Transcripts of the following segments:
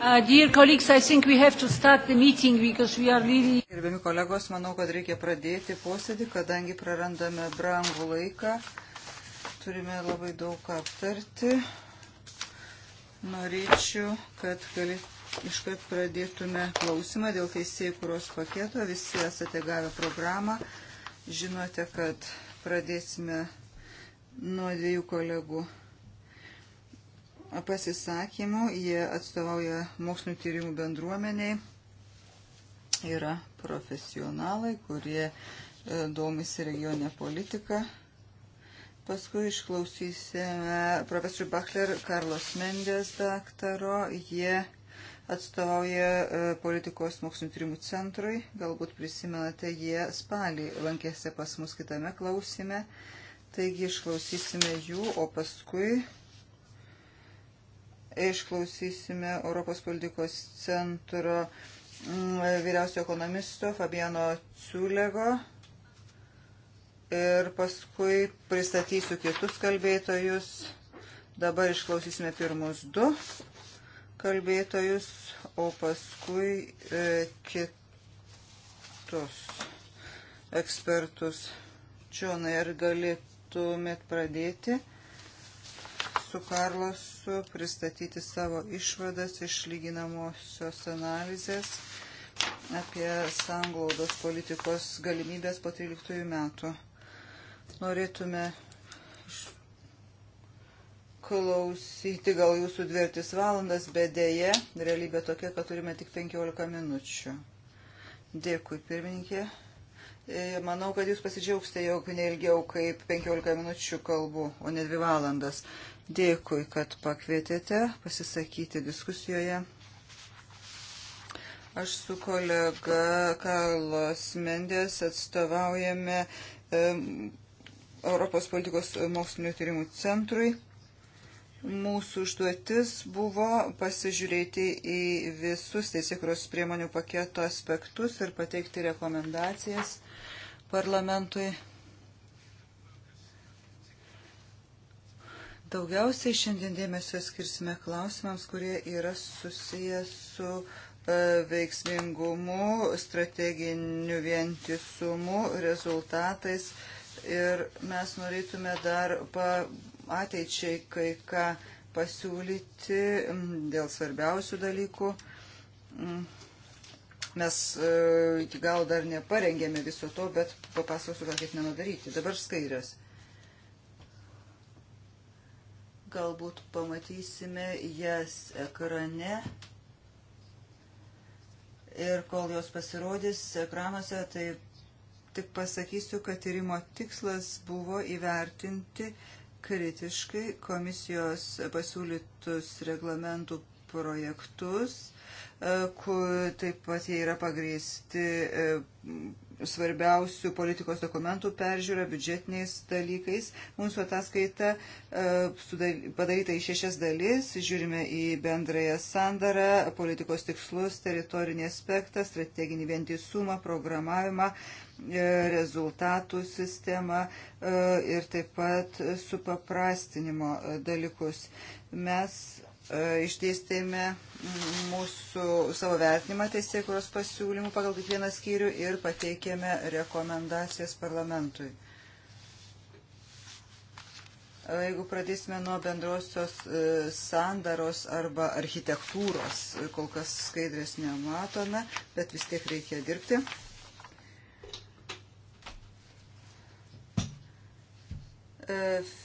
Uh, really... Gerbiami kolegos, manau, kad reikia pradėti posėdį, kadangi prarandame brangų laiką. Turime labai daug ką aptarti. Norėčiau, kad galit, iškart pradėtume klausimą dėl teisėjų kuros paketo. Visi esate gavę programą. Žinote, kad pradėsime nuo dviejų kolegų pasisakymų. Jie atstovauja mokslinio tyrimų bendruomeniai. Yra profesionalai, kurie e, domisi regioninę politiką. Paskui išklausysime profesorių Bachler, Karlos Mendės daktaro. Jie atstovauja e, politikos mokslinio tyrimų centrui. Galbūt prisimenate, jie spalį lankėsi pas mus kitame klausime. Taigi išklausysime jų, o paskui Išklausysime Europos politikos centro mm, vyriausio ekonomisto Fabiano Ciulego ir paskui pristatysiu kitus kalbėtojus. Dabar išklausysime pirmus du kalbėtojus, o paskui e, kitus ekspertus. Čionai, ar galėtumėt pradėti su Karlos pristatyti savo išvadas išlyginamosios analizės apie sanglaudos politikos galimybės po 13 metų. Norėtume klausyti gal jūsų dvirtis valandas, bet dėje realybė tokia, kad turime tik 15 minučių. Dėkui, pirmininkė. E, manau, kad jūs pasidžiaugsite, jog neilgiau kaip 15 minučių kalbu, o ne 2 valandas. Dėkui, kad pakvietėte pasisakyti diskusijoje. Aš su kolega Karlos Mendės atstovaujame Europos politikos mokslinio tyrimų centrui. Mūsų užduotis buvo pasižiūrėti į visus teisėkros priemonių paketo aspektus ir pateikti rekomendacijas parlamentui. Daugiausiai šiandien dėmesio skirsime klausimams, kurie yra susijęs su e, veiksmingumu, strateginiu vientisumu, rezultatais ir mes norėtume dar ateičiai kai ką pasiūlyti dėl svarbiausių dalykų. Mes e, iki gal dar neparengėme viso to, bet papasakosiu, ką ketiname daryti. Dabar skairės. Galbūt pamatysime jas ekrane. Ir kol jos pasirodys ekranuose, tai tik pasakysiu, kad tyrimo tikslas buvo įvertinti kritiškai komisijos pasiūlytus reglamentų projektus, e, kur taip pat jie yra pagrįsti e, svarbiausių politikos dokumentų peržiūra biudžetiniais dalykais. Mūsų ataskaita e, padaryta į šešias dalis. Žiūrime į bendrąją sandarą, politikos tikslus, teritorinį aspektą, strateginį vientisumą, programavimą, e, rezultatų sistemą e, ir taip pat supaprastinimo dalykus. Mes E, išdėstėme mūsų savo vertinimą teisėkuros pasiūlymų pagal kiekvieną skyrių ir pateikėme rekomendacijas parlamentui. E, jeigu pradėsime nuo bendrosios e, sandaros arba architektūros, kol kas skaidrės nematome, bet vis tiek reikia dirbti.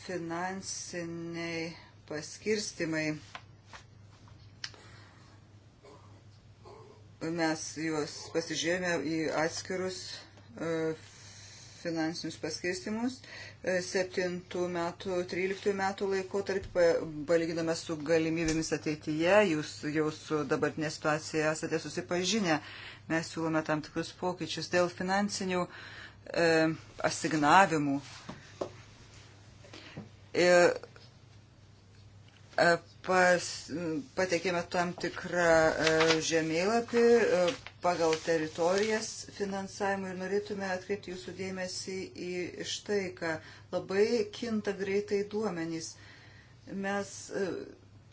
Finansiniai paskirstimai Mes juos pasižiūrėjome į atskirus e, finansinius paskirstimus. 7 e, metų, 13 metų laiko tarp palyginome su galimybėmis ateityje, jūs jau su dabartinė situacija esate susipažinę, mes siūlome tam tikrus pokyčius dėl finansinių e, asignavimų. Ir e, e pas, patekėme tam tikrą e, žemėlapį e, pagal teritorijas finansavimą ir norėtume atkreipti jūsų dėmesį į štai, ką labai kinta greitai duomenys. Mes e,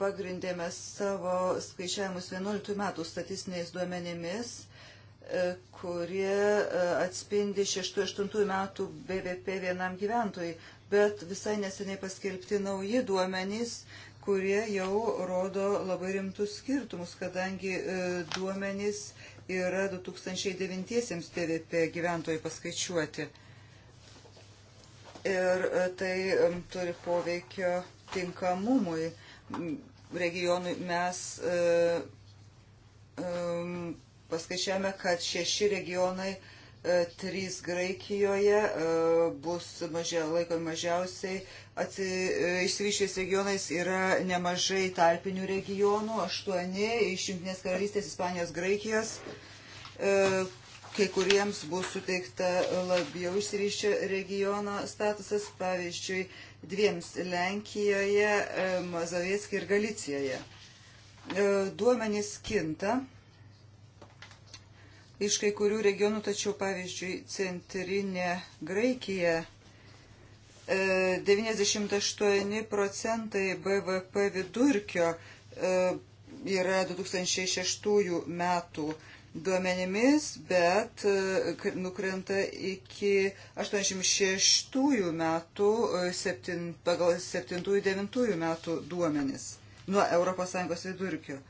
pagrindėme savo skaičiavimus 11 metų statistiniais duomenimis kurie atspindi 6-8 metų BVP vienam gyventojui, bet visai neseniai paskelbti nauji duomenys kurie jau rodo labai rimtus skirtumus, kadangi e, duomenys yra 2009 TVP gyventojai paskaičiuoti. Ir e, tai turi poveikio tinkamumui. Regionui mes e, paskaičiavome, kad šeši regionai trys Graikijoje bus mažia, laikomi mažiausiai E, išsivyščiais regionais yra nemažai tarpinių regionų, aštuoni iš Junktinės karalystės, Ispanijos, Graikijos. E, kai kuriems bus suteikta labiau išsivyščio regiono statusas, pavyzdžiui, dviems Lenkijoje, e, Mazoviecki ir Galicijoje. E, duomenys kinta iš kai kurių regionų, tačiau pavyzdžiui, centrinė Graikija 98 e, procentai BVP vidurkio e, yra 2006 metų duomenimis, bet e, nukrenta iki 86 metų septin, pagal 7-9 metų duomenis nuo ES vidurkio.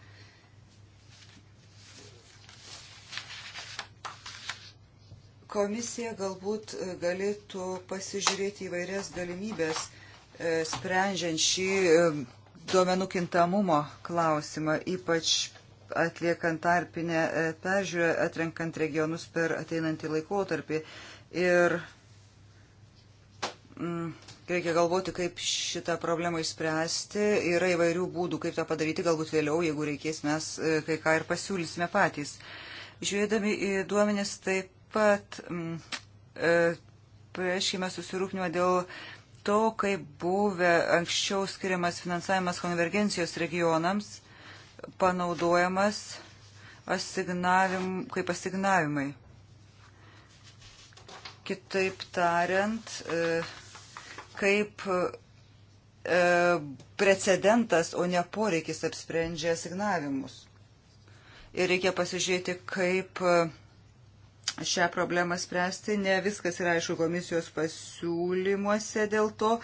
Komisija galbūt e, galėtų pasižiūrėti įvairias galimybės e, sprendžiant šį e, duomenų kintamumo klausimą, ypač atliekant tarpinę peržiūrę, atrenkant regionus per ateinantį laikotarpį. Ir mm, reikia galvoti, kaip šitą problemą išspręsti. Yra įvairių būdų, kaip tą padaryti, galbūt vėliau, jeigu reikės, mes kai ką ir pasiūlysime patys. Žiūrėdami į duomenis, taip pat m, mm, e, prieškime susirūpinimą dėl to, kaip buvę anksčiau skiriamas finansavimas konvergencijos regionams panaudojamas asignavim, kaip asignavimai. Kitaip tariant, e, kaip e, precedentas, o ne poreikis apsprendžia asignavimus. Ir reikia pasižiūrėti, kaip e, šią problemą spręsti. Ne viskas yra aišku komisijos pasiūlymuose dėl to,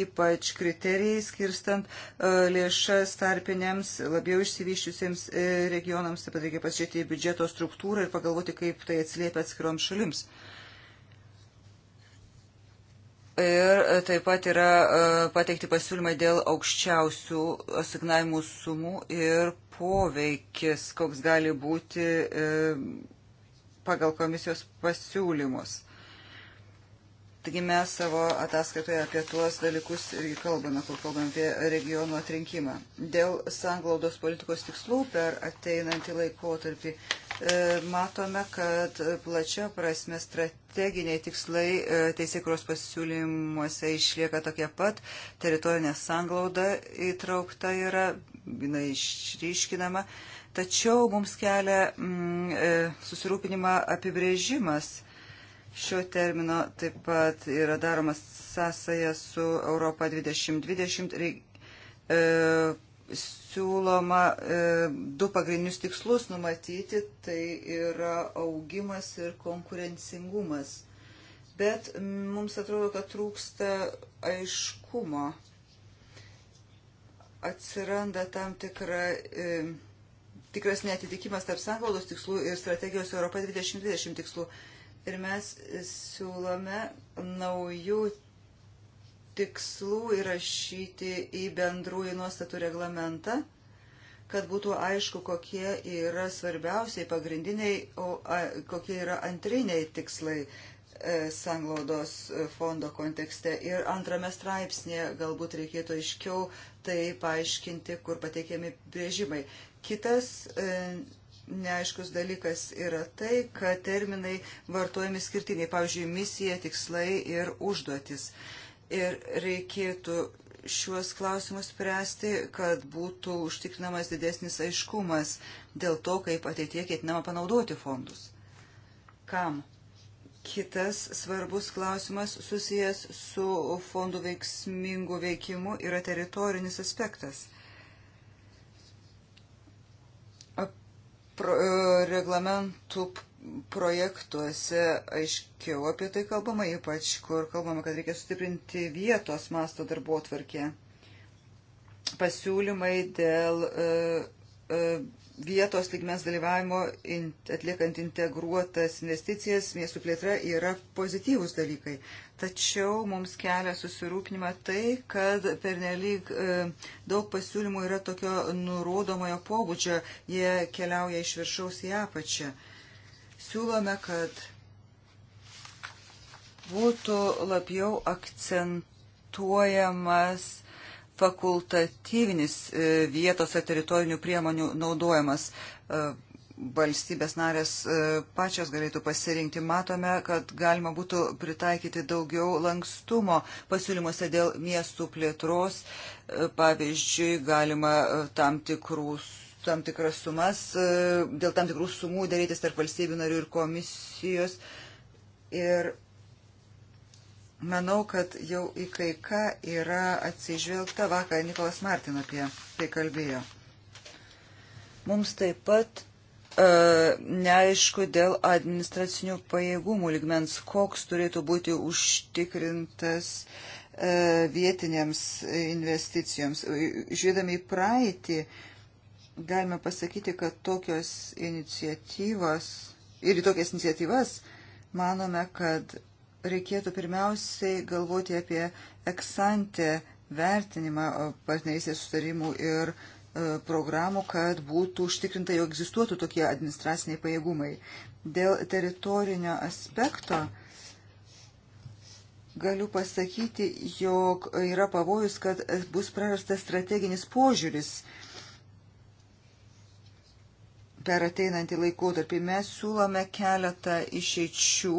ypač kriterijai skirstant e, lėšas tarpiniams labiau išsivyščiusiems e, regionams. Taip pat reikia pasižiūrėti į biudžeto struktūrą ir pagalvoti, kaip tai atsiliepia atskiroms šalims. Ir taip pat yra e, pateikti pasiūlymai dėl aukščiausių asignavimų sumų ir poveikis, koks gali būti pagal komisijos pasiūlymus. Taigi mes savo ataskaitoje apie tuos dalykus irgi kalbame, kur kalbame apie regionų atrinkimą. Dėl sanglaudos politikos tikslų per ateinantį laikotarpį e, matome, kad plačia prasme strateginiai tikslai e, teisėkuros pasiūlymuose išlieka tokie pat, teritorinė sanglauda įtraukta yra, jinai išryškinama Tačiau mums kelia mm, e, susirūpinimą apibrėžimas šio termino, taip pat yra daromas sąsaja su Europa 2020. Reik, e, siūloma e, du pagrindinius tikslus numatyti, tai yra augimas ir konkurencingumas. Bet mums atrodo, kad trūksta aiškumo. Atsiranda tam tikra. E, tikras netitikimas tarp sanglaudos tikslų ir strategijos Europa 2020 tikslų. Ir mes siūlome naujų tikslų įrašyti į bendrųjų nuostatų reglamentą, kad būtų aišku, kokie yra svarbiausiai pagrindiniai, o a, kokie yra antriniai tikslai e, sanglaudos fondo kontekste. Ir antrame straipsnėje galbūt reikėtų aiškiau tai paaiškinti, kur pateikiami brėžimai. Kitas e, neaiškus dalykas yra tai, kad terminai vartojami skirtingai, pavyzdžiui, misija, tikslai ir užduotis. Ir reikėtų šiuos klausimus spręsti, kad būtų užtikrinamas didesnis aiškumas dėl to, kaip ateitie ketinama panaudoti fondus. Kam? Kitas svarbus klausimas susijęs su fondų veiksmingų veikimu yra teritorinis aspektas. pro, e, reglamentų projektuose aiškiau apie tai kalbama, ypač kur kalbama, kad reikia sustiprinti vietos masto darbo tvarkė. Pasiūlymai dėl e, e, vietos lygmens dalyvavimo in, atliekant integruotas investicijas miestų plėtra yra pozityvus dalykai tačiau mums kelia susirūpinimą tai, kad pernelyg e, daug pasiūlymų yra tokio nurodomojo pobūdžio, jie keliauja iš viršaus į apačią. Siūlome, kad būtų labiau akcentuojamas fakultatyvinis e, vietos ar teritorinių priemonių naudojimas e, valstybės narės e, pačios galėtų pasirinkti. Matome, kad galima būtų pritaikyti daugiau lankstumo pasiūlymuose dėl miestų plėtros. E, pavyzdžiui, galima e, tam, tikrus, tam tikras sumas, dėl tam tikrų sumų darytis tarp valstybių narių ir komisijos. Ir manau, kad jau į kai ką yra atsižvelgta vakar Nikolas Martin apie tai kalbėjo. Mums taip pat E, neaišku dėl administracinių pajėgumų ligmens, koks turėtų būti užtikrintas e, vietinėms investicijoms. E, žiūrėdami į praeitį, galime pasakyti, kad tokios iniciatyvos ir į tokias iniciatyvas manome, kad reikėtų pirmiausiai galvoti apie eksantę vertinimą partnerystės sutarimų ir uh, E, programų, kad būtų užtikrinta, jog egzistuotų tokie administraciniai pajėgumai. Dėl teritorinio aspekto galiu pasakyti, jog yra pavojus, kad bus prarastas strateginis požiūris per ateinantį laikotarpį mes siūlome keletą išeičių,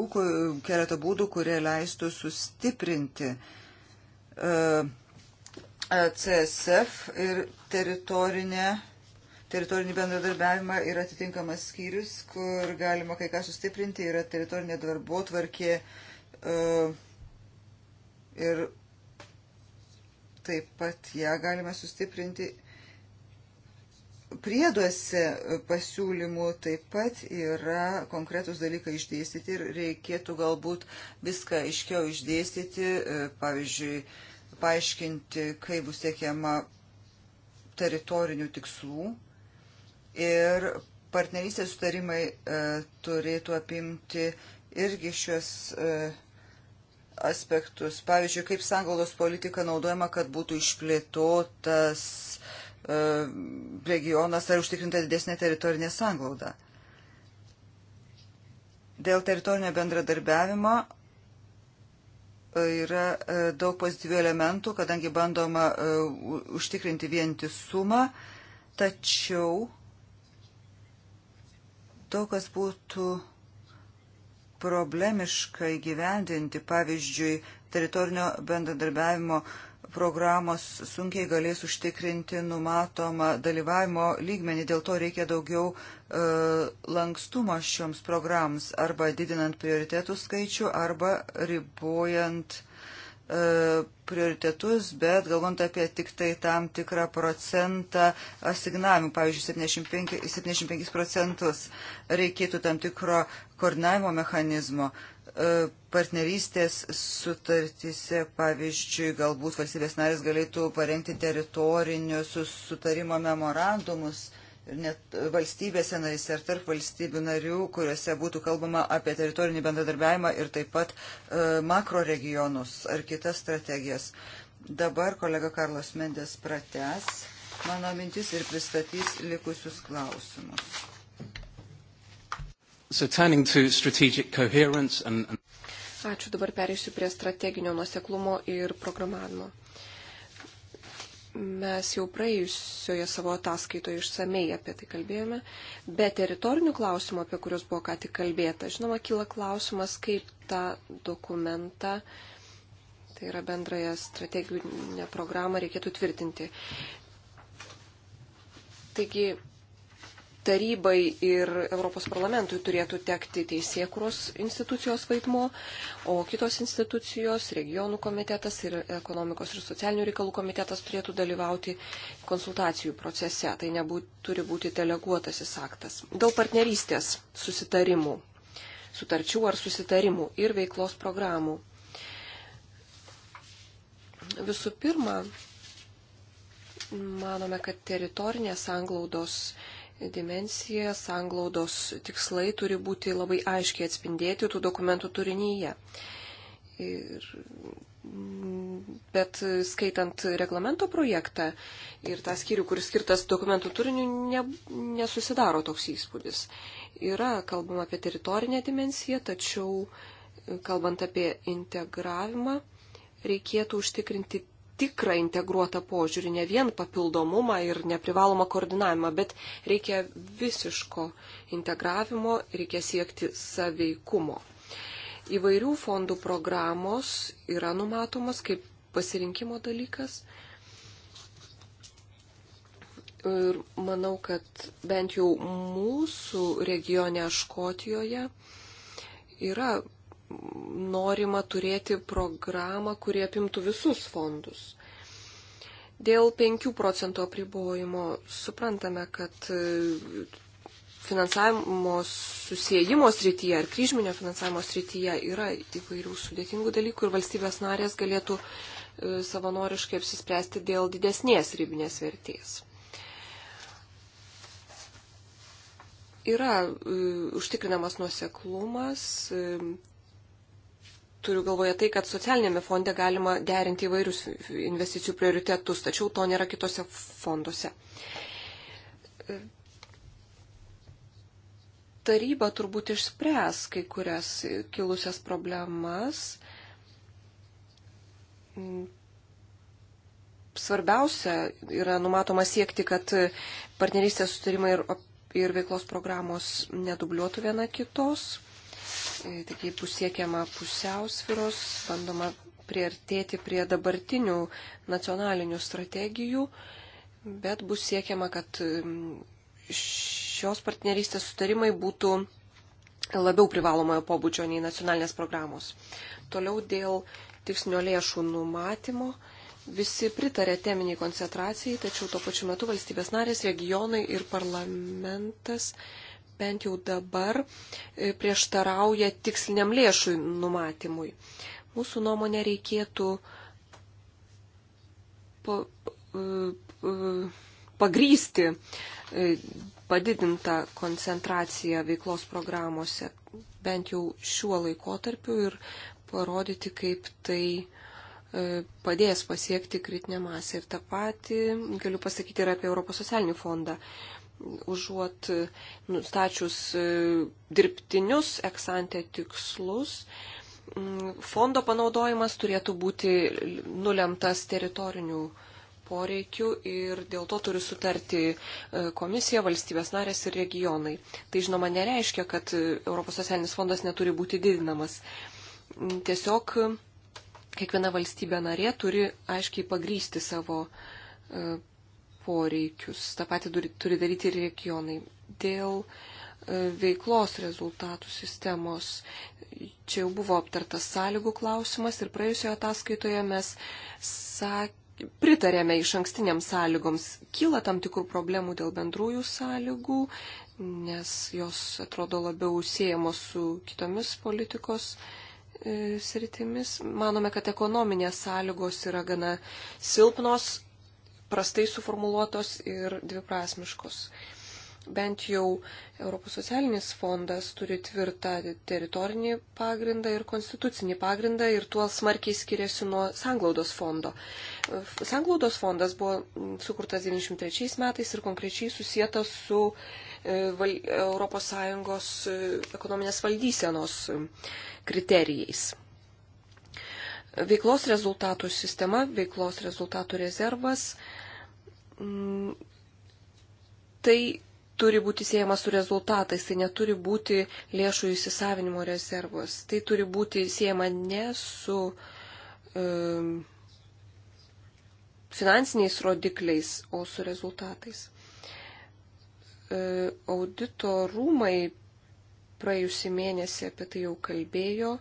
keletą būdų, kurie leistų sustiprinti uh, E CSF ir teritorinę teritorinį bendradarbiavimą yra atitinkamas skyrius, kur galima kai ką sustiprinti, yra teritorinė darbo tvarkė e, ir taip pat ją galima sustiprinti. Prieduose pasiūlymų taip pat yra konkretus dalykai išdėstyti ir reikėtų galbūt viską iškiau išdėstyti, e, pavyzdžiui, paaiškinti, kaip bus siekiama teritorinių tikslų ir partnerystės sutarimai e, turėtų apimti irgi šios e, aspektus. Pavyzdžiui, kaip sangaldos politika naudojama, kad būtų išplėtotas e, regionas ar užtikrinta didesnė teritorinė sanglauda. Dėl teritorinio bendradarbiavimo yra e, daug pozityvių elementų, kadangi bandoma e, užtikrinti vientisumą, tačiau daug kas būtų problemiška įgyvendinti, pavyzdžiui, teritorinio bendradarbiavimo uh, programos sunkiai galės užtikrinti numatomą dalyvavimo lygmenį, dėl to reikia daugiau e, lankstumo šioms programs, arba didinant prioritetų skaičių, arba ribojant e, prioritetus, bet galvant apie tik tai tam tikrą procentą asignavimų, pavyzdžiui, 75, 75 procentus reikėtų tam tikro koordinavimo mechanizmo. E, E, partnerystės sutartyse, pavyzdžiui, galbūt valstybės narės galėtų parengti teritorinius sutarimo memorandumus ir net valstybėse narėse ar tarp valstybių narių, kuriuose būtų kalbama apie teritorinį bendradarbiavimą ir taip pat e, makro regionus ar kitas strategijas. Dabar kolega Karlos Mendes prates mano mintis ir pristatys likusius klausimus. So turning to strategic coherence and, and... Ačiū, dabar perėsiu prie strateginio nuseklumo ir programavimo. Mes jau praėjusioje savo ataskaitoje išsamei apie tai kalbėjome, bet teritorinių klausimų, apie kuriuos buvo ką tik kalbėta, žinoma, kyla klausimas, kaip tą dokumentą, tai yra bendrąją strateginę programą, reikėtų tvirtinti. Taigi, tarybai ir Europos parlamentui turėtų tekti teisėkuros institucijos vaidmo, o kitos institucijos, regionų komitetas ir ekonomikos ir socialinių reikalų komitetas turėtų dalyvauti konsultacijų procese. Tai nebūt, turi būti deleguotasis aktas. Dėl partnerystės susitarimų, sutarčių ar susitarimų ir veiklos programų. Visų pirma, manome, kad teritorinės anglaudos dimensija, sanglaudos tikslai turi būti labai aiškiai atspindėti tų dokumentų turinyje. Ir, bet skaitant reglamento projektą ir tą skyrių, kuris skirtas dokumentų turiniu, ne, nesusidaro toks įspūdis. Yra kalbama apie teritorinę dimensiją, tačiau kalbant apie integravimą, reikėtų užtikrinti tikrą integruotą požiūrį, ne vien papildomumą ir neprivalomą koordinavimą, bet reikia visiško integravimo, reikia siekti saveikumo. Įvairių fondų programos yra numatomos kaip pasirinkimo dalykas. Ir manau, kad bent jau mūsų regione Škotijoje yra norima turėti programą, kurie apimtų visus fondus. Dėl 5 procentų apribojimo suprantame, kad e, finansavimo susijimo srityje ar kryžminio finansavimo srityje yra įvairių sudėtingų dalykų ir valstybės narės galėtų e, savanoriškai apsispręsti dėl didesnės ribinės vertės. Yra e, užtikrinamas nuoseklumas, e, turiu galvoje tai, kad socialinėme fonde galima derinti įvairius investicijų prioritetus, tačiau to nėra kitose fonduose. Taryba turbūt išspręs kai kurias kilusias problemas. Svarbiausia yra numatoma siekti, kad partnerystės sutarimai ir, ir veiklos programos nedubliuotų viena kitos, E, taigi bus siekiama pusiausviros, bandoma priartėti prie dabartinių nacionalinių strategijų, bet bus siekiama, kad šios partnerystės sutarimai būtų labiau privalomojo pobūdžio nei nacionalinės programos. Toliau dėl tikslinio lėšų numatymo. Visi pritarė teminiai koncentracijai, tačiau tuo pačiu metu valstybės narės, regionai ir parlamentas bent jau dabar e, prieštarauja tiksliniam lėšų numatymui. Mūsų nuomonė reikėtų pa, e, e, pagrysti padidintą koncentraciją veiklos programuose bent jau šiuo laikotarpiu ir parodyti, kaip tai padės pasiekti kritinę masę. Ir tą patį galiu pasakyti ir apie Europos socialinį fondą užuot nustačius e, dirbtinius eksantę tikslus, fondo panaudojimas turėtų būti nulemtas teritorinių poreikių ir dėl to turi sutarti e, komisija, valstybės narės ir regionai. Tai žinoma nereiškia, kad ES fondas neturi būti didinamas. Tiesiog e, kiekviena valstybė narė turi aiškiai pagrysti savo poreikius. Ta pati turi daryti ir regionai. Dėl e, veiklos rezultatų sistemos. Čia jau buvo aptartas sąlygų klausimas ir praėjusioje ataskaitoje mes sakėme, pritarėme iš ankstiniams sąlygoms. Kyla tam tikrų problemų dėl bendrųjų sąlygų, nes jos atrodo labiau siejamos su kitomis politikos e, sritimis. Manome, kad ekonominės sąlygos yra gana silpnos prastai suformuluotos ir dviprasmiškos. Bent jau Europos socialinis fondas turi tvirtą teritorinį pagrindą ir konstitucinį pagrindą ir tuo smarkiai skiriasi nuo Sanglaudos fondo. Sanglaudos fondas buvo sukurtas 1993 metais ir konkrečiai susijęs su e, val... ES e, ekonominės valdysenos e, kriterijais veiklos rezultatų sistema, veiklos rezultatų rezervas Mm, tai turi būti siejama su rezultatais, tai neturi būti lėšų įsisavinimo rezervas. Tai turi būti siejama ne su um, finansiniais rodikliais, o su rezultatais. E, audito rūmai praėjusį mėnesį apie tai jau kalbėjo.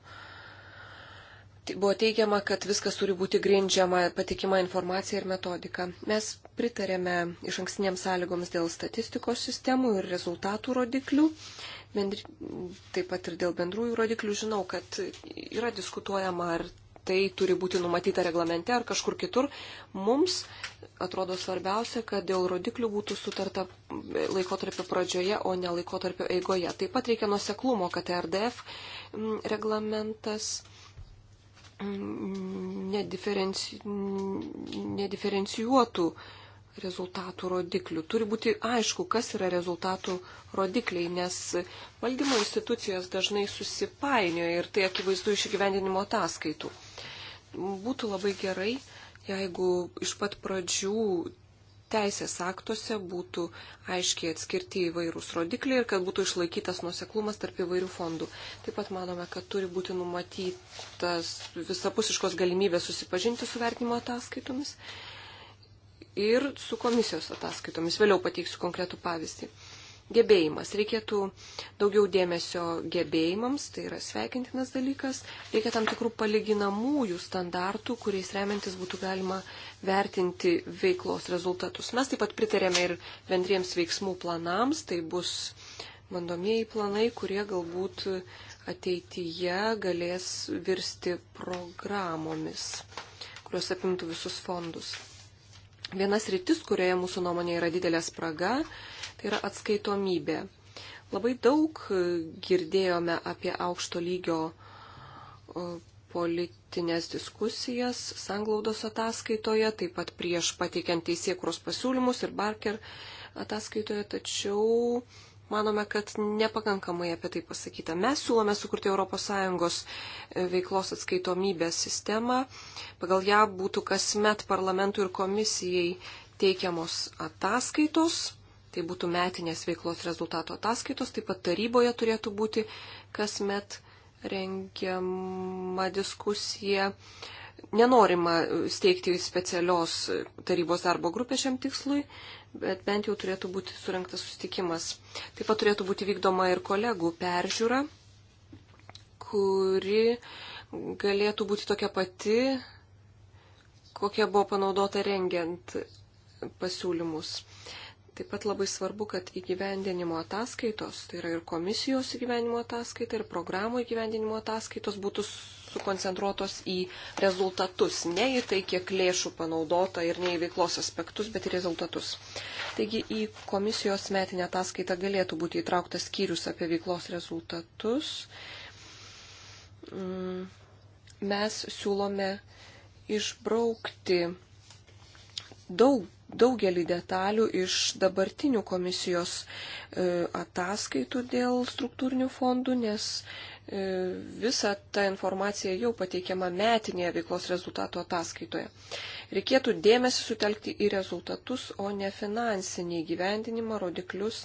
Buvo teigiama, kad viskas turi būti grindžiama patikima informacija ir metodika. Mes pritarėme iš ankstinėms sąlygoms dėl statistikos sistemų ir rezultatų rodiklių, bendri, taip pat ir dėl bendrųjų rodiklių. Žinau, kad yra diskutuojama, ar tai turi būti numatyta reglamente ar kažkur kitur. Mums atrodo svarbiausia, kad dėl rodiklių būtų sutarta laikotarpio pradžioje, o ne laikotarpio eigoje. Taip pat reikia nuseklumo, kad RDF reglamentas nediferenci... nediferencijuotų rezultatų rodiklių. Turi būti aišku, kas yra rezultatų rodikliai, nes valdymo institucijos dažnai susipainioja ir tai akivaizdu iš įgyvendinimo ataskaitų. Būtų labai gerai, jeigu iš pat pradžių teisės aktuose būtų aiškiai atskirti įvairūs rodikliai ir kad būtų išlaikytas nuseklumas tarp įvairių fondų. Taip pat manome, kad turi būti numatytas visapusiškos galimybės susipažinti su vertinimo ataskaitomis ir su komisijos ataskaitomis. Vėliau pateiksiu konkretų pavyzdį. Gebėjimas. Reikėtų daugiau dėmesio gebėjimams, tai yra sveikintinas dalykas. Reikia tam tikrų palyginamųjų standartų, kuriais remiantis būtų galima vertinti veiklos rezultatus. Mes taip pat pritarėme ir bendriems veiksmų planams, tai bus bandomieji planai, kurie galbūt ateityje galės virsti programomis, kurios apimtų visus fondus. Vienas rytis, kurioje mūsų nuomonė yra didelė spraga, tai yra atskaitomybė. Labai daug girdėjome apie aukšto lygio politinės diskusijas sanglaudos ataskaitoje, taip pat prieš pateikiant teisėkros pasiūlymus ir Barker ataskaitoje, tačiau manome, kad nepakankamai apie tai pasakyta. Mes siūlome sukurti ES e, veiklos atskaitomybės sistemą. Pagal ją būtų kasmet parlamentui ir komisijai teikiamos ataskaitos. Tai būtų metinės veiklos rezultato ataskaitos. Taip pat taryboje turėtų būti kasmet rengiama diskusija. Nenorima steigti specialios tarybos darbo grupės šiam tikslui, bet bent jau turėtų būti surinktas susitikimas. Taip pat turėtų būti vykdoma ir kolegų peržiūra, kuri galėtų būti tokia pati, kokia buvo panaudota rengiant pasiūlymus. Taip pat labai svarbu, kad įgyvendinimo ataskaitos, tai yra ir komisijos įgyvendinimo ataskaita, ir programų įgyvendinimo ataskaitos būtų sukoncentruotos į rezultatus, ne į tai, kiek lėšų panaudota ir ne į veiklos aspektus, bet į rezultatus. Taigi į komisijos metinę ataskaitą galėtų būti įtrauktas skyrius apie veiklos rezultatus. Mm, mes siūlome išbraukti daug daugelį detalių iš dabartinių komisijos e, ataskaitų dėl struktūrinių fondų, nes E, visa ta informacija jau pateikiama metinėje veiklos rezultato ataskaitoje. Reikėtų dėmesį sutelkti į rezultatus, o ne finansinį gyvendinimą, rodiklius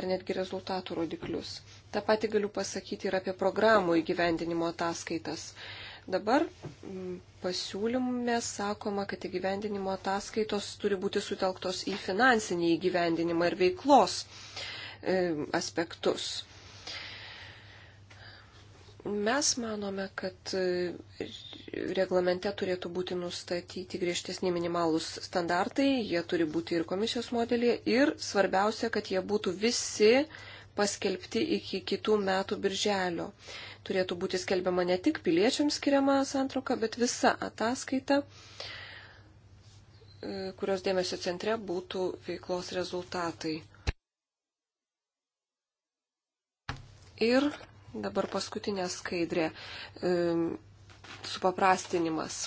ar netgi rezultatų rodiklius. Ta pati galiu pasakyti ir apie programų įgyvendinimo ataskaitas. Dabar mm, pasiūlyme sakoma, kad įgyvendinimo ataskaitos turi būti sutelktos į finansinį įgyvendinimą ir veiklos e, aspektus. Mes manome, kad reglamente turėtų būti nustatyti griežtesni minimalūs standartai, jie turi būti ir komisijos modelėje ir svarbiausia, kad jie būtų visi paskelbti iki kitų metų birželio. Turėtų būti skelbiama ne tik piliečiams skiriama santrauka, bet visa ataskaita, e, kurios dėmesio centre būtų veiklos rezultatai. Ir Dabar paskutinė skaidrė. Supaprastinimas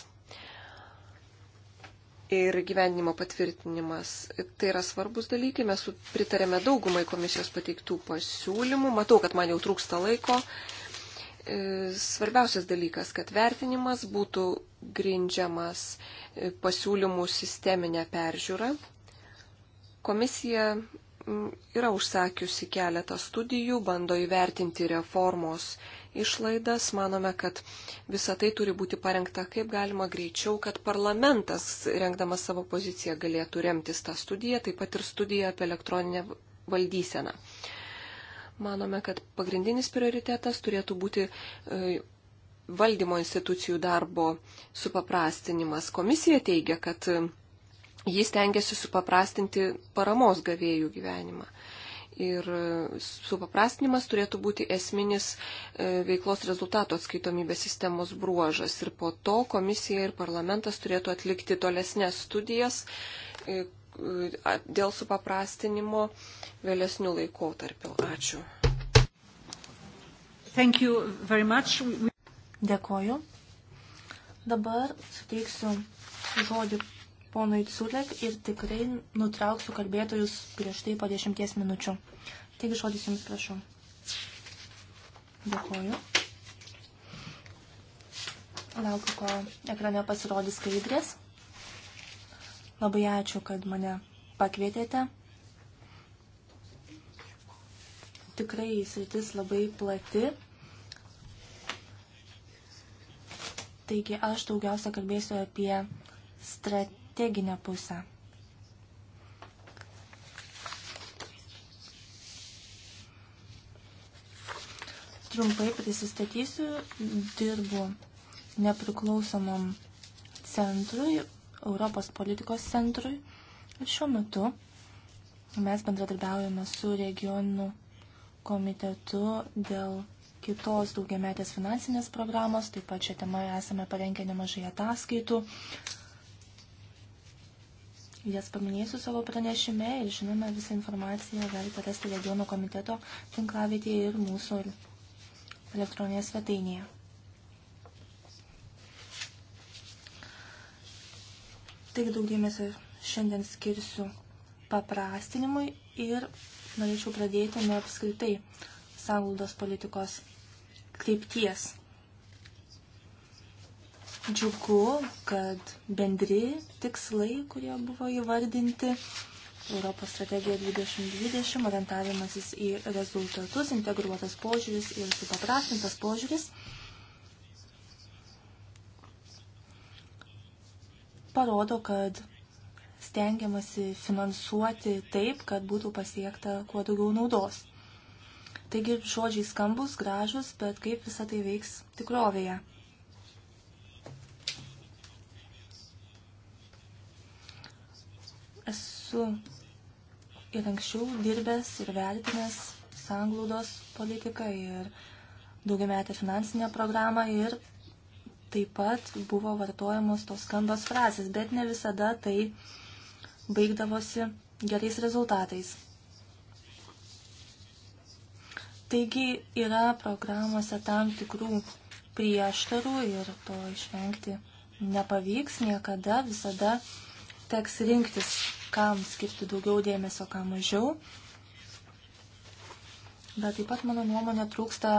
ir gyvenimo patvirtinimas. Tai yra svarbus dalykai, mes pritarėme daugumai komisijos pateiktų pasiūlymų. Matau, kad man jau trūksta laiko. E, svarbiausias dalykas, kad vertinimas būtų grindžiamas e, pasiūlymų sisteminę peržiūrą. Komisija yra užsakiusi keletą studijų, bando įvertinti reformos išlaidas. Manome, kad visa tai turi būti parengta kaip galima greičiau, kad parlamentas, rengdamas savo poziciją, galėtų remtis tą studiją, taip pat ir studiją apie elektroninę valdyseną. Manome, kad pagrindinis prioritetas turėtų būti e, valdymo institucijų darbo supaprastinimas. Komisija teigia, kad jis tengiasi supaprastinti paramos gavėjų gyvenimą. Ir supaprastinimas turėtų būti esminis e, veiklos rezultato atskaitomybės sistemos bruožas. Ir po to komisija ir parlamentas turėtų atlikti tolesnės studijas e, dėl supaprastinimo vėlesnių laikotarpių. Ačiū. Dėkoju. Dabar suteiksiu žodį ponui Culek ir tikrai nutrauksiu kalbėtojus griežtai po dešimties minučių. Taigi žodis jums prašau. Dėkoju. Laukiu, kol ekrane pasirodys skaidrės. Labai ačiū, kad mane pakvietėte. Tikrai sritis labai plati. Taigi aš daugiausia kalbėsiu apie strategiją strateginę pusę. Trumpai prisistatysiu, dirbu nepriklausomam centrui, Europos politikos centrui. Ir šiuo metu mes bendradarbiaujame su regionų komitetu dėl kitos daugiametės finansinės programos. Taip pat šią temą esame parengę nemažai ataskaitų. Jas paminėsiu savo pranešime ir žinoma visą informaciją galite rasti regiono komiteto tinklavietėje ir mūsų elektroninėje svetainėje. Taigi daug dėmesio šiandien skirsiu paprastinimui ir norėčiau pradėti nuo apskritai sąglaudos politikos krypties džiugu, kad bendri tikslai, kurie buvo įvardinti, Europos strategija 2020, orientavimasis į rezultatus, integruotas požiūris ir supaprastintas požiūris, parodo, kad stengiamasi finansuoti taip, kad būtų pasiekta kuo daugiau naudos. Taigi žodžiai skambus, gražus, bet kaip visą tai veiks tikrovėje. Esu ir anksčiau dirbęs ir vertinęs sanglaudos politiką ir daugiametę finansinę programą ir taip pat buvo vartojamos tos skambios frazės, bet ne visada tai baigdavosi gerais rezultatais. Taigi yra programuose tam tikrų prieštarų ir to išvengti nepavyks niekada, visada teks rinktis kam skirti daugiau dėmesio, kam mažiau. Bet taip pat, mano nuomonė, trūksta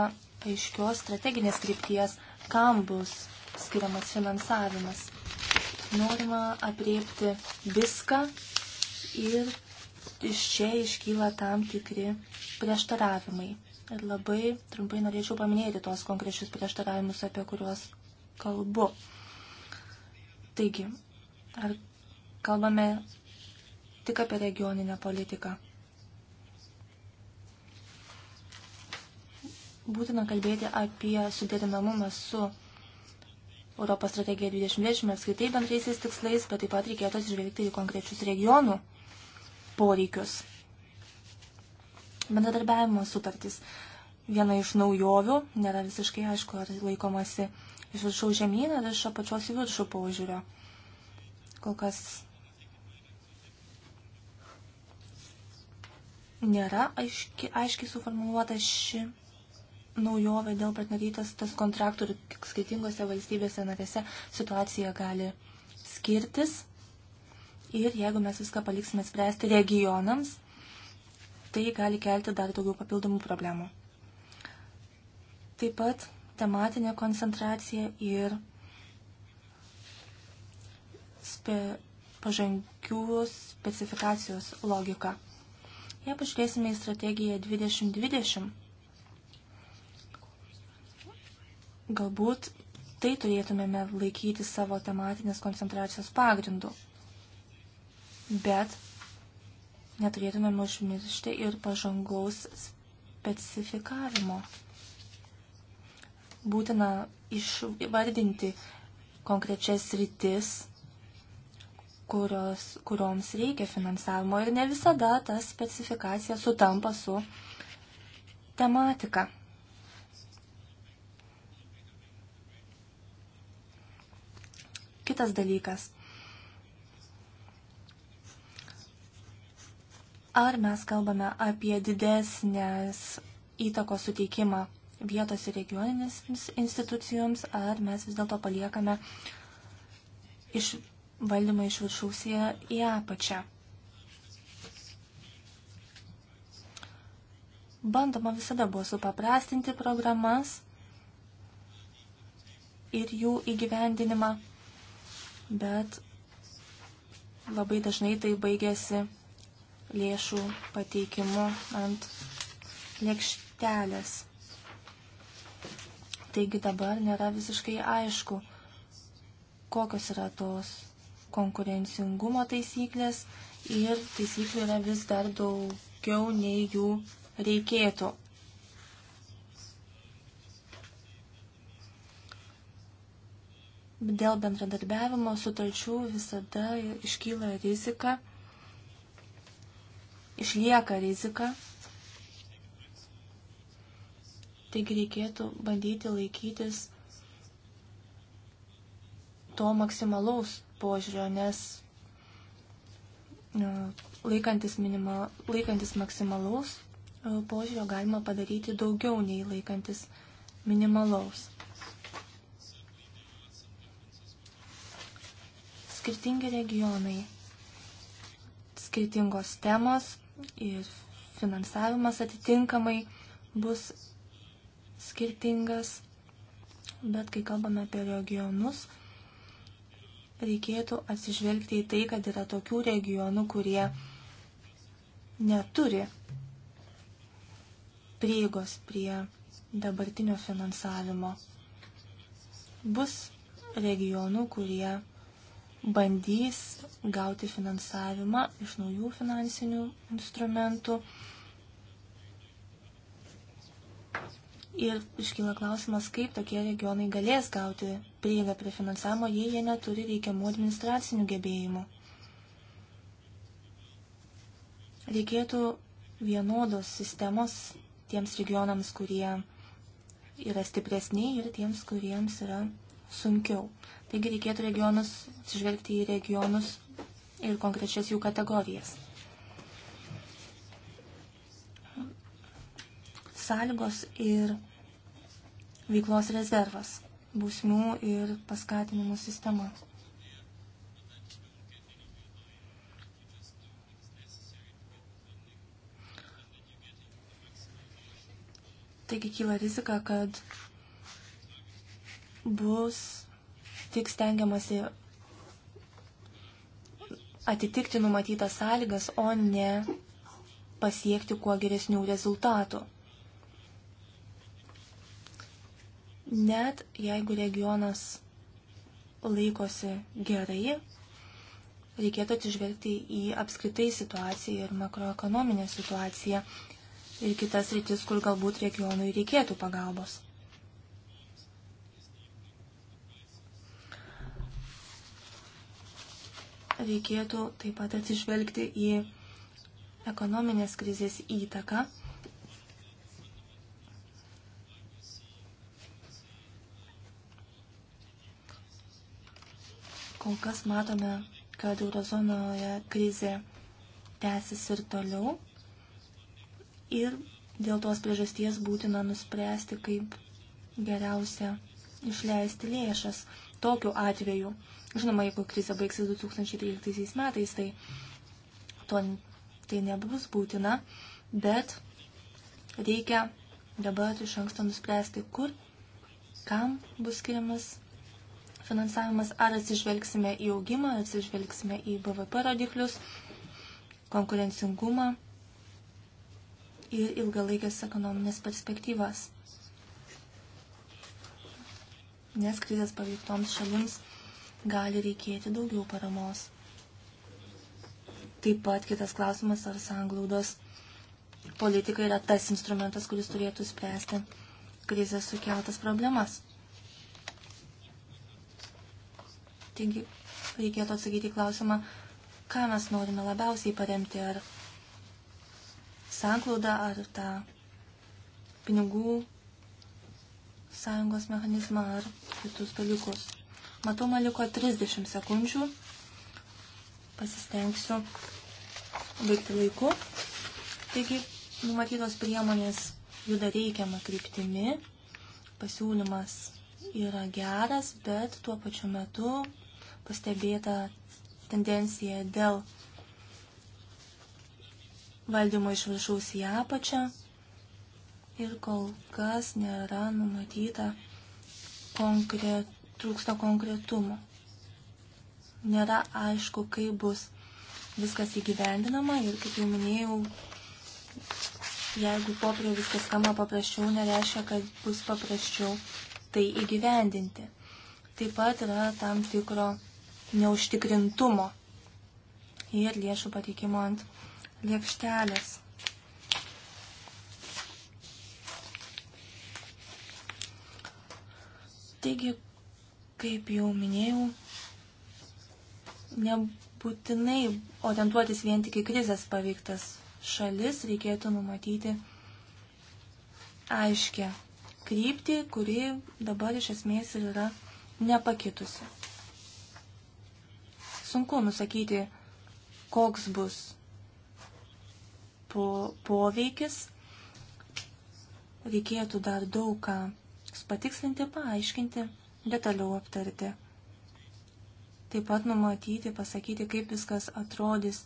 aiškios strateginės krypties, kam bus skiriamas finansavimas. Norima apriepti viską ir iš čia iškyla tam tikri prieštaravimai. Ir labai trumpai norėčiau paminėti tos konkrečius prieštaravimus, apie kuriuos kalbu. Taigi, ar kalbame tik apie regioninę politiką. Būtina kalbėti apie sudėtinamumą su Europos strategija 2020 apskritai bendraisiais tikslais, bet taip pat reikėtų atsižvelgti į konkrečius regionų poreikius. Bendradarbiavimo sutartis. Viena iš naujovių, nėra visiškai aišku, ar laikomasi iš viršaus žemyną ar iš apačios į viršų požiūrio. Kol kas nėra aiški, aiškiai suformuoluota ši naujovė dėl partnerystės tas kontraktų ir skirtingose valstybėse narėse situacija gali skirtis. Ir jeigu mes viską paliksime spręsti regionams, tai gali kelti dar daugiau papildomų problemų. Taip pat tematinė koncentracija ir spe, pažangių specifikacijos logika. Jei pažiūrėsime į strategiją 2020, galbūt tai turėtumėme laikyti savo tematinės koncentracijos pagrindu. Bet neturėtumėme užmiršti ir pažangaus specifikavimo. Būtina išvardinti konkrečias rytis kurios, kurioms reikia finansavimo ir ne visada ta specifikacija sutampa su tematika. Kitas dalykas. Ar mes kalbame apie didesnės įtakos suteikimą vietos ir regioninėms institucijoms, ar mes vis dėlto paliekame iš valdymą iš viršaus į apačią. Bandoma visada buvo supaprastinti programas ir jų įgyvendinimą, bet labai dažnai tai baigėsi lėšų pateikimu ant lėkštelės. Taigi dabar nėra visiškai aišku, kokios yra tos konkurencingumo taisyklės ir taisyklių yra vis dar daugiau nei jų reikėtų. Dėl bendradarbiavimo sutarčių visada iškyla rizika, išlieka rizika. Taigi reikėtų bandyti laikytis to maksimalaus požiūrio, nes e, laikantis, minima, laikantis maksimalaus e, požiūrio galima padaryti daugiau nei laikantis minimalaus. Skirtingi regionai, skirtingos temos ir finansavimas atitinkamai bus skirtingas, bet kai kalbame apie regionus, reikėtų atsižvelgti į tai, kad yra tokių regionų, kurie neturi prieigos prie dabartinio finansavimo. Bus regionų, kurie bandys gauti finansavimą iš naujų finansinių instrumentų Ir iškyla klausimas, kaip tokie regionai galės gauti prieigą prie finansavimo, jei jie neturi reikiamų administracinių gebėjimų. Reikėtų vienodos sistemos tiems regionams, kurie yra stipresni ir tiems, kuriems yra sunkiau. Taigi reikėtų regionus, atsižvelgti į regionus ir konkrečias jų kategorijas. Sąlygos ir veiklos rezervas, bausmių ir paskatinimų sistema. Taigi kyla rizika, kad bus tik stengiamasi atitikti numatytas sąlygas, o ne pasiekti kuo geresnių rezultatų. net jeigu regionas laikosi gerai, reikėtų atsižvelgti į apskritai situaciją ir makroekonominę situaciją ir kitas rytis, kur galbūt regionui reikėtų pagalbos. Reikėtų taip pat atsižvelgti į ekonominės krizės įtaką Kol kas matome, kad eurozonoje krizė tęsis ir toliau. Ir dėl tos priežasties būtina nuspręsti, kaip geriausia išleisti lėšas. Tokiu atveju, žinoma, jeigu krizė baigsis 2013 metais, tai to tai nebus būtina, bet reikia dabar iš anksto nuspręsti, kur, kam bus skiriamas finansavimas, ar atsižvelgsime į augimą, atsižvelgsime į BVP rodiklius, konkurencingumą ir ilgalaikės ekonominės perspektyvas. Nes krizės paveiktoms šalims gali reikėti daugiau paramos. Taip pat kitas klausimas, ar sanglaudos politika yra tas instrumentas, kuris turėtų spręsti krizės sukeltas problemas. Taigi reikėtų atsakyti klausimą, ką mes norime labiausiai paremti, ar sanklaudą, ar tą pinigų sąjungos mechanizmą, ar kitus dalykus. Matau, man liko 30 sekundžių. Pasistengsiu baigti laiku. Taigi, numatytos priemonės juda reikiamą kryptimi. Pasiūlymas yra geras, bet tuo pačiu metu pastebėta tendencija dėl valdymo iš viršaus į apačią ir kol kas nėra numatyta konkret, trūksta konkretumo. Nėra aišku, kaip bus viskas įgyvendinama ir, kaip jau minėjau, jeigu popieriau viskas skamba paprasčiau, nereiškia, kad bus paprasčiau tai įgyvendinti. Taip pat yra tam tikro neužtikrintumo ir lėšų pateikimo ant liepštelės. Taigi, kaip jau minėjau, nebūtinai orientuotis vien tik į krizės paveiktas šalis, reikėtų numatyti aiškę kryptį, kuri dabar iš esmės ir yra nepakitusi sunku nusakyti, koks bus po, poveikis. Reikėtų dar daug ką patikslinti, paaiškinti, detaliau aptarti. Taip pat numatyti, pasakyti, kaip viskas atrodys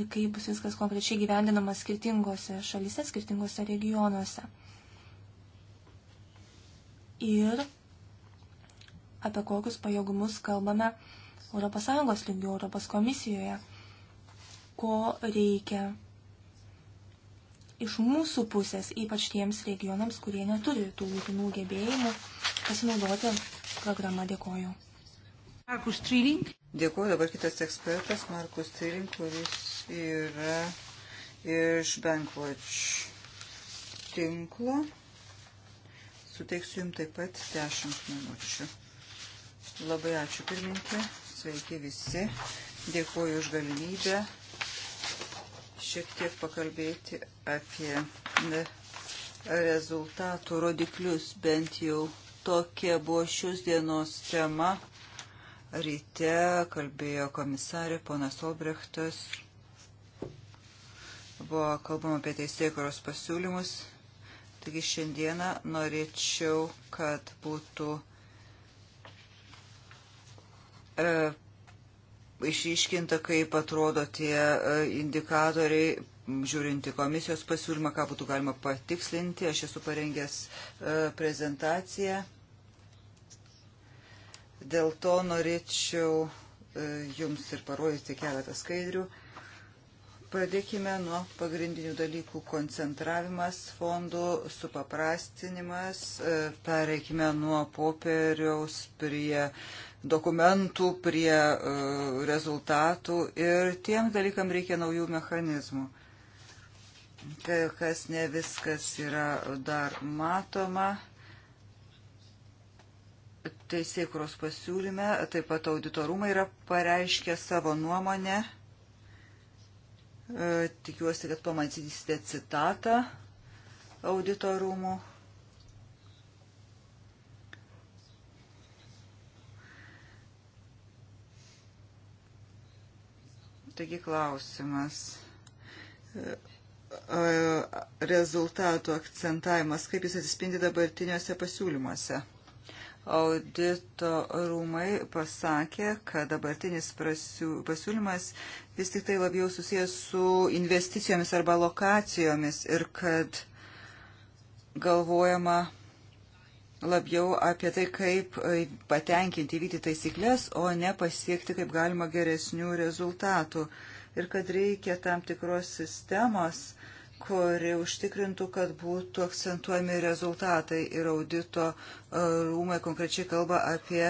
ir kaip bus viskas konkrečiai gyvendinama skirtingose šalise, skirtingose regionuose. Ir apie kokius pajėgumus kalbame ES lygių, ES komisijoje, ko reikia iš mūsų pusės, ypač tiems regionams, kurie neturi tų būtinų gebėjimų pasinaudoti programą. Dėkoju. Markus Trilink. Dėkuoju dabar kitas ekspertas Markus Trilink, kuris yra iš Bankwatch tinklo. Suteiksiu jums taip pat 10 minučių. Labai ačiū pirmininkė sveiki visi. Dėkuoju už galimybę šiek tiek pakalbėti apie rezultatų rodiklius, bent jau tokia buvo šios dienos tema. Ryte kalbėjo komisarė ponas Obrechtas, buvo kalbama apie teisėkoros pasiūlymus. Taigi šiandieną norėčiau, kad būtų E, išryškinta, kaip atrodo tie e, indikatoriai, žiūrinti komisijos pasiūlymą, ką būtų galima patikslinti. Aš esu parengęs e, prezentaciją. Dėl to norėčiau jums ir parodyti keletą skaidrių. Pradėkime nuo pagrindinių dalykų - koncentravimas fondų, supaprastinimas, e, pereikime nuo popieriaus prie dokumentų, prie e, rezultatų ir tiem dalykam reikia naujų mechanizmų. Kas ne viskas yra dar matoma teisėkuros pasiūlyme, taip pat auditorumai yra pareiškę savo nuomonę E, tikiuosi, kad pamatysite citatą auditorumų. Taigi klausimas e, rezultatų akcentavimas, kaip jis atsispindi dabartiniuose pasiūlymuose audito rūmai pasakė, kad dabartinis pasiūlymas vis tik tai labiau susijęs su investicijomis arba lokacijomis ir kad galvojama labiau apie tai, kaip patenkinti įvykti taisyklės, o ne pasiekti kaip galima geresnių rezultatų. Ir kad reikia tam tikros sistemos, kuri užtikrintų, kad būtų akcentuojami rezultatai ir audito e, rūmai konkrečiai kalba apie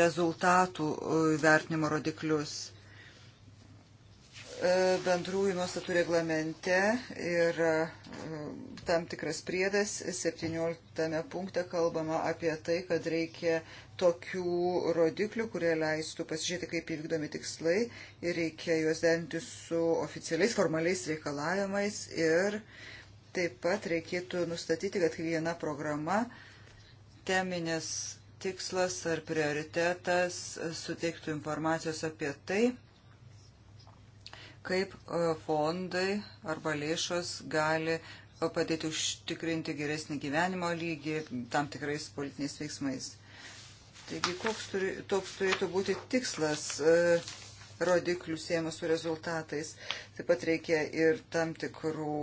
rezultatų e, vertinimo rodiklius. E, bendrųjų nuostatų reglamente yra e, tam tikras priedas. 17 punkte kalbama apie tai, kad reikia tokių rodiklių, kurie leistų pasižiūrėti, kaip įvykdomi tikslai ir reikia juos derinti su oficialiais formaliais reikalavimais ir taip pat reikėtų nustatyti, kad kiekviena programa teminės tikslas ar prioritetas suteiktų informacijos apie tai kaip e, fondai arba lėšos gali padėti užtikrinti geresnį gyvenimo lygį tam tikrais politiniais veiksmais. Taigi, koks turi, toks turėtų būti tikslas e, rodiklių siejamas su rezultatais. Taip pat reikia ir tam tikrų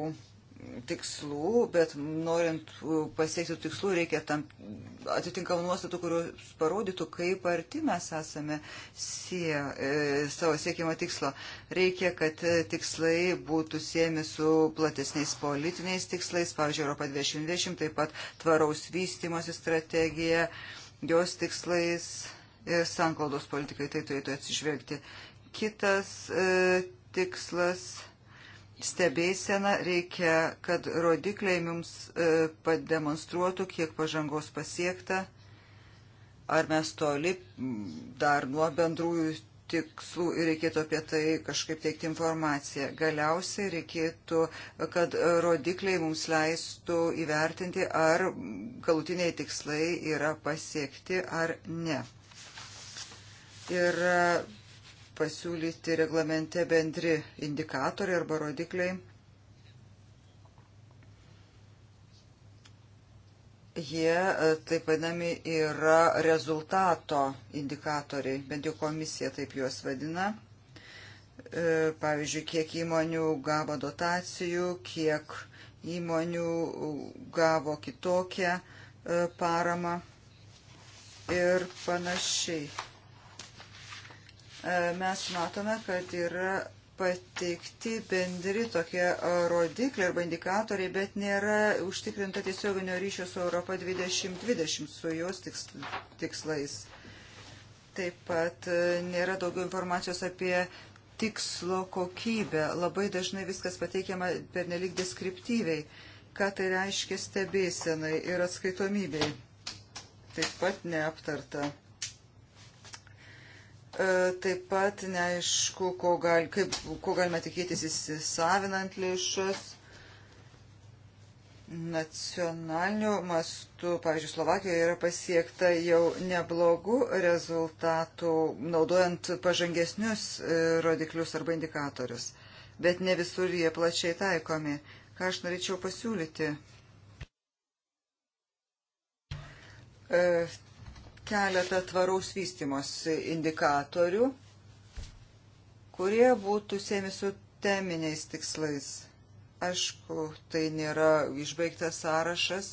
tikslų, bet norint uh, pasiekti tikslų reikia tam atitinkamų nuostatų, kurios parodytų, kaip arti mes esame sie, e, savo siekimo tikslo. Reikia, kad e, tikslai būtų siejami su platesniais politiniais tikslais, pavyzdžiui, Europa 2020, taip pat tvaraus vystimosi strategija, jos tikslais ir sanklaudos politikai tai turėtų atsižvelgti. Kitas e, tikslas stebėseną, reikia, kad rodikliai mums e, pademonstruotų, kiek pažangos pasiekta, ar mes toli dar nuo bendrųjų tikslų ir reikėtų apie tai kažkaip teikti informaciją. Galiausiai reikėtų, kad rodikliai mums leistų įvertinti, ar galutiniai tikslai yra pasiekti ar ne. Ir pasiūlyti reglamente bendri indikatoriai arba rodikliai. Jie, e, taip vadinami, yra rezultato indikatoriai, bent jau komisija taip juos vadina. E, pavyzdžiui, kiek įmonių gavo dotacijų, kiek įmonių gavo kitokią e, paramą ir panašiai E, mes matome, kad yra pateikti bendri tokie rodikliai arba indikatoriai, bet nėra užtikrinta tiesioginio ryšio su Europa 2020, su jos tikslais. Taip pat e, nėra daugiau informacijos apie tikslo kokybę. Labai dažnai viskas pateikiama pernelik deskriptyviai, ką tai reiškia stebėsenai ir atskaitomybei. Taip pat neaptarta E, taip pat neaišku, ko, gal, kaip, ko galima tikėtis įsisavinant lėšas nacionaliniu mastu, pavyzdžiui, Slovakijoje yra pasiekta jau neblogų rezultatų, naudojant pažangesnius e, rodiklius arba indikatorius, bet ne visur jie plačiai taikomi. Ką aš norėčiau pasiūlyti? E, keletą tvaraus vystimosi indikatorių, kurie būtų siemi su teminiais tikslais. Aišku, tai nėra išbaigtas sąrašas,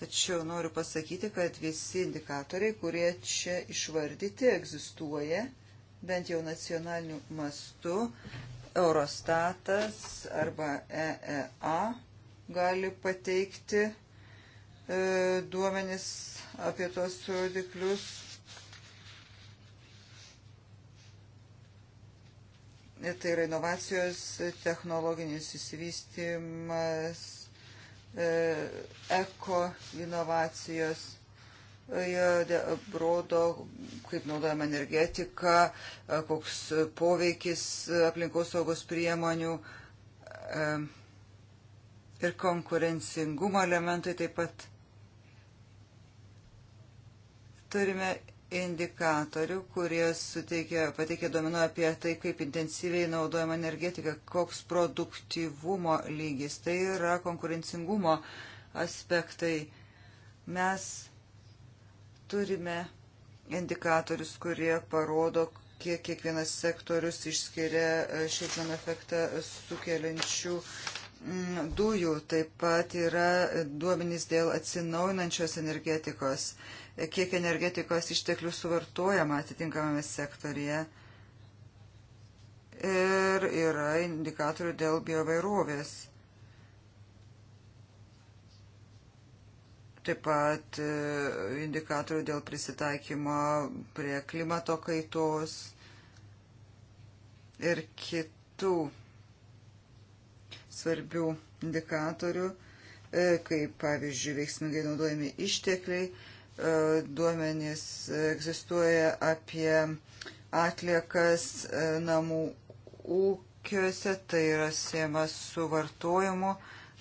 tačiau noriu pasakyti, kad visi indikatoriai, kurie čia išvardyti, egzistuoja, bent jau nacionaliniu mastu, Eurostatas arba EEA gali pateikti e, duomenis apie tos rodiklius. Tai yra inovacijos, technologinis įsivystymas, e, eko inovacijos jie rodo, kaip naudojama energetika, e, koks poveikis aplinkos saugos priemonių e, ir konkurencingumo elementai taip pat Turime indikatorių, kurie suteikia, pateikia domino apie tai, kaip intensyviai naudojama energetika, koks produktyvumo lygis, tai yra konkurencingumo aspektai. Mes turime indikatorius, kurie parodo, kiek kiekvienas sektorius išskiria e, šiltnamio efektą sukeliančių mm, dujų. Taip pat yra duomenys dėl atsinaujinančios energetikos kiek energetikos išteklių suvartojama atitinkamame sektorije. Ir yra indikatorių dėl biovairovės. Taip pat e, indikatorių dėl prisitaikymo prie klimato kaitos ir kitų svarbių indikatorių, e, kaip pavyzdžiui veiksmingai naudojami ištekliai E, duomenys egzistuoja apie atliekas e, namų ūkiuose, tai yra siemas su vartojimu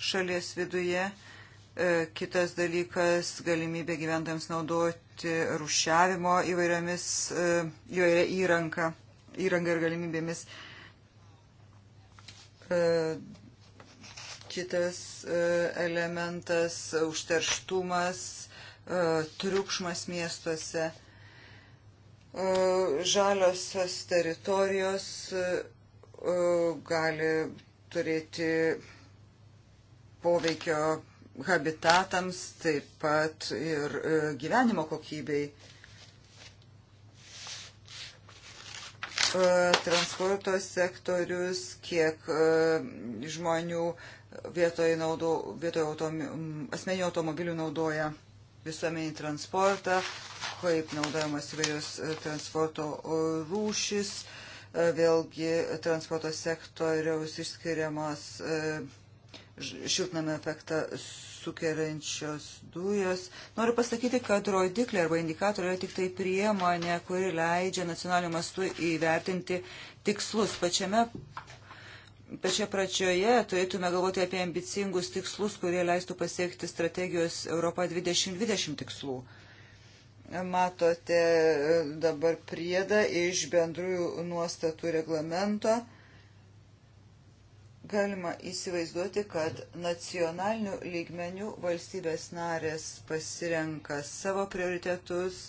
šalies viduje. E, kitas dalykas - galimybė gyventams naudoti rušiavimo įvairiomis įvairia įranka, įranga ir galimybėmis. Kitas elementas - užterštumas, E, triukšmas miestuose, e, žaliosios teritorijos e, gali turėti poveikio habitatams, taip pat ir gyvenimo kokybei. Transporto sektorius, kiek žmonių vietoje, naudo, vietoje autom, asmeninių automobilių naudoja visuomenį transportą, kaip naudojamas įvairios e, transporto rūšis, e, vėlgi transporto sektoriaus išskiriamas e, šiltnamio efektą sukeliančios dujos. Noriu pasakyti, kad rodikliai arba indikatoriai yra tik tai priemonė, kuri leidžia nacionaliniu mastu įvertinti tikslus. Pačiame Pačioje pradžioje turėtume galvoti apie ambicingus tikslus, kurie leistų pasiekti strategijos Europa 2020 tikslų. Matote dabar priedą iš bendrųjų nuostatų reglamento. Galima įsivaizduoti, kad nacionalinių lygmenių valstybės narės pasirenka savo prioritetus,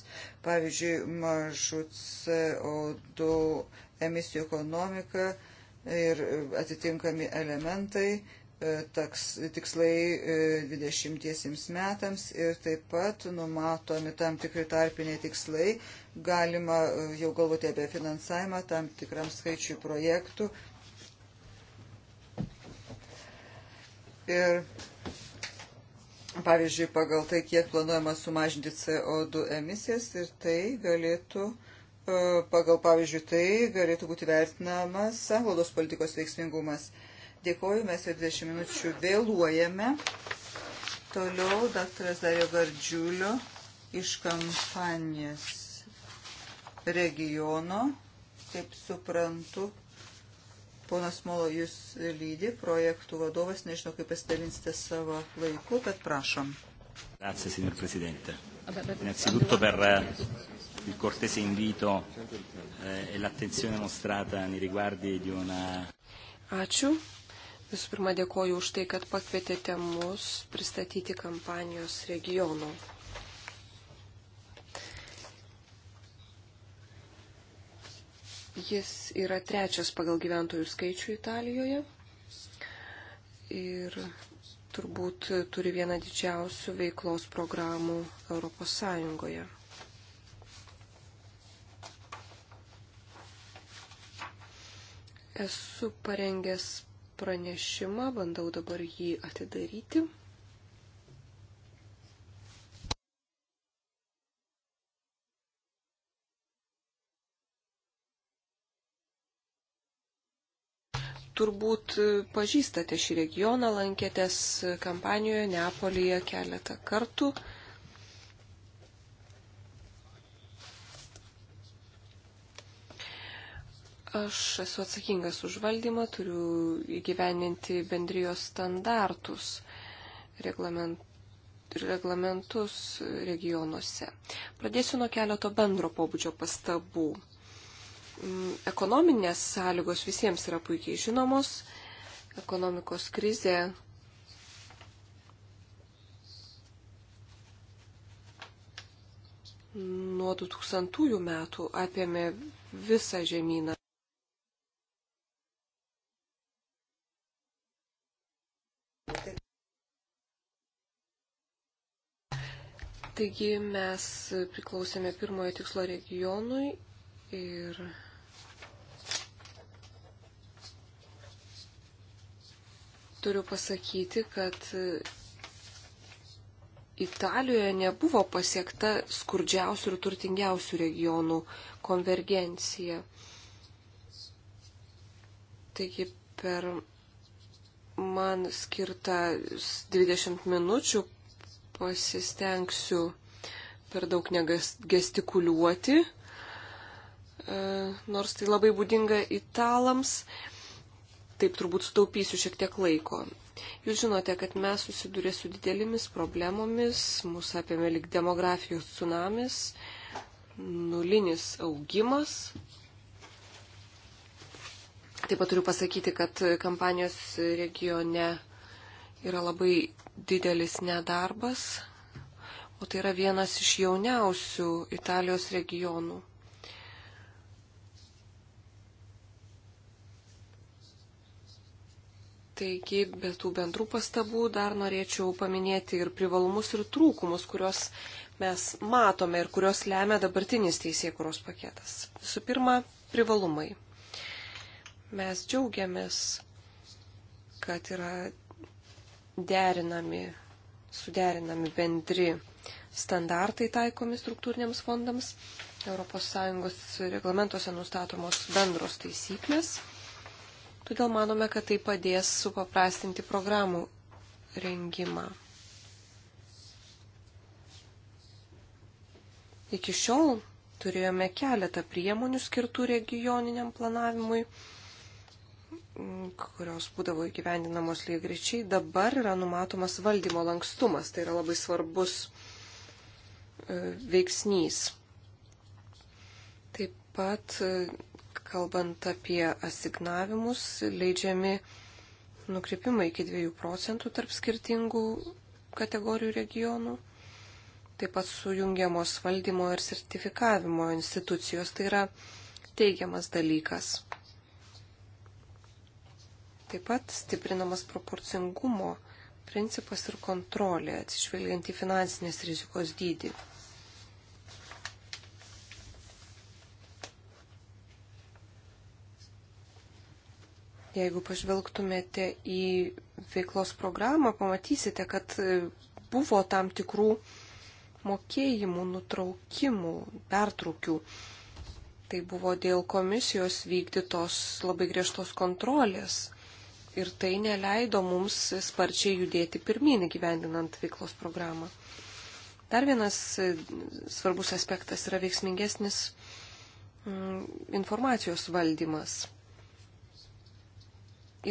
pavyzdžiui, mažų CO2 emisijų ekonomiką ir atitinkami elementai, e, taks, tikslai 20 e, metams ir taip pat numatomi tam tikri tarpiniai tikslai. Galima e, jau galvoti apie finansavimą tam tikram skaičiui projektų. Ir pavyzdžiui, pagal tai, kiek planuojama sumažinti CO2 emisijas ir tai galėtų E, pagal pavyzdžiui tai galėtų būti vertinamas sąnaudos politikos veiksmingumas. Dėkoju, mes jau 20 minučių vėluojame. Toliau daktaras Dario Gardžiulio iš kampanijas regiono. Kaip suprantu, ponas Molo jūs lydi, projektų vadovas, nežinau, kaip pasidalinsite savo laiku, bet prašom. Grazie, signor Presidente. Innanzitutto per il cortese invito eh, e l'attenzione mostrata nei riguardi di una. Ačiū. Visų pirma, dėkoju už tai, kad pakvietėte mus pristatyti kampanijos regionų. Jis yra trečias pagal gyventojų skaičių Italijoje ir turbūt turi vieną didžiausių veiklos programų Europos Sąjungoje. Esu parengęs pranešimą, bandau dabar jį atidaryti. Turbūt pažįstate šį regioną, lankėtės kampanijoje Neapolyje keletą kartų. aš esu atsakingas už valdymą, turiu įgyveninti bendrijos standartus, reglament, reglamentus regionuose. Pradėsiu nuo keleto bendro pobūdžio pastabų. Mm, ekonominės sąlygos visiems yra puikiai žinomos. Ekonomikos krizė nuo 2000 metų apėmė visą žemyną. Taigi mes priklausėme pirmojo tikslo regionui ir turiu pasakyti, kad Italijoje nebuvo pasiekta skurdžiausių ir turtingiausių regionų konvergencija. Taigi per man skirtą 20 minučių pasistengsiu per daug negestikuliuoti, e, nors tai labai būdinga italams, taip turbūt sutaupysiu šiek tiek laiko. Jūs žinote, kad mes susidurė su didelėmis problemomis, mūsų apėmė lik demografijos tsunamis, nulinis augimas. Taip pat turiu pasakyti, kad kampanijos regione yra labai didelis nedarbas, o tai yra vienas iš jauniausių Italijos regionų. Taigi, be tų bendrų pastabų dar norėčiau paminėti ir privalumus, ir trūkumus, kuriuos mes matome ir kuriuos lemia dabartinis teisėkuros paketas. Visų pirma, privalumai. Mes džiaugiamės, kad yra derinami, suderinami bendri standartai taikomi struktūriniams fondams. ES reglamentuose nustatomos bendros taisyklės. Todėl manome, kad tai padės supaprastinti programų rengimą. Iki šiol turėjome keletą priemonių skirtų regioniniam planavimui kurios būdavo įgyvendinamos lygiai dabar yra numatomas valdymo lankstumas. Tai yra labai svarbus e, veiksnys. Taip pat, e, kalbant apie asignavimus, leidžiami nukreipimai iki 2 procentų tarp skirtingų kategorijų regionų. Taip pat sujungiamos valdymo ir sertifikavimo institucijos. Tai yra teigiamas dalykas. Taip pat stiprinamas proporcingumo principas ir kontrolė, atsižvelgiant į finansinės rizikos dydį. Jeigu pažvelgtumėte į veiklos programą, pamatysite, kad buvo tam tikrų mokėjimų, nutraukimų, pertraukių. Tai buvo dėl komisijos vykdytos labai griežtos kontrolės ir tai neleido mums sparčiai judėti pirmin gyvendinant veiklos programą. Dar vienas e, svarbus aspektas yra veiksmingesnis mm, informacijos valdymas.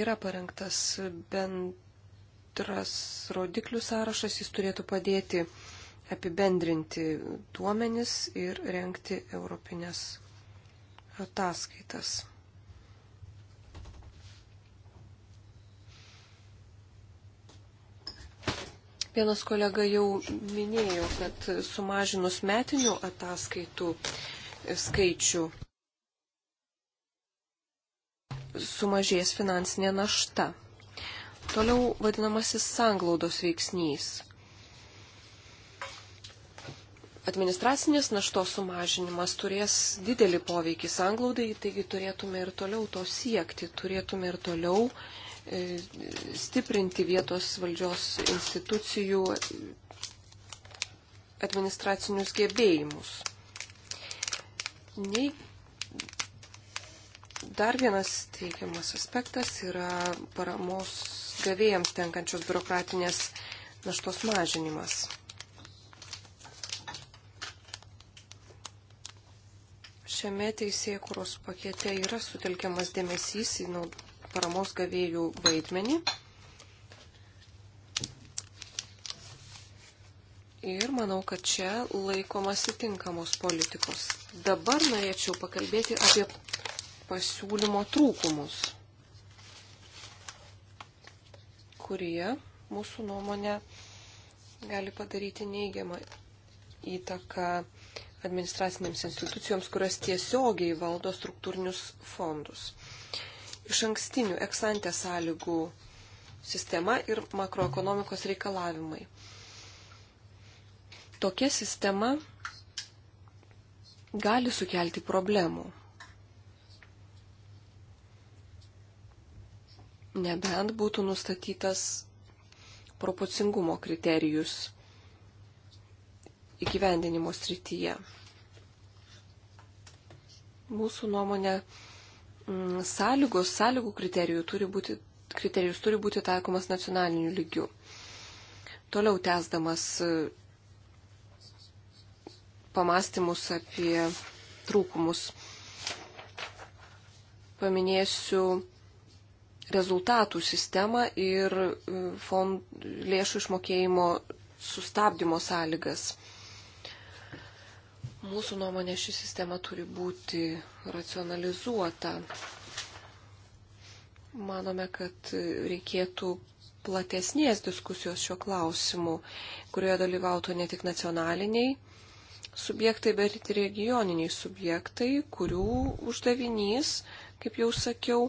Yra parengtas bendras rodiklių sąrašas, jis turėtų padėti apibendrinti duomenis ir renkti europinės ataskaitas. Vienas kolega jau minėjo, kad sumažinus metinių ataskaitų skaičių sumažės finansinė našta. Toliau vadinamasis sanglaudos veiksnys. Administracinės naštos sumažinimas turės didelį poveikį sanglaudai, taigi turėtume ir toliau to siekti, turėtume ir toliau uh, E, stiprinti vietos valdžios institucijų administracinius gebėjimus. Nei dar vienas teigiamas aspektas yra paramos gavėjams tenkančios biurokratinės naštos mažinimas. Šiame teisėkuros pakete yra sutelkiamas dėmesys į naud paramos gavėjų vaidmenį. Ir manau, kad čia laikomasi tinkamos politikos. Dabar norėčiau pakalbėti apie pasiūlymo trūkumus, kurie mūsų nuomonė gali padaryti neigiamą įtaką administracinėms institucijoms, kurios tiesiogiai valdo struktūrinius fondus iš ankstinių eksantę sąlygų sistema ir makroekonomikos reikalavimai. Tokia sistema gali sukelti problemų. Nebent būtų nustatytas proporcingumo kriterijus įgyvendinimo srityje. Mūsų nuomonė Mm, sąlygos, sąlygų kriterijų turi būti, kriterijus turi būti taikomas nacionaliniu lygiu. Toliau tęsdamas e, pamastymus apie trūkumus, paminėsiu rezultatų sistemą ir e, fond, lėšų išmokėjimo sustabdymo sąlygas. Mūsų nuomonė ši sistema turi būti racionalizuota. Manome, kad reikėtų platesnės diskusijos šio klausimu, kurioje dalyvautų ne tik nacionaliniai subjektai, bet ir regioniniai subjektai, kurių uždavinys, kaip jau sakiau,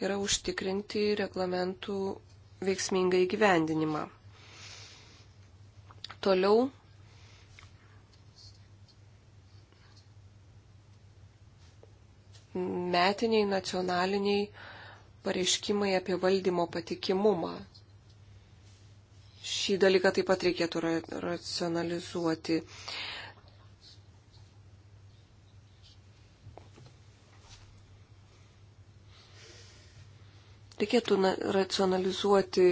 yra užtikrinti reglamentų veiksmingą įgyvendinimą. Toliau metiniai nacionaliniai pareiškimai apie valdymo patikimumą. Šį dalyką taip pat reikėtų ra racionalizuoti. Reikėtų racionalizuoti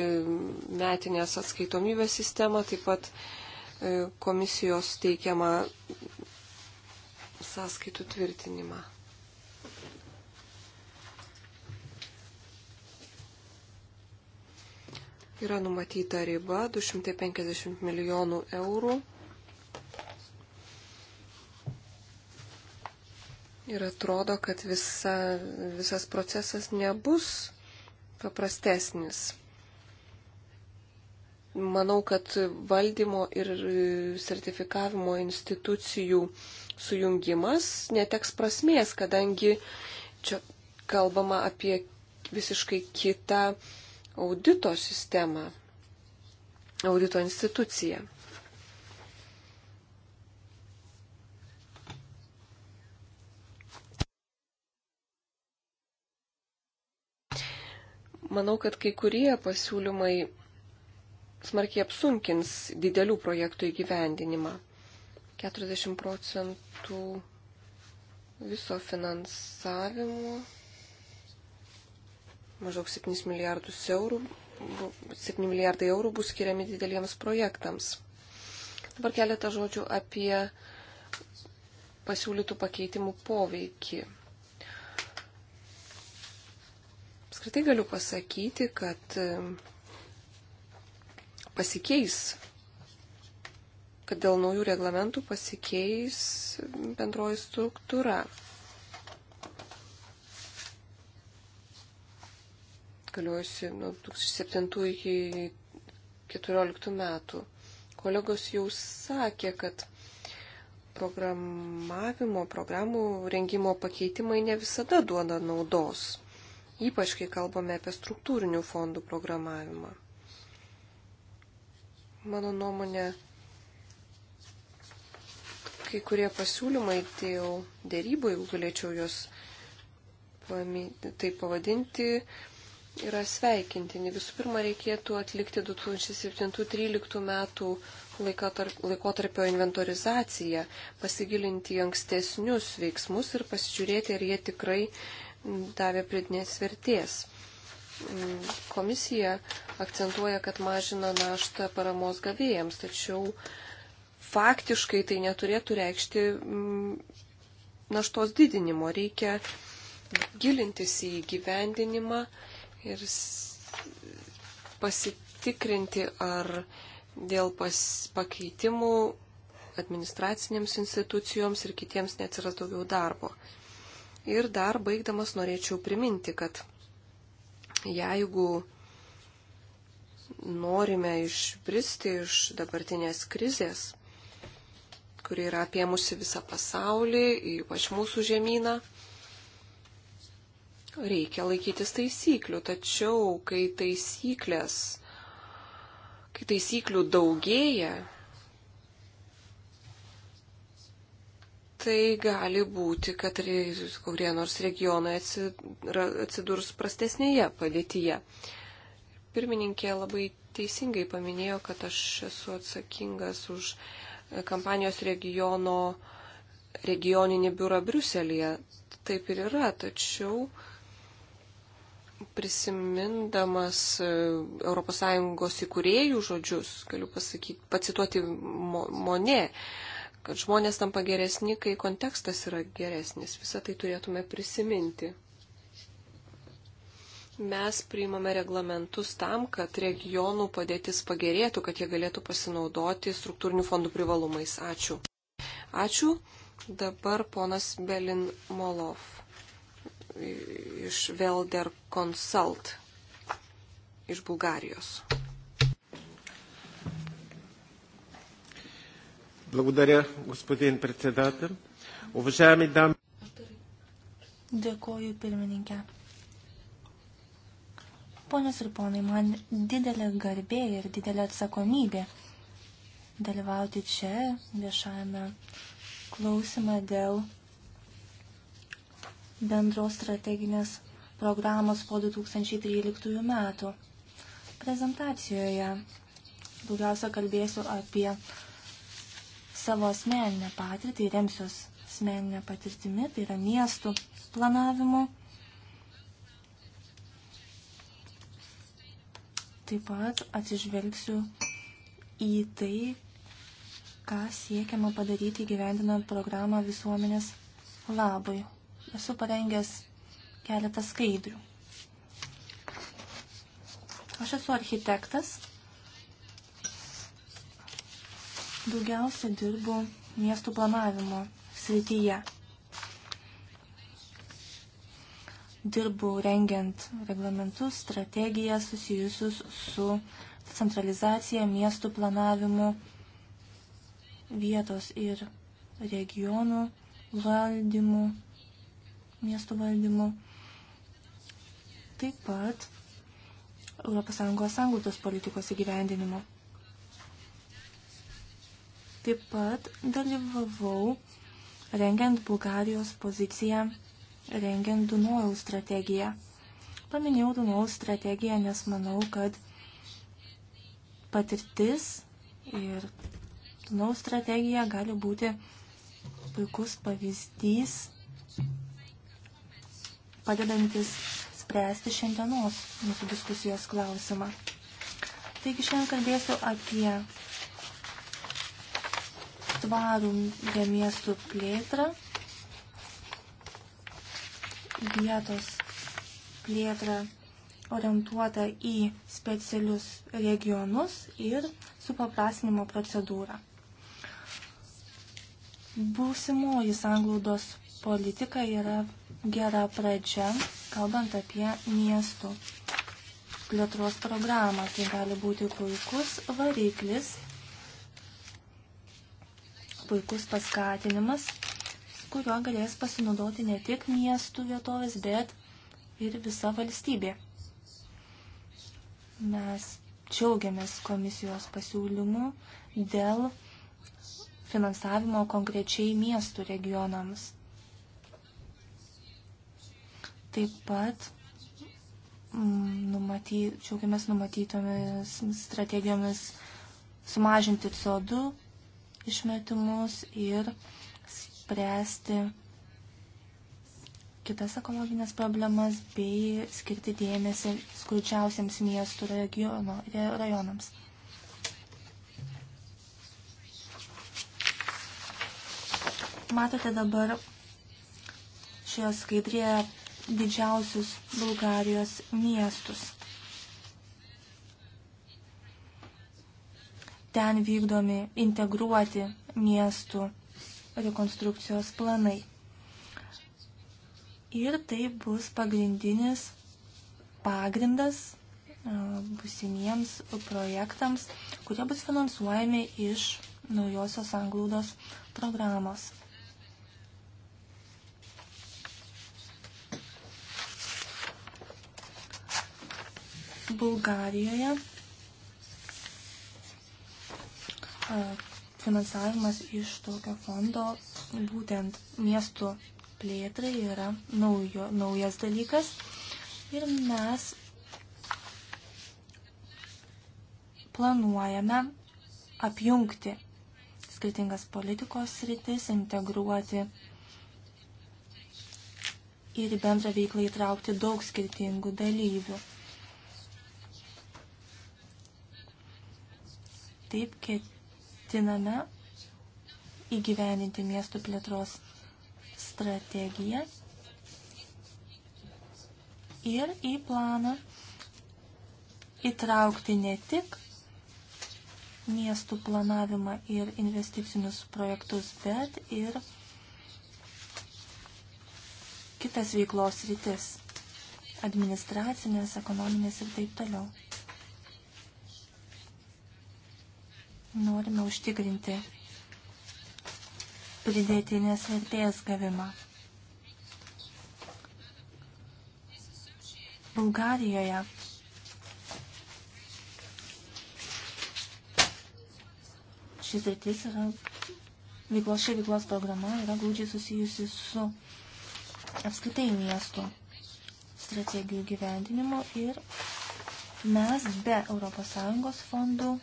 metinės atskaitomybės sistemą, taip pat e, komisijos teikiamą sąskaitų tvirtinimą. yra numatyta riba 250 milijonų eurų. Ir atrodo, kad visa, visas procesas nebus paprastesnis. Manau, kad valdymo ir sertifikavimo institucijų sujungimas neteks prasmės, kadangi čia kalbama apie visiškai kitą uh, audito sistemą, audito instituciją. Manau, kad kai kurie pasiūlymai smarkiai apsunkins didelių projektų įgyvendinimą. 40 procentų viso finansavimo maždaug 7 milijardus eurų, 7 milijardai eurų bus skiriami dideliems projektams. Dabar keletą žodžių apie pasiūlytų pakeitimų poveikį. Apskritai galiu pasakyti, kad e, pasikeis, kad dėl naujų reglamentų pasikeis bendroji struktūra. galiojusi nuo 2007 iki 2014 metų. Kolegos jau sakė, kad programavimo, programų rengimo pakeitimai ne visada duoda naudos, ypač kai kalbame apie struktūrinių fondų programavimą. Mano nuomonė, kai kurie pasiūlymai dėl dėrybų, jeigu galėčiau juos taip pavadinti, yra sveikintini. Visų pirma, reikėtų atlikti 2007-2013 metų laikotarpio inventorizaciją, pasigilinti ankstesnius veiksmus ir pasižiūrėti, ar jie tikrai davė pridnės vertės. Komisija akcentuoja, kad mažina naštą paramos gavėjams, tačiau faktiškai tai neturėtų reikšti naštos didinimo. Reikia gilintis į gyvendinimą ir pasitikrinti, ar dėl pas, pakeitimų administracinėms institucijoms ir kitiems neatsiras daugiau darbo. Ir dar baigdamas norėčiau priminti, kad jeigu norime išbristi iš dabartinės krizės, kuri yra apiemusi visą pasaulį, ypač mūsų žemyną, reikia laikytis taisyklių, tačiau kai taisyklės, kai taisyklių daugėja, tai gali būti, kad kurie nors regionai atsidurs prastesnėje padėtyje. Pirmininkė labai teisingai paminėjo, kad aš esu atsakingas už kampanijos regiono, regioninį biurą Briuselėje. Taip ir yra, tačiau prisimindamas ES įkūrėjų žodžius, galiu pasakyti, pacituoti Monė, kad žmonės tampa geresni, kai kontekstas yra geresnis. Visą tai turėtume prisiminti. Mes priimame reglamentus tam, kad regionų padėtis pagerėtų, kad jie galėtų pasinaudoti struktūrinių fondų privalumais. Ačiū. Ačiū. Dabar ponas Belin Molov iš Velder Consult iš Bulgarijos. Благодаря, господин председател. Уважаеми дами... Dėkoju, pirmininkė. Ponios ir ponai, man didelė garbė ir didelė atsakomybė dalyvauti čia viešajame klausime dėl bendros strateginės programos po 2013 metų. Prezentacijoje daugiausia kalbėsiu apie savo asmeninę patirtį, remsiuos asmeninę patirtimį, tai yra miestų planavimu. Taip pat atsižvelgsiu į tai, ką siekiama padaryti gyvendinant programą visuomenės labui esu parengęs keletą skaidrių. Aš esu architektas. Daugiausia dirbu miestų planavimo srityje. Dirbu rengiant reglamentus, strategijas susijusius su centralizacija, miestų planavimu, vietos ir regionų valdymu miesto valdymu. Taip pat ES sanglaudos politikos įgyvendinimu. Taip pat dalyvavau rengiant Bulgarijos poziciją, rengiant Dunojaus strategiją. Paminėjau Dunojaus strategiją, nes manau, kad patirtis ir Dunojaus strategija gali būti puikus pavyzdys padedantis spręsti šiandienos mūsų diskusijos klausimą. Taigi šiandien kalbėsiu apie tvarų miestų plėtrą, vietos plėtrą orientuota į specialius regionus ir supaprastinimo procedūrą. Būsimoji sanglaudos politika yra gera pradžia, kalbant apie miestų plėtros programą. Tai gali būti puikus variklis, puikus paskatinimas, kuriuo galės pasinaudoti ne tik miestų vietovės, bet ir visa valstybė. Mes džiaugiamės komisijos pasiūlymu dėl finansavimo konkrečiai miestų regionams. Taip pat mm, numaty, džiaugiamės numatytomis strategijomis sumažinti CO2 išmetimus ir spręsti kitas ekologinės problemas bei skirti dėmesį skurdžiausiams miestų regiono, rajonams. Matote dabar šioje skaidrėje didžiausius Bulgarijos miestus. Ten vykdomi integruoti miestų rekonstrukcijos planai. Ir tai bus pagrindinis pagrindas busimiems projektams, kurie bus finansuojami iš naujosios anglūdos programos. Bulgarijoje finansavimas iš tokio fondo būtent miestų plėtrai yra naujo, naujas dalykas. Ir mes planuojame apjungti skirtingas politikos sritis, integruoti ir į bendrą veiklą įtraukti daug skirtingų dalyvių. Taip ketiname įgyveninti miestų plėtros strategiją ir į planą įtraukti ne tik miestų planavimą ir investicinius projektus, bet ir kitas veiklos rytis – administracinės, ekonominės ir taip toliau. norime užtikrinti pridėtinės vertės gavimą. Bulgarijoje šis rytis yra veiklos, ši veiklos programa yra glaudžiai susijusi su apskritai miesto strategijų gyvendinimu ir mes be ES fondų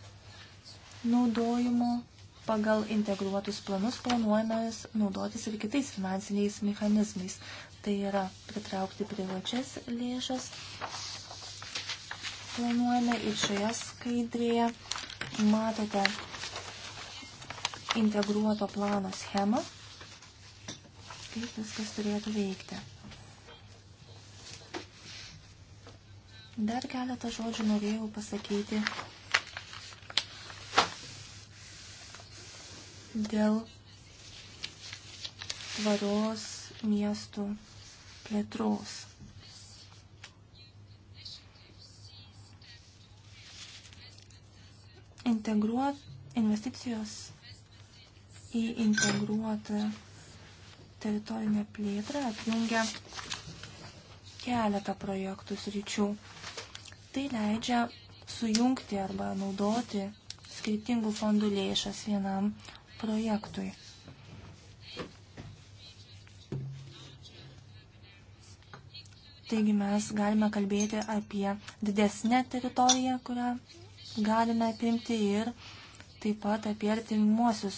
naudojimo. Pagal integruotus planus planuojame naudotis ir kitais finansiniais mechanizmais. Tai yra pritraukti privačias lėšas. Planuojame ir šioje skaidrėje matote integruoto plano schemą, kaip viskas turėtų veikti. Dar keletą žodžių norėjau pasakyti dėl tvaros miestų plėtros. Integruot, investicijos į integruotą teritorinę plėtrą apjungia keletą projektų sričių. Tai leidžia sujungti arba naudoti skirtingų fondų lėšas vienam projektui. Taigi mes galime kalbėti apie didesnę teritoriją, kurią galime apimti ir taip pat apie artimuosius,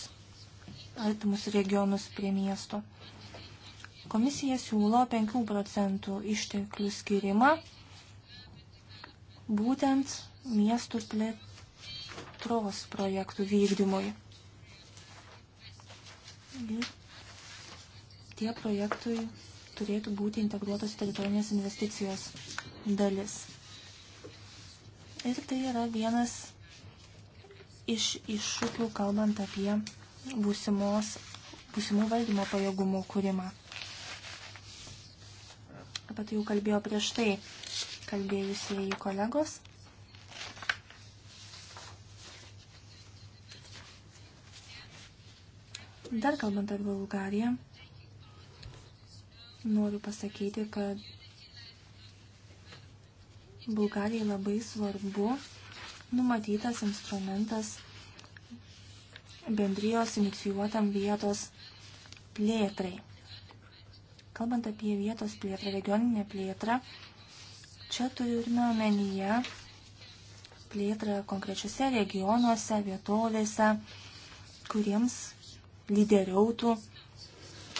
artimus regionus prie miesto. Komisija siūlo 5 procentų išteklių skirimą būtent miestų plėtros projektų vykdymui ir tie projektui turėtų būti integruotos į teritorinės investicijos dalis. Ir tai yra vienas iš iššūkių, kalbant apie būsimos, būsimų valdymo pajėgumų kūrimą. Apie tai jau kalbėjo prieš tai kalbėjusieji kolegos. Dar kalbant apie Bulgariją, noriu pasakyti, kad Bulgarijai labai svarbu numatytas instrumentas bendrijos inicijuotam vietos plėtrai. Kalbant apie vietos plėtrą, regioninę plėtrą, čia turime omenyje plėtrą konkrečiuose regionuose, vietovėse, kuriems lyderiautų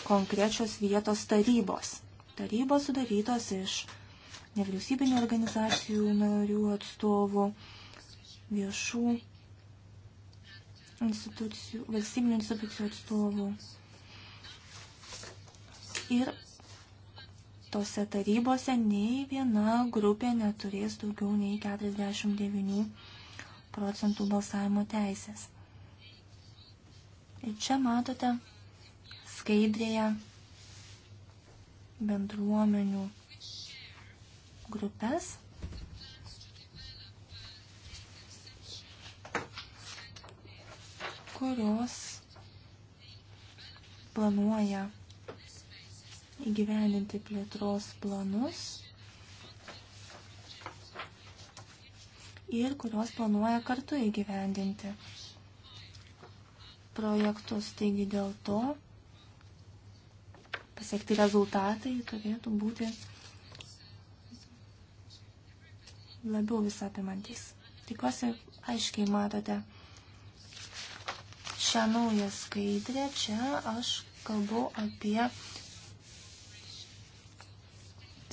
konkrečios vietos tarybos. Tarybos sudarytos iš nevyriausybinio organizacijų narių atstovų, viešų institucijų, valstybinių institucijų atstovų. Ir tose tarybose nei viena grupė neturės daugiau nei 49 procentų balsavimo teisės. Čia matote skaidrėje bendruomenių grupės. kurios planuoja įgyveninti plėtros planus ir kurios planuoja kartu įgyvendinti projektus, taigi dėl to pasiekti rezultatai turėtų būti labiau visapimantis. Tikiuosi, aiškiai matote šią naują skaidrę. Čia aš kalbu apie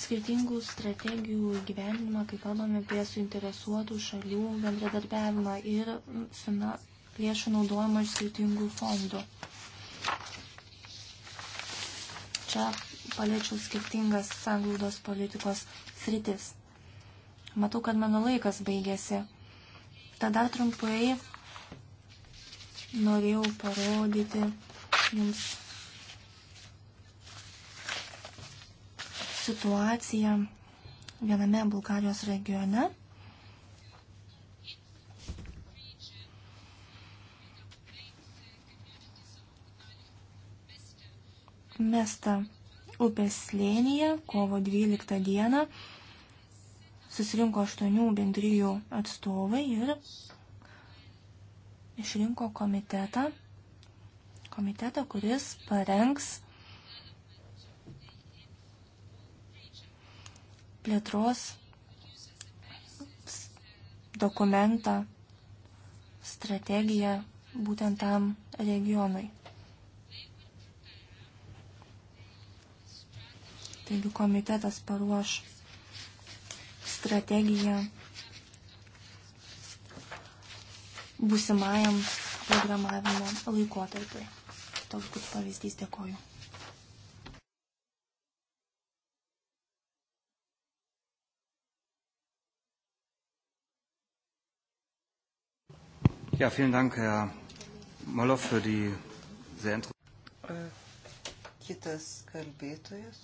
skirtingų strategijų gyvenimą, kai kalbame apie suinteresuotų šalių bendradarbiavimą ir fina, lėšų naudojimo iš skirtingų fondų. Čia paliečiau skirtingas sanglaudos politikos sritis. Matau, kad mano laikas baigėsi. Tada trumpai norėjau parodyti jums situaciją viename Bulgarijos regione. pamesta upės slėnyje kovo 12 dieną. Susirinko aštuonių bendrijų atstovai ir išrinko komitetą, komitetą, kuris parengs plėtros dokumentą, strategiją būtent tam regionui. jeigu komitetas paruoš strategiją būsimajam programavimo laikotarpiui. Toks būtų pavyzdys, dėkoju. Ja, vielen Dank, Herr Moloff, für die sehr interessanten. Kitas kalbėtojas.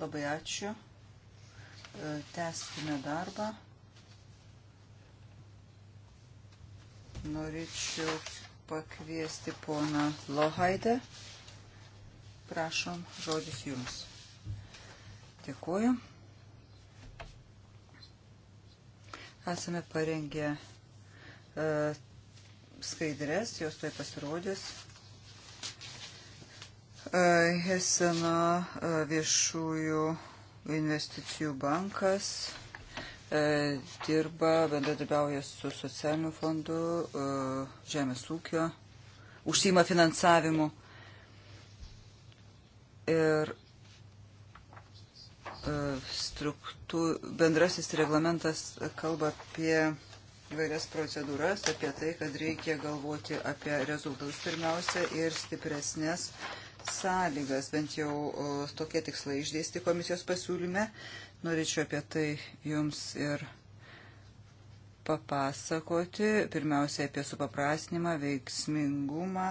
Labai ačiū. E, Teskime darbą. Norėčiau pakviesti poną Lohaidą. Prašom, žodis jums. Dėkuoju. Esame parengę uh, e, skaidrės, jos tai pasirodys. E, Heseno e, viešųjų investicijų bankas e, dirba, bendradarbiauja su socialiniu fondu, žemės ūkio, užsima finansavimu. Ir struktų, bendrasis reglamentas kalba apie įvairias procedūras, apie tai, kad reikia galvoti apie rezultatus pirmiausia ir stipresnės uh, sąlygas, bent jau tokie tikslai išdėsti komisijos pasiūlyme. Norėčiau apie tai jums ir papasakoti, pirmiausia apie supaprastinimą, veiksmingumą,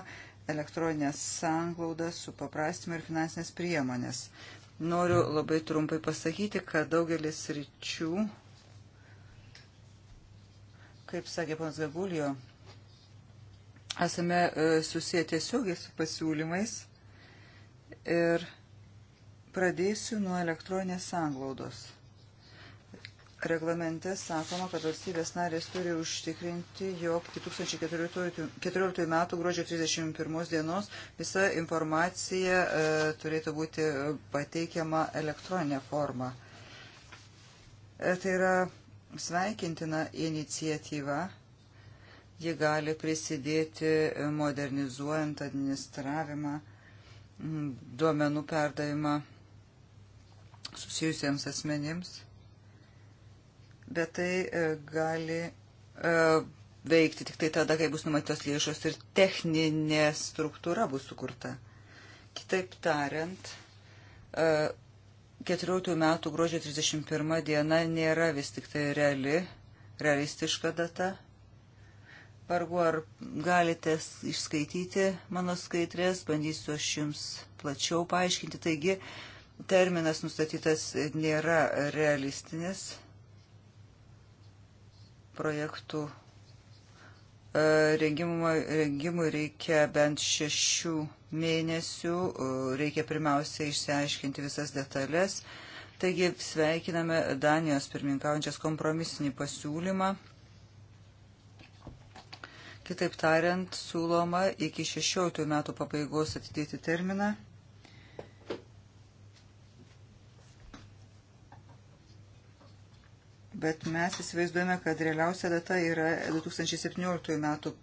elektroninės sanglaudas, supaprastinimą ir finansinės priemonės. Noriu labai trumpai pasakyti, kad daugelis ryčių, kaip sakė pons Gagulijo, esame e, susiję tiesiogiai su pasiūlymais Ir pradėsiu nuo elektroninės sanglaudos. Reglamente sakoma, kad valstybės narės turi užtikrinti, jog 2014 m. gruodžio 31 dienos visa informacija e, turėtų būti e, pateikiama elektroninė forma. E, tai yra sveikintina iniciatyva, ji gali prisidėti modernizuojant administravimą. E, duomenų perdavimą susijusiems asmenims, bet tai e, gali e, veikti tik tai tada, kai bus numatytos lėšos ir techninė struktūra bus sukurta. Kitaip tariant, 14 e, metų gruodžio 31 diena nėra vis tik tai reali, realistiška data Vargu ar galite išskaityti mano skaitrės, bandysiu aš jums plačiau paaiškinti. Taigi, terminas nustatytas nėra realistinis projektų e, rengimui, rengimui reikia bent šešių mėnesių, reikia pirmiausia išsiaiškinti visas detalės. Taigi sveikiname Danijos pirmininkaujančias kompromisinį pasiūlymą Kitaip tariant, siūloma iki 16 metų pabaigos atidėti terminą. Bet mes įsivaizduojame, kad realiausia data yra 2017 metų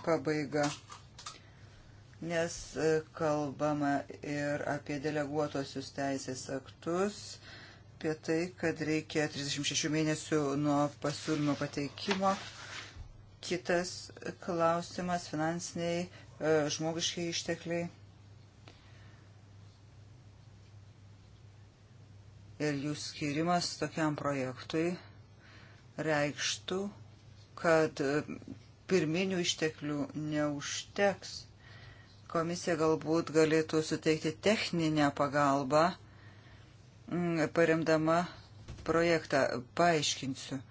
pabaiga, nes e, kalbama ir apie deleguotosius teisės aktus apie tai, kad reikia 36 mėnesių nuo pasiūlymo pateikimo Kitas klausimas - finansiniai, e, žmogiškiai ištekliai. Ir jų skirimas tokiam projektui reikštų, kad e, pirminių išteklių neužteks. Komisija galbūt galėtų suteikti techninę pagalbą, mm, paremdama projektą. Paaiškinsiu.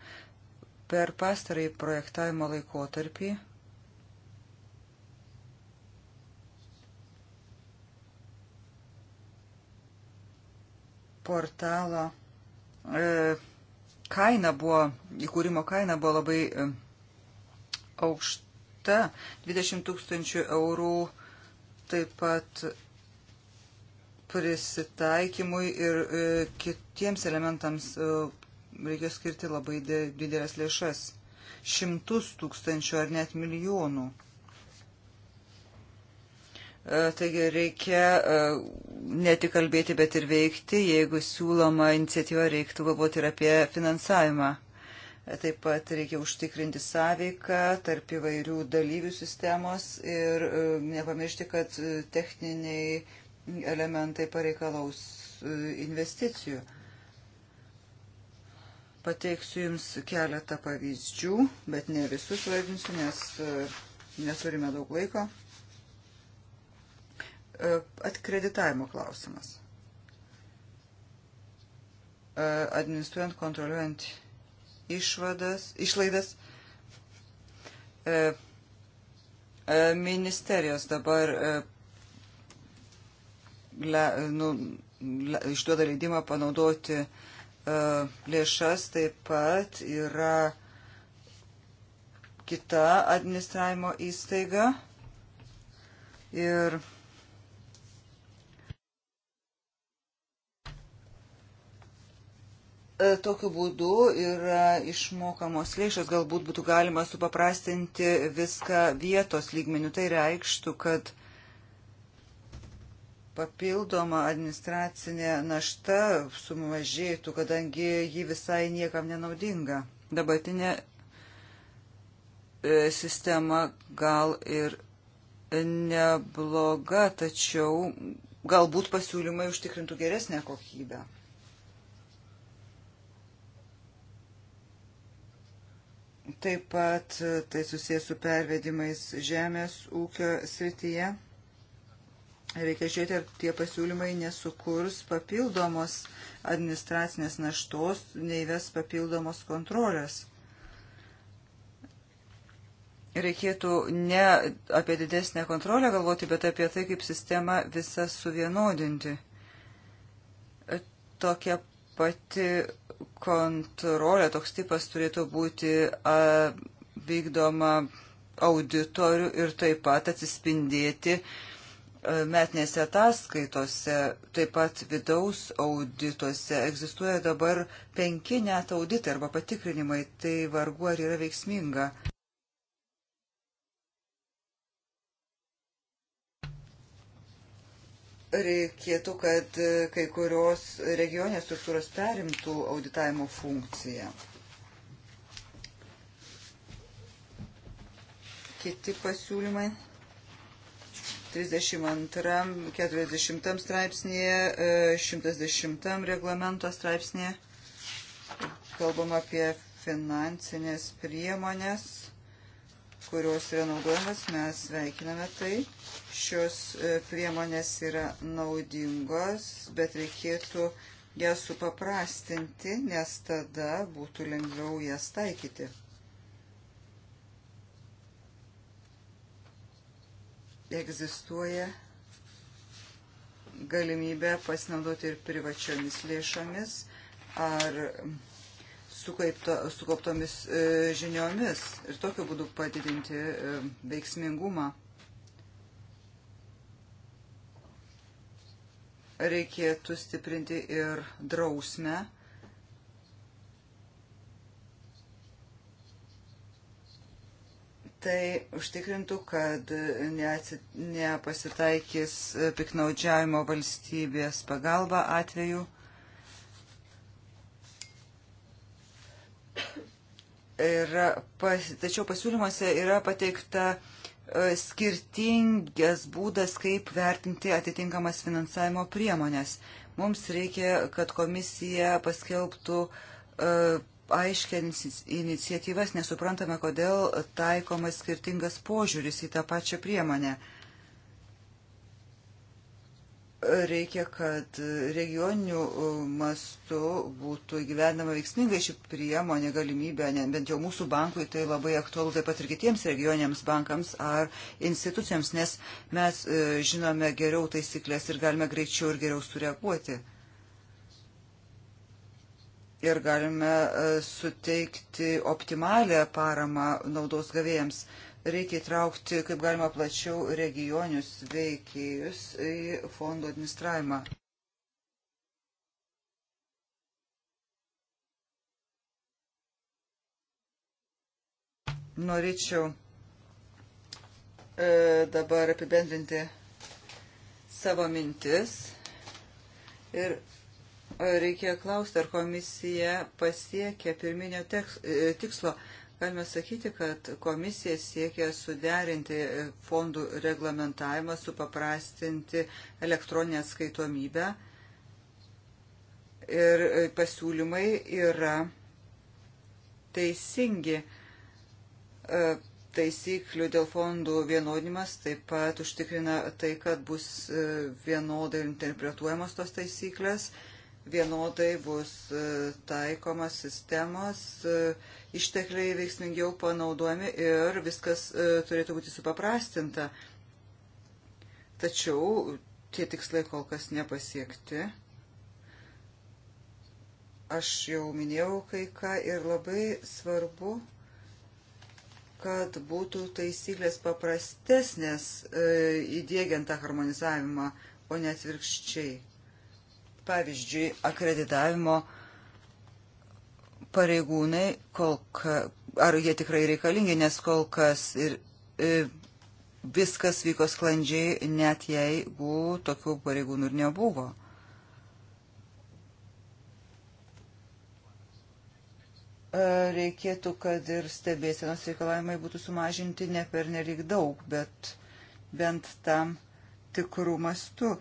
Per pastarąjį projektavimo laikotarpį portalo e, kaina buvo, įkūrimo kaina buvo labai e, aukšta, 20 tūkstančių eurų taip pat prisitaikymui ir e, kitiems elementams e, reikia skirti labai didelės lėšas. Šimtus tūkstančių ar net milijonų. E, taigi reikia e, ne tik kalbėti, bet ir veikti. Jeigu siūloma iniciatyva, reiktų galvoti ir apie finansavimą. E, taip pat reikia užtikrinti sąveiką tarp įvairių dalyvių sistemos ir nepamiršti, kad techniniai elementai pareikalaus investicijų. Pateiksiu Jums keletą pavyzdžių, bet ne visus vardinsiu, nes e, neturime daug laiko. E, atkreditavimo klausimas. E, administruojant, kontroliuojant išvadas, išlaidas, ministerijos dabar le, nu, le, išduoda leidimą panaudoti uh, E, lėšas taip pat yra kita administravimo įstaiga ir e, Tokiu būdu yra išmokamos lėšos, galbūt būtų galima supaprastinti viską vietos lygmenių. Tai reikštų, kad uh, papildoma administracinė našta sumažėtų, kadangi ji visai niekam nenaudinga. Dabartinė e, sistema gal ir nebloga, tačiau galbūt pasiūlymai užtikrintų geresnę kokybę. Taip pat e, tai susijęs su pervedimais žemės ūkio srityje. Reikia žiūrėti, ar tie pasiūlymai nesukurs papildomos administracinės naštos, neįves papildomos kontrolės reikėtų ne apie didesnę kontrolę galvoti, bet apie tai, kaip sistemą visą suvienodinti. Tokia pati kontrolė, toks tipas turėtų būti a, vykdoma auditorių ir taip pat atsispindėti metinėse ataskaitose, taip pat vidaus audituose egzistuoja dabar penki net auditai arba patikrinimai, tai vargu ar yra veiksminga. Reikėtų, kad kai kurios regionės struktūros perimtų auditavimo funkciją. Kiti pasiūlymai. 32, 40 straipsnėje, 110 e, reglamento straipsnėje. Kalbam apie finansinės priemonės, kurios yra naudojamas, mes sveikiname tai. Šios e, priemonės yra naudingos, bet reikėtų jas supaprastinti, nes tada būtų lengviau jas taikyti. egzistuoja galimybė pasinaudoti ir privačiomis lėšomis ar sukauptomis e, žiniomis ir tokiu būdu padidinti e, veiksmingumą. Reikėtų stiprinti ir drausmę tai užtikrintų, kad nepasitaikys piknaudžiavimo valstybės pagalba atveju. Ir pas, tačiau pasiūlymuose yra pateikta e, skirtingas būdas, kaip vertinti atitinkamas finansavimo priemonės. Mums reikia, kad komisija paskelbtų uh, aiškia iniciatyvas, nesuprantame, kodėl taikomas skirtingas požiūris į tą pačią priemonę. Reikia, kad regioninių uh, mastų būtų įgyvendama veiksmingai ši priemonė, galimybė, ne, bent jau mūsų bankui tai labai aktualu, taip pat ir kitiems regioniniams bankams ar institucijoms, nes mes uh, žinome geriau taisyklės ir galime greičiau ir geriau sureaguoti ir galime e, suteikti optimalią paramą naudos gavėjams. Reikia įtraukti, kaip galima plačiau, regionius veikėjus į fondo administravimą. Norėčiau e, dabar apibendrinti savo mintis ir reikia klausti, ar komisija pasiekė pirminio teks, e, tikslo. Galime sakyti, kad komisija siekia suderinti e, fondų reglamentavimą, supaprastinti elektroninę atskaitomybę. Ir e, pasiūlymai yra teisingi taisyklių dėl fondų vienodinimas taip pat užtikrina tai, kad bus vienodai interpretuojamos tos taisyklės vienodai bus e, taikomas sistemos, e, ištekliai veiksmingiau panaudojami ir viskas e, turėtų būti supaprastinta. Tačiau tie tikslai kol kas nepasiekti. Aš jau minėjau kai ką ir labai svarbu, kad būtų taisyklės paprastesnės įdėgiant tą harmonizavimą, o ne atvirkščiai Pavyzdžiui, akreditavimo pareigūnai, kol ka, ar jie tikrai reikalingi, nes kol kas ir, ir e, viskas vyko sklandžiai, net jeigu tokių pareigūnų ir nebuvo. E, reikėtų, kad ir stebėsienos reikalavimai būtų sumažinti ne per nelik daug, bet bent tam tikrų mastų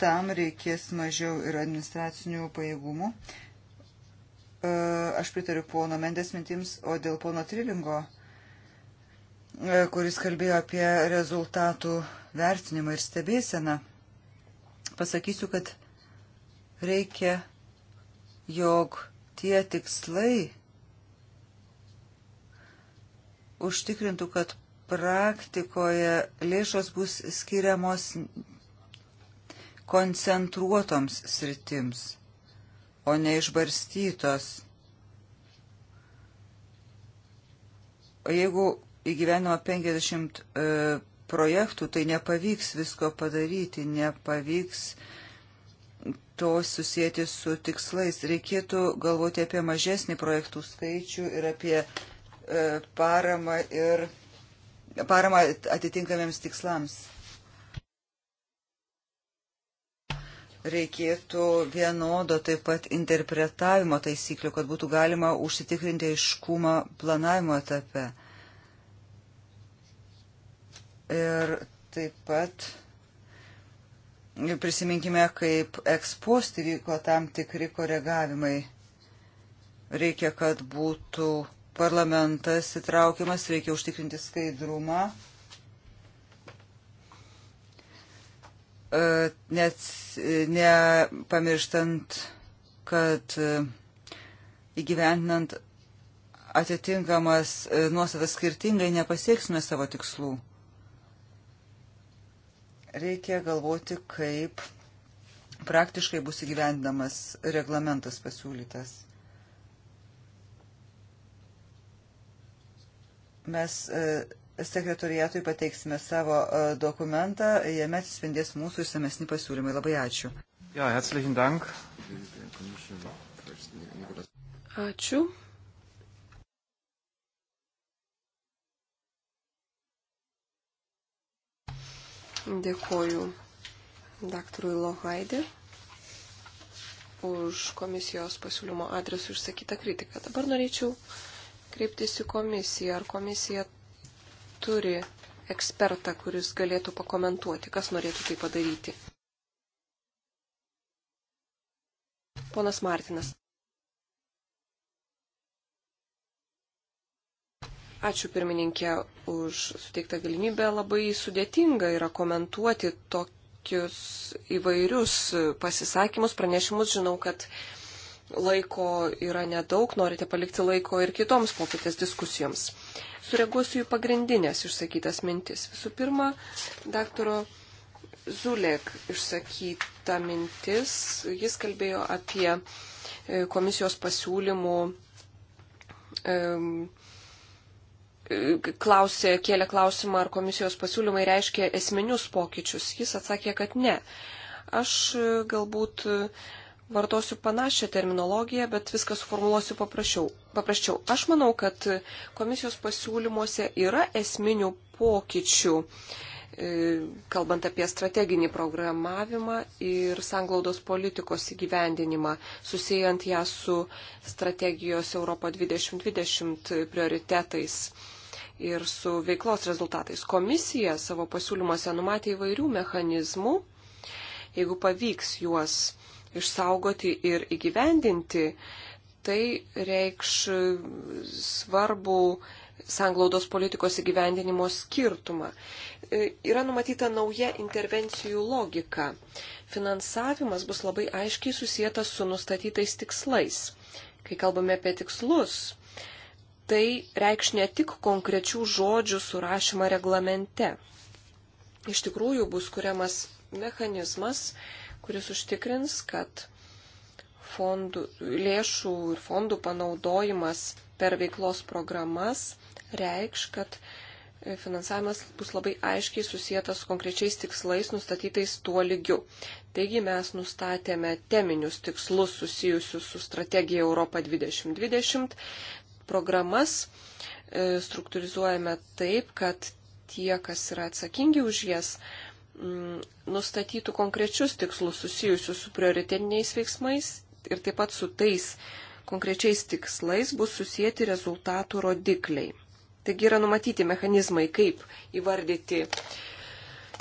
tam reikės mažiau ir administracinių pajėgumų. E, aš pritariu pono Mendes mintims, o dėl pono Trilingo, e, kuris kalbėjo apie rezultatų vertinimą ir stebėseną, pasakysiu, kad reikia, jog tie tikslai užtikrintų, kad praktikoje lėšos bus skiriamos koncentruotoms sritims, o ne išbarstytos. Jeigu įgyvenimo 50 e, projektų, tai nepavyks visko padaryti, nepavyks to susijęti su tikslais. Reikėtų galvoti apie mažesnį projektų skaičių ir apie e, paramą ir paramą atitinkamiems tikslams. reikėtų vienodo taip pat interpretavimo taisyklių, kad būtų galima užsitikrinti aiškumą planavimo etape. Ir taip pat prisiminkime, kaip ekspost įvyko tam tikri koregavimai. Reikia, kad būtų parlamentas įtraukiamas, reikia užtikrinti skaidrumą E, net e, nepamirštant, kad e, įgyvendinant atitinkamas nuostatas skirtingai nepasieksime savo tikslų. Reikia galvoti, kaip praktiškai bus įgyvendinamas reglamentas pasiūlytas. Mes sekretoriatui pateiksime savo e, dokumentą, jame atsispindės mūsų išsamesni pasiūlymai. Labai ačiū. Ja, herzlichen Dank. Ačiū. Dėkoju daktarui Lohaidė už komisijos pasiūlymo adresų išsakytą kritiką. Dabar norėčiau kreiptis į komisiją. Ar komisija turi ekspertą, kuris galėtų pakomentuoti, kas norėtų tai padaryti. Ponas Martinas. Ačiū pirmininkė už suteiktą galimybę. Labai sudėtinga yra komentuoti tokius įvairius pasisakymus, pranešimus. Žinau, kad uh, laiko yra nedaug, norite palikti laiko ir kitoms popietės diskusijoms. Sureaguosiu į pagrindinės išsakytas mintis. Visų pirma, daktaro Zulek išsakyta mintis, jis kalbėjo apie e, komisijos pasiūlymų e, klausė, kėlė klausimą, ar komisijos pasiūlymai reiškia esminius pokyčius. Jis atsakė, kad ne. Aš e, galbūt vartosiu panašią terminologiją, bet viską suformuluosiu paprašiau. paprasčiau. Aš manau, kad komisijos pasiūlymuose yra esminių pokyčių, e, kalbant apie strateginį programavimą ir sanglaudos politikos įgyvendinimą, susijęjant ją su strategijos Europo 2020 prioritetais ir su veiklos rezultatais. Komisija savo pasiūlymuose numatė įvairių mechanizmų, jeigu pavyks juos išsaugoti ir įgyvendinti, tai reikš svarbu sanglaudos politikos įgyvendinimo skirtumą. E, yra numatyta nauja intervencijų logika. Finansavimas bus labai aiškiai susijęs su nustatytais tikslais. Kai kalbame apie tikslus, tai reikš ne tik konkrečių žodžių surašymą reglamente. Iš tikrųjų bus kuriamas mechanizmas, kuris užtikrins, kad fondų, lėšų ir fondų panaudojimas per veiklos programas reikš, kad e, finansavimas bus labai aiškiai susijęs su konkrečiais tikslais nustatytais tuo lygiu. Taigi mes nustatėme teminius tikslus susijusius su strategija Europa 2020. Programas e, struktūrizuojame taip, kad tie, kas yra atsakingi už jas, Mm, nustatytų konkrečius tikslus susijusius su prioritetiniais veiksmais ir taip pat su tais konkrečiais tikslais bus susijęti rezultatų rodikliai. Taigi yra numatyti mechanizmai, kaip įvardyti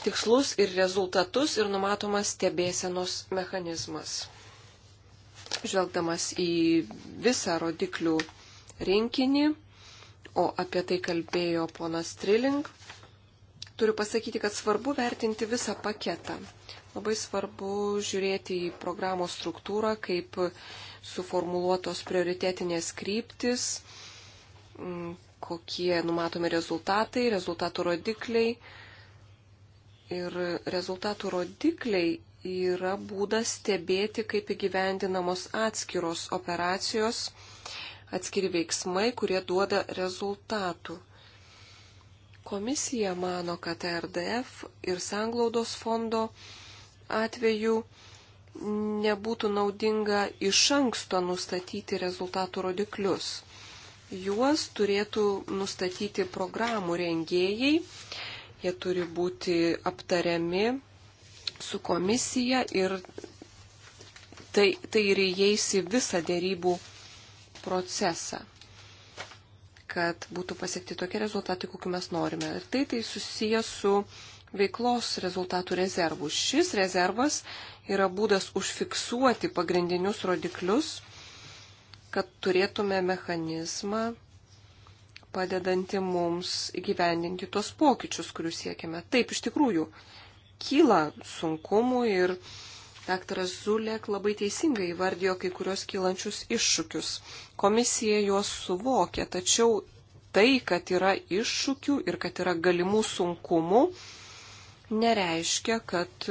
tikslus ir rezultatus ir numatomas stebėsenos mechanizmas. Žvelgdamas į visą rodiklių rinkinį, o apie tai kalbėjo ponas Triling, turiu pasakyti, kad svarbu vertinti visą paketą. Labai svarbu žiūrėti į programos struktūrą, kaip suformuluotos prioritetinės kryptis, mm, kokie numatomi rezultatai, rezultatų rodikliai. Ir rezultatų rodikliai yra būdas stebėti, kaip įgyvendinamos atskiros operacijos, atskiri veiksmai, kurie duoda rezultatų. Komisija mano, kad RDF ir sanglaudos fondo atveju nebūtų naudinga iš anksto nustatyti rezultatų rodiklius. Juos turėtų nustatyti programų rengėjai, jie turi būti aptariami su komisija ir tai, tai ir įeis į visą dėrybų procesą kad būtų pasiekti tokie rezultatai, kokiu mes norime. Ir tai tai susijęs su veiklos rezultatų rezervu. Šis rezervas yra būdas užfiksuoti pagrindinius rodiklius, kad turėtume mechanizmą padedantį mums įgyvendinti tuos pokyčius, kurių siekiame. Taip, iš tikrųjų, kyla sunkumų ir Daktaras Zulek labai teisingai įvardijo kai kurios kylančius iššūkius. Komisija juos suvokė, tačiau tai, kad yra iššūkių ir kad yra galimų sunkumų, nereiškia, kad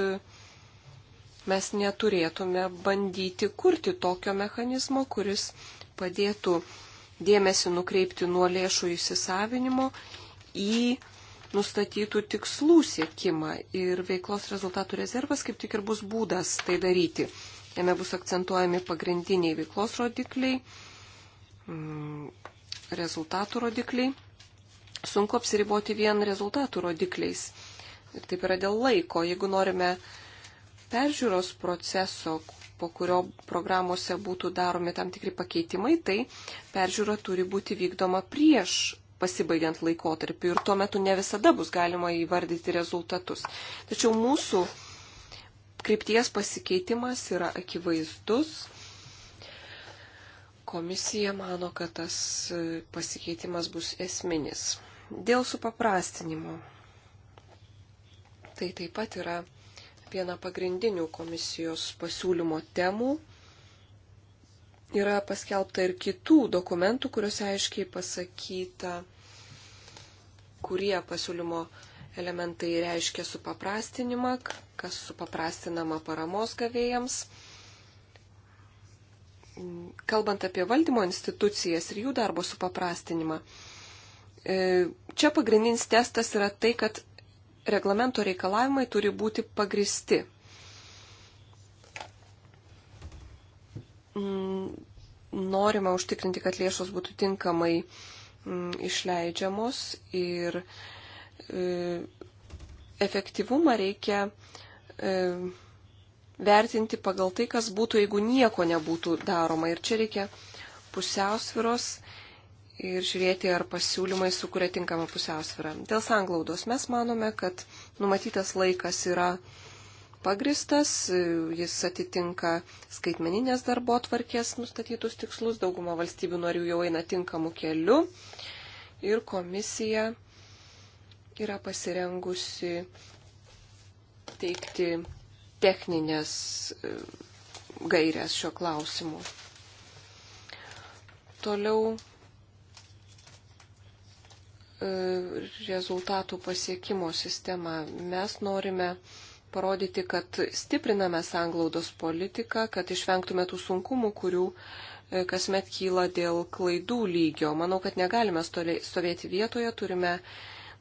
mes neturėtume bandyti kurti tokio mechanizmo, kuris padėtų dėmesį nukreipti nuo lėšų įsisavinimo į nustatytų tikslų siekimą ir veiklos rezultatų rezervas kaip tik ir bus būdas tai daryti. Jame bus akcentuojami pagrindiniai veiklos rodikliai, mm, rezultatų rodikliai. Sunku apsiriboti vien rezultatų rodikliais. Ir taip yra dėl laiko. Jeigu norime peržiūros proceso, po kurio programuose būtų daromi tam tikri pakeitimai, tai peržiūra turi būti vykdoma prieš pasibaigiant laikotarpiu ir tuo metu ne visada bus galima įvardyti rezultatus. Tačiau mūsų krypties pasikeitimas yra akivaizdus. Komisija mano, kad tas pasikeitimas bus esminis. Dėl supaprastinimo. Tai taip pat yra viena pagrindinių komisijos pasiūlymo temų. Yra paskelbta ir kitų dokumentų, kuriuose aiškiai pasakyta, kurie pasiūlymo elementai reiškia supaprastinimą, kas supaprastinama paramos gavėjams. Kalbant apie valdymo institucijas ir jų darbo supaprastinimą, e, čia pagrindinis testas yra tai, kad reglamento reikalavimai turi būti pagristi. Mm, norima užtikrinti, kad lėšos būtų tinkamai uh, Mm, išleidžiamos ir e, efektyvumą reikia e, vertinti pagal tai, kas būtų, jeigu nieko nebūtų daroma. Ir čia reikia pusiausviros ir žiūrėti, ar pasiūlymai sukuria tinkamą pusiausvyrą. Dėl sanglaudos mes manome, kad numatytas laikas yra pagristas, jis atitinka skaitmeninės darbo tvarkės nustatytus tikslus, dauguma valstybių narių jau eina tinkamu keliu ir komisija yra pasirengusi teikti techninės e, gairias šio klausimu. Toliau e, rezultatų pasiekimo sistema. Mes norime parodyti, kad stipriname sanglaudos politiką, kad išvengtume tų sunkumų, kurių uh, E, kasmet kyla dėl klaidų lygio. Manau, kad negalime stovėti vietoje, turime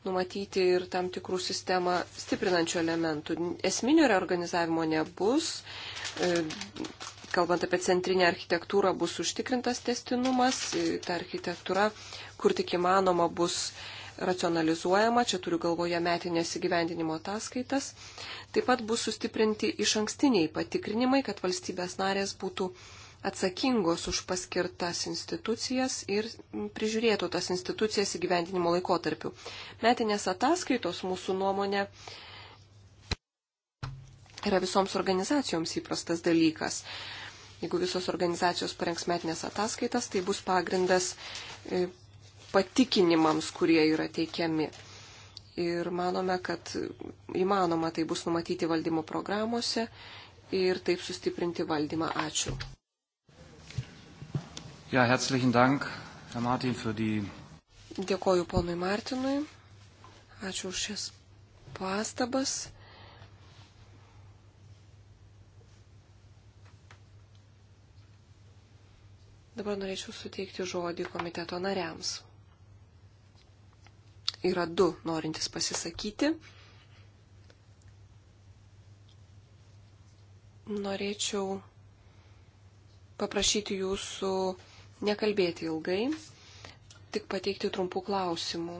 numatyti ir tam tikrų sistemą stiprinančių elementų. Esminio reorganizavimo nebus. E, kalbant apie centrinę architektūrą, bus užtikrintas testinumas. E, ta architektūra, kur tik įmanoma, bus racionalizuojama, čia turiu galvoje metinės įgyvendinimo ataskaitas. Taip pat bus sustiprinti iš ankstiniai patikrinimai, kad valstybės narės būtų atsakingos už paskirtas institucijas ir prižiūrėtų tas institucijas įgyvendinimo laikotarpiu. Metinės ataskaitos mūsų nuomonė yra visoms organizacijoms įprastas dalykas. Jeigu visos organizacijos parengs metinės ataskaitas, tai bus pagrindas e, patikinimams, kurie yra teikiami. Ir manome, kad įmanoma tai bus numatyti valdymo programuose ir taip sustiprinti valdymą. Ačiū. Ja, herzlichen Dank, Herr Martin, für die. Dėkoju ponui Martinui. Ačiū už šias pastabas. Dabar norėčiau suteikti žodį komiteto nariams. Yra du norintys pasisakyti. Norėčiau paprašyti jūsų nekalbėti ilgai, tik pateikti trumpų klausimų.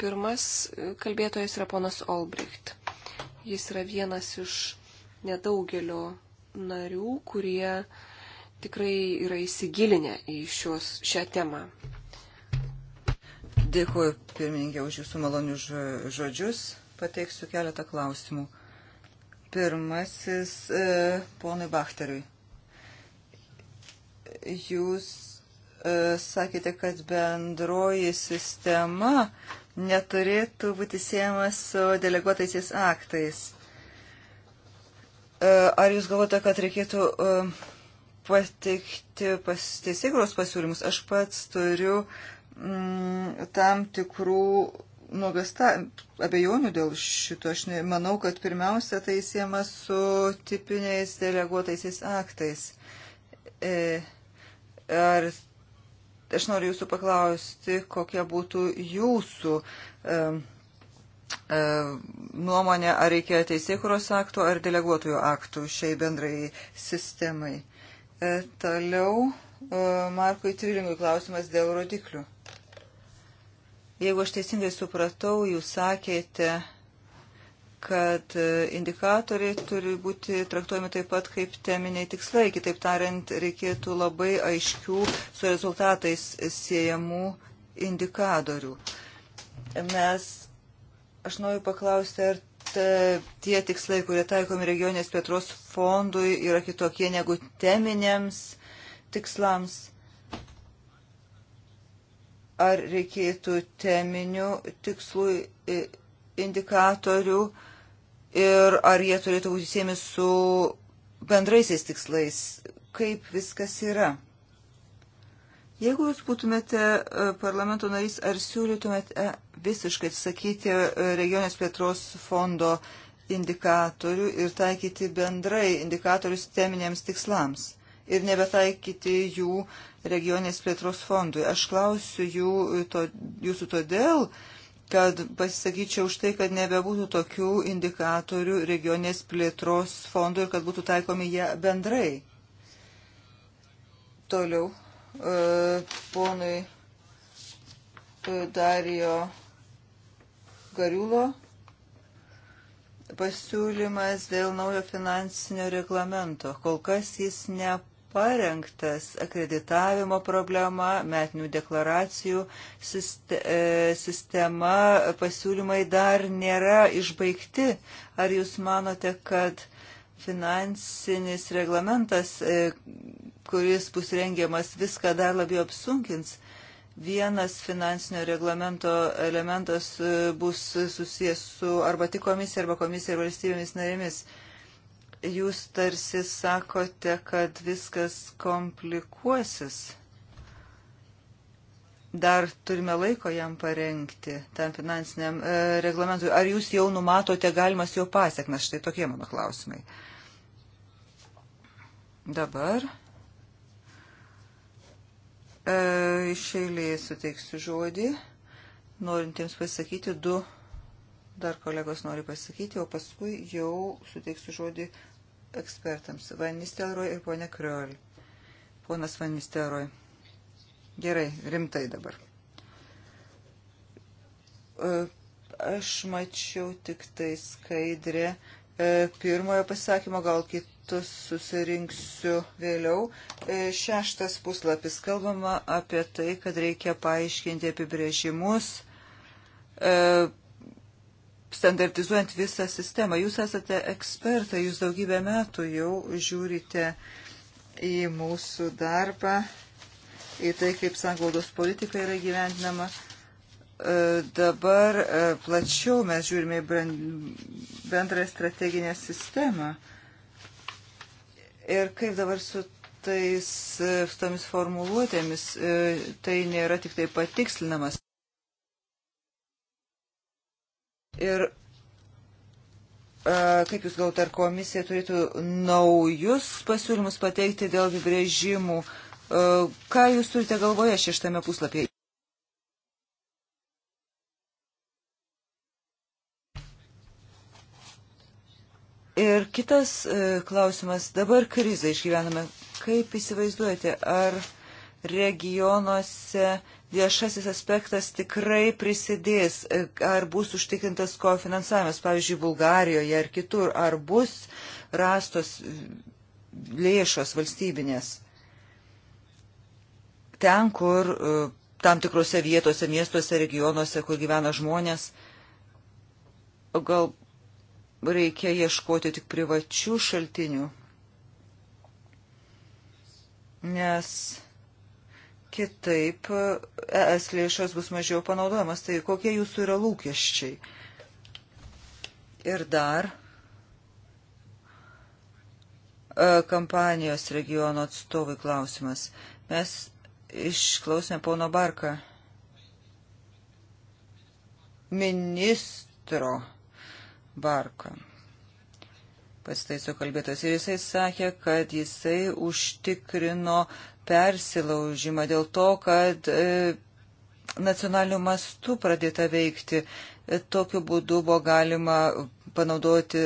Pirmas kalbėtojas yra ponas Olbricht. Jis yra vienas iš nedaugelio narių, kurie tikrai yra įsigilinę į šios, šią temą. Dėkuoju, pirmininkė, už jūsų malonius žodžius. Pateiksiu keletą klausimų. Pirmasis e, ponui Bachteriui jūs e, sakėte, kad bendroji sistema neturėtų būti siejama su deleguotaisiais aktais. E, ar jūs galvote, kad reikėtų e, pateikti pas, teisėgros pasiūlymus? Aš pats turiu mm, tam tikrų nuogasta abejonių dėl šito. Aš ne, manau, kad pirmiausia tai siema su tipiniais deleguotaisiais aktais. E, Ar aš noriu jūsų paklausti, kokia būtų jūsų e, e, nuomonė, ar reikia teisėkuros aktų ar deleguotojų aktų šiai bendrai sistemai. E, toliau e, Markui Trilingui klausimas dėl rodiklių. Jeigu aš teisingai supratau, jūs sakėte, kad indikatoriai turi būti traktuojami taip pat kaip teminiai tikslai. Kitaip tariant, reikėtų labai aiškių su rezultatais siejamų indikatorių. Mes, aš noriu paklausti, ar ta, tie tikslai, kurie taikomi regionės plėtros fondui, yra kitokie negu teminiams tikslams ar reikėtų teminių tikslų indikatorių ir ar jie turėtų būti siemi su bendraisiais tikslais, kaip viskas yra. Jeigu jūs būtumėte e, parlamento narys, ar siūlytumėte visiškai atsisakyti e, regionės plėtros fondo indikatorių ir taikyti bendrai indikatorius teminėms tikslams ir nebetaikyti jų regionės plėtros fondui? Aš klausiu jų, to, jūsų todėl, kad pasisakyčiau už tai, kad nebebūtų tokių indikatorių regionės plėtros fondų ir kad būtų taikomi jie bendrai. Toliau, e, ponui e, Darijo Gariulo pasiūlymas dėl naujo finansinio reglamento. Kol kas jis nepaaiškino parengtas akreditavimo problema, metinių deklaracijų e, sistema, pasiūlymai dar nėra išbaigti. Ar jūs manote, kad finansinis reglamentas, e, kuris bus rengiamas, viską dar labiau apsunkins? Vienas finansinio reglamento elementas e, bus susijęs su arba tik komisija, arba komisija ir valstybėmis narėmis jūs tarsi sakote, kad viskas komplikuosis. Dar turime laiko jam parengti, tam finansiniam e, reglamentui. Ar jūs jau numatote galimas jo pasiekmes? Štai tokie mano klausimai. Dabar e, iš eilės suteiksiu žodį. Norintiems pasakyti, du dar kolegos nori pasakyti, o paskui jau suteiksiu žodį ekspertams. Vanistelroj ir ponė Kriol. Ponas Vanistelroj. Gerai, rimtai dabar. E, aš mačiau tik tai skaidrę e, pirmojo pasakymo, gal kitus susirinksiu vėliau. E, šeštas puslapis kalbama apie tai, kad reikia paaiškinti apibrėžimus standartizuojant visą sistemą. Jūs esate ekspertai, jūs daugybę metų jau žiūrite į mūsų darbą, į tai, kaip sanglaudos politika yra gyventinama. E, dabar e, plačiau mes žiūrime į bendrą strateginę sistemą. Ir kaip dabar su tais, e, tomis formuluotėmis, tai nėra tik tai patikslinamas. Ir e, kaip Jūs galvote, ar komisija turėtų naujus pasiūlymus pateikti dėl apibrėžimų? E, ką Jūs turite galvoje šeštame puslapyje? Ir kitas e, klausimas. Dabar krizę išgyvename. Kaip įsivaizduojate, ar regionuose viešasis aspektas tikrai prisidės, ar bus užtikrintas kofinansavimas, pavyzdžiui, Bulgarijoje ar kitur, ar bus rastos lėšos valstybinės. Ten, kur e, tam tikrose vietose, miestuose, regionuose, kur gyvena žmonės, gal reikia ieškoti tik privačių šaltinių. Nes kitaip e, ES lėšos bus mažiau panaudojamas. Tai kokie jūsų yra lūkesčiai? Ir dar e, kampanijos regiono atstovai klausimas. Mes išklausėme pono Barką, ministro Barką pasitaiso kalbėtas. Ir jisai sakė, kad jisai užtikrino persilaužimą dėl to, kad e, nacionaliniu mastu pradėta veikti. E, tokiu būdu buvo galima panaudoti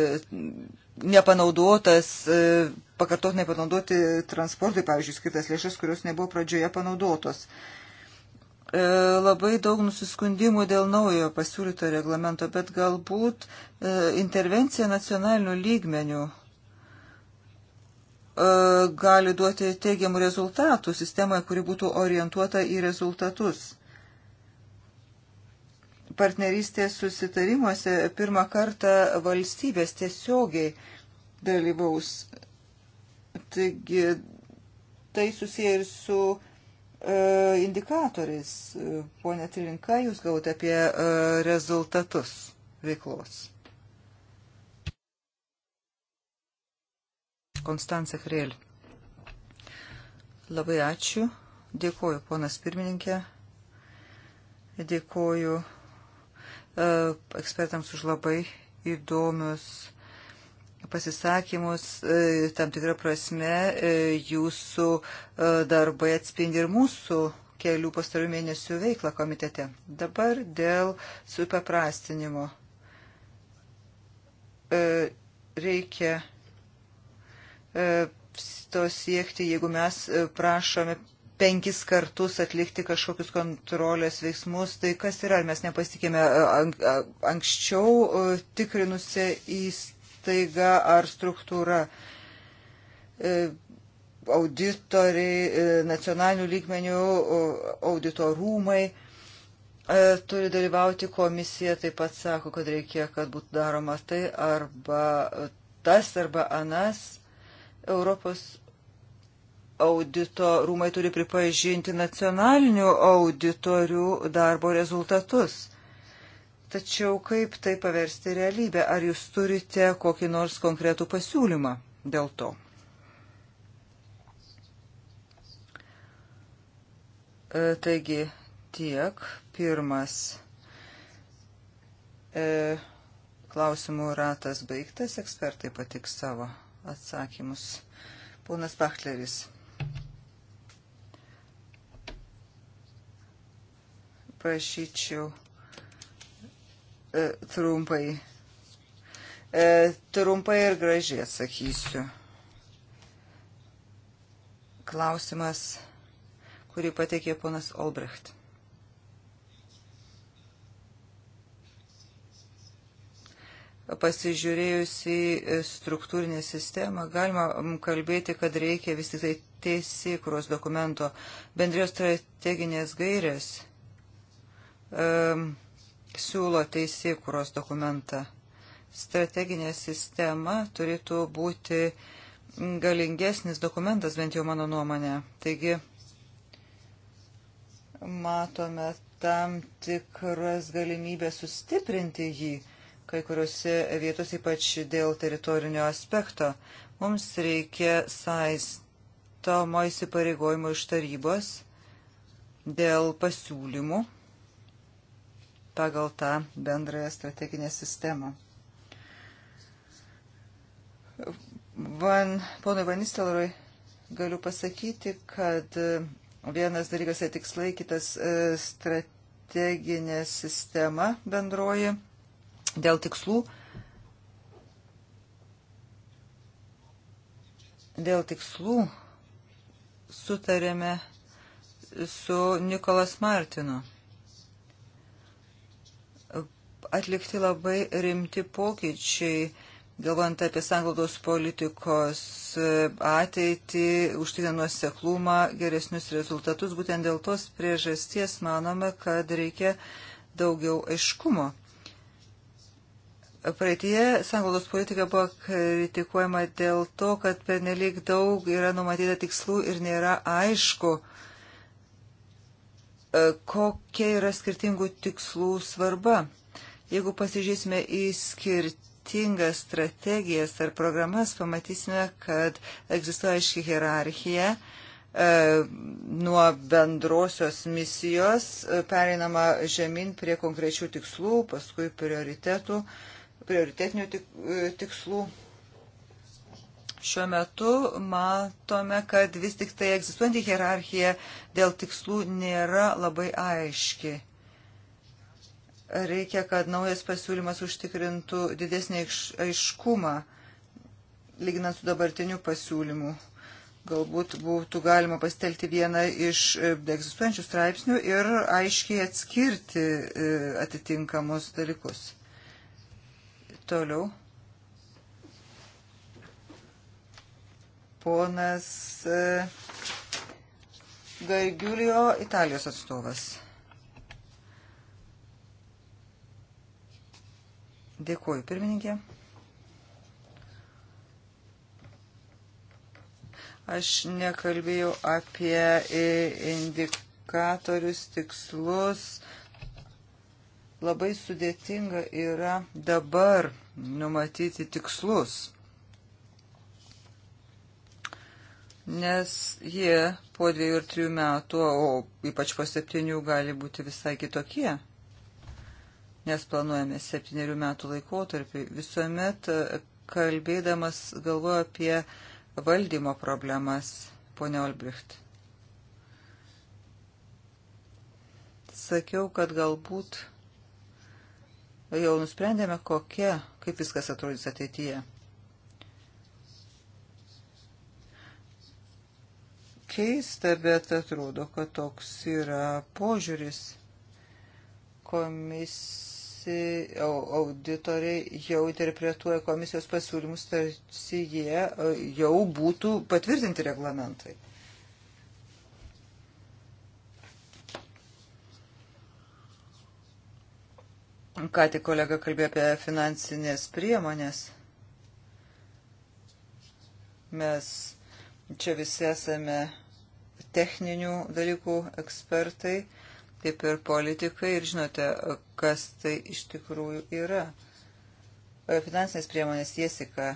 nepanaudotas, e, pakartotinai panaudoti transportui, pavyzdžiui, skirtas lėšas, kurios nebuvo pradžioje panaudotos. Labai daug nusiskundimų dėl naujo pasiūlyto reglamento, bet galbūt intervencija nacionalinių lygmenių E, gali duoti teigiamų rezultatų sistemoje, kuri būtų orientuota į rezultatus. Partnerystės susitarimuose pirmą kartą valstybės tiesiogiai dalyvaus. Taigi tai susiję ir su e, indikatoriais. E, Pone Trilinka, jūs gavote apie e, rezultatus veiklos. Konstanca Krėl. Labai ačiū. Dėkuoju, ponas pirmininkė. Dėkuoju e, ekspertams už labai įdomius pasisakymus. E, tam tikrą prasme e, jūsų darbai atspindi ir mūsų kelių pastarų mėnesių veiklą komitete. Dabar dėl supaprastinimo reikia E, to siekti, jeigu mes e, prašome penkis kartus atlikti kažkokius kontrolės veiksmus, tai kas yra, ar mes nepasitikėme e, anksčiau tikrinusią įstaigą ar struktūrą. Auditoriai, nacionalinių lygmenių, auditorumai turi dalyvauti komisija, taip pat sako, kad reikia, kad būtų daromas tai arba tas arba anas Europos audito rūmai turi pripažinti nacionalinių auditorių darbo rezultatus. Tačiau kaip tai paversti realybę? Ar jūs turite kokį nors konkretų pasiūlymą dėl to? E, taigi tiek. Pirmas e, klausimų ratas baigtas, ekspertai patiks savo atsakymus. Ponas Bachleris. Prašyčiau e, trumpai. E, trumpai ir gražiai atsakysiu. Klausimas, kurį pateikė ponas Olbrecht. pasižiūrėjus į struktūrinę sistemą, galima mm, kalbėti, kad reikia vis tik tai teisėkros dokumento. Bendrijos strateginės gairės um, siūlo teisėkros dokumentą. Strateginė sistema turėtų būti galingesnis dokumentas, bent jau mano nuomonė. Taigi, matome tam tikras galimybės sustiprinti jį kai kuriuose vietose, ypač dėl teritorinio aspekto. Mums reikia saistomo įsipareigojimo iš tarybos dėl pasiūlymų pagal tą bendrąją strateginę sistemą. Van, ponui Vanistelrui galiu pasakyti, kad vienas dalykas yra tai tikslai, kitas e, strateginė sistema bendroji dėl tikslų. Dėl tikslų sutarėme su Nikolas Martinu. Atlikti labai rimti pokyčiai galvant apie sanglaudos politikos e, ateitį, užtikrinant nuoseklumą, geresnius rezultatus. Būtent dėl tos priežasties manome, kad reikia daugiau aiškumo. Praeitie sanglaudos politika buvo kritikuojama dėl to, kad pernelyg daug yra numatyta tikslų ir nėra aišku, e, kokia yra skirtingų tikslų svarba. Jeigu pasižiūrėsime į skirtingas strategijas ar programas, pamatysime, kad egzistuoja aiški hierarchija e, nuo bendrosios misijos, e, pereinama žemyn prie konkrečių tikslų, paskui prioritetų. Uh, prioritetinių tik, e, tikslų. Šiuo metu matome, kad vis tik tai egzistuojanti hierarchija dėl tikslų nėra labai aiški. Reikia, kad naujas pasiūlymas užtikrintų didesnį aiškumą, lyginant su dabartiniu pasiūlymu galbūt būtų galima pastelti vieną iš e, egzistuojančių straipsnių ir aiškiai atskirti e, atitinkamus dalykus. Toliau. Ponas e, Gargiulio, Italijos atstovas. Dėkuoju, pirmininkė. Aš nekalbėjau apie indikatorius, tikslus, Labai sudėtinga yra dabar numatyti tikslus, nes jie po dviejų ir trijų metų, o ypač po septynių, gali būti visai kitokie nes planuojame septyniarių metų laikotarpį, visuomet e, kalbėdamas galvoju apie valdymo problemas, ponia Olbricht. Sakiau, kad galbūt jau nusprendėme, kokia, kaip viskas atrodys ateityje. Keista, bet atrodo, kad toks yra požiūris. Komisi, auditoriai jau interpretuoja komisijos pasiūlymus, tarsi jie e, jau būtų patvirtinti reglamentai. Ką tik kolega kalbėjo apie finansinės priemonės. Mes čia visi esame techninių dalykų ekspertai, kaip ir politikai, ir žinote, kas tai iš tikrųjų yra. Finansinės priemonės Jessica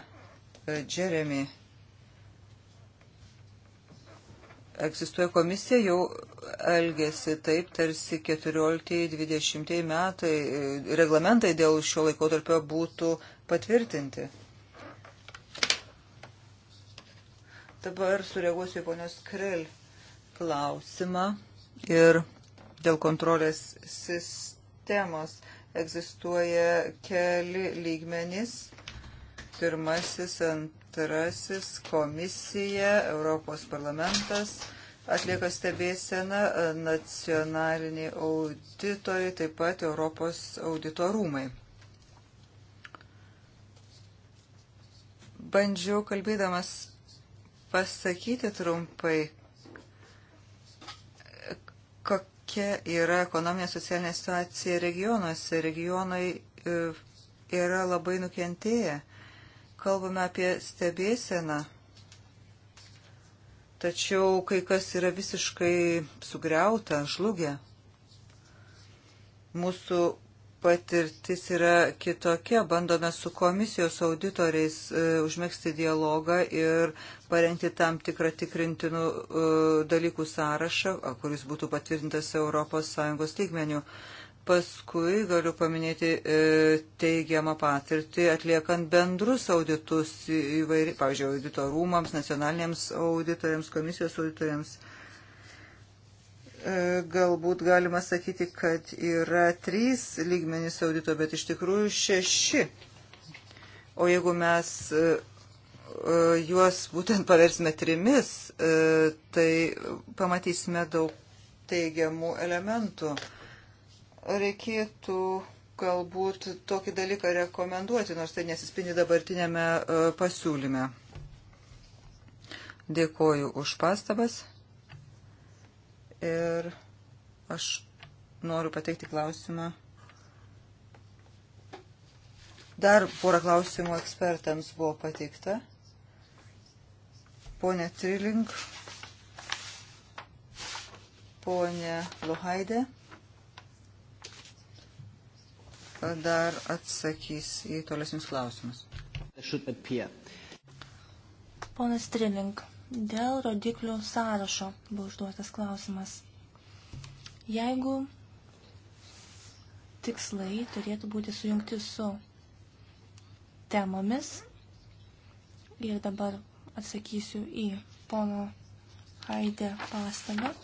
Jeremy egzistuoja komisija, jau elgesi taip, tarsi 14-20 metai e, reglamentai dėl šio laikotarpio būtų patvirtinti. Dabar sureaguosiu į ponios Krell klausimą ir dėl kontrolės sistemos egzistuoja keli lygmenys. Pirmasis, ant Antrasis komisija, Europos parlamentas atlieka stebėseną, e, nacionaliniai auditoriai, taip pat Europos auditorumai. Bandžiau kalbėdamas pasakyti trumpai, kokia yra ekonominė socialinė situacija regionuose. Regionai e, yra labai nukentėję kalbame apie stebėseną. Tačiau kai kas yra visiškai sugriauta, žlugę. Mūsų patirtis yra kitokia. Bandome su komisijos auditoriais e, užmėgsti dialogą ir parengti tam tikrą tikrintinų e, dalykų sąrašą, kuris būtų patvirtintas ES lygmenių. E, Paskui galiu paminėti e, teigiamą patirtį atliekant bendrus auditus įvairi, pavyzdžiui, audito rūmams, nacionaliniams auditoriams, komisijos auditoriams. E, galbūt galima sakyti, kad yra trys lygmenys audito, bet iš tikrųjų šeši. O jeigu mes e, juos būtent paversime trimis, tai pamatysime daug teigiamų elementų Reikėtų galbūt tokį dalyką rekomenduoti, nors tai nesispindi dabartinėme e, pasiūlyme. Dėkoju už pastabas ir aš noriu pateikti klausimą. Dar porą klausimų ekspertams buvo pateikta. Pone Trilink, pone Luhaidė dar atsakys į tolesnius klausimus. Ponas Trilink, dėl rodiklių sąrašo buvo užduotas klausimas. Jeigu tikslai turėtų būti sujungti su temomis, ir dabar atsakysiu į pono Haidė pastabą.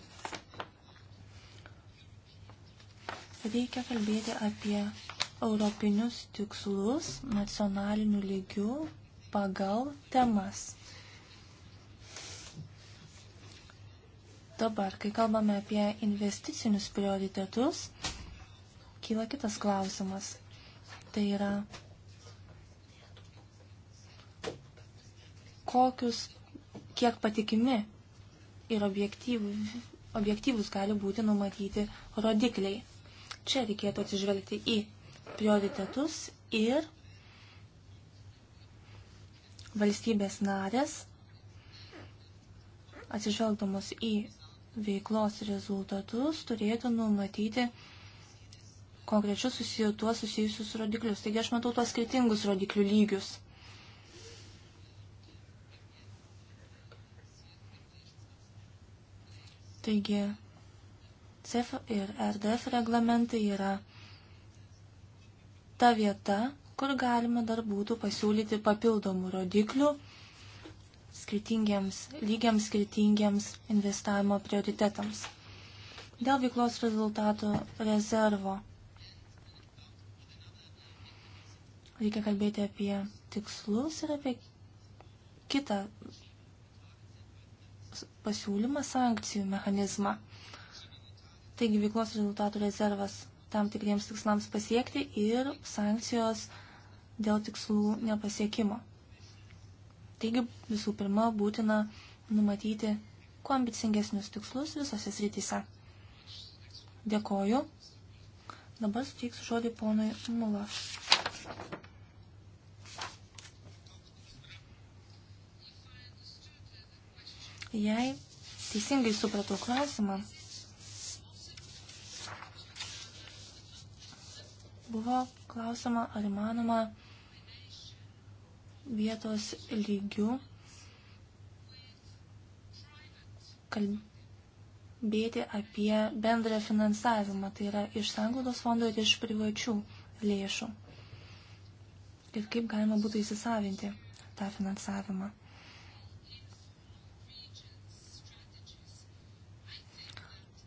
reikia kalbėti apie europinius tikslus nacionaliniu lygiu pagal temas. Dabar, kai kalbame apie investicinius prioritetus, kyla kitas klausimas. Tai yra, kokius, kiek patikimi ir objektyvus, objektyvus gali būti numatyti rodikliai. Čia reikėtų atsižvelgti į prioritetus ir valstybės narės, atsižvelgdamos į veiklos rezultatus, turėtų numatyti konkrečius susiju, tuos susijusius rodiklius. Taigi aš matau tuos skirtingus rodiklių lygius. Taigi CEF ir RDF reglamentai yra ta vieta, kur galima dar būtų pasiūlyti papildomų rodiklių skirtingiems lygiams, skirtingiems investavimo prioritetams. Dėl veiklos rezultatų rezervo reikia kalbėti apie tikslus ir apie kitą pasiūlymą sankcijų mechanizmą. Taigi veiklos rezultatų rezervas tam tikriems tikslams pasiekti ir sankcijos dėl tikslų nepasiekimo. Taigi visų pirma būtina numatyti kuo ambicingesnius tikslus visose srityse. Dėkoju. Dabar suteiksiu žodį ponui Mula. Jei teisingai supratau klausimą, buvo klausima, ar įmanoma vietos lygių kalbėti apie bendrą finansavimą, tai yra iš sanglaudos fondo ir iš privačių lėšų. Ir kaip galima būtų įsisavinti tą finansavimą.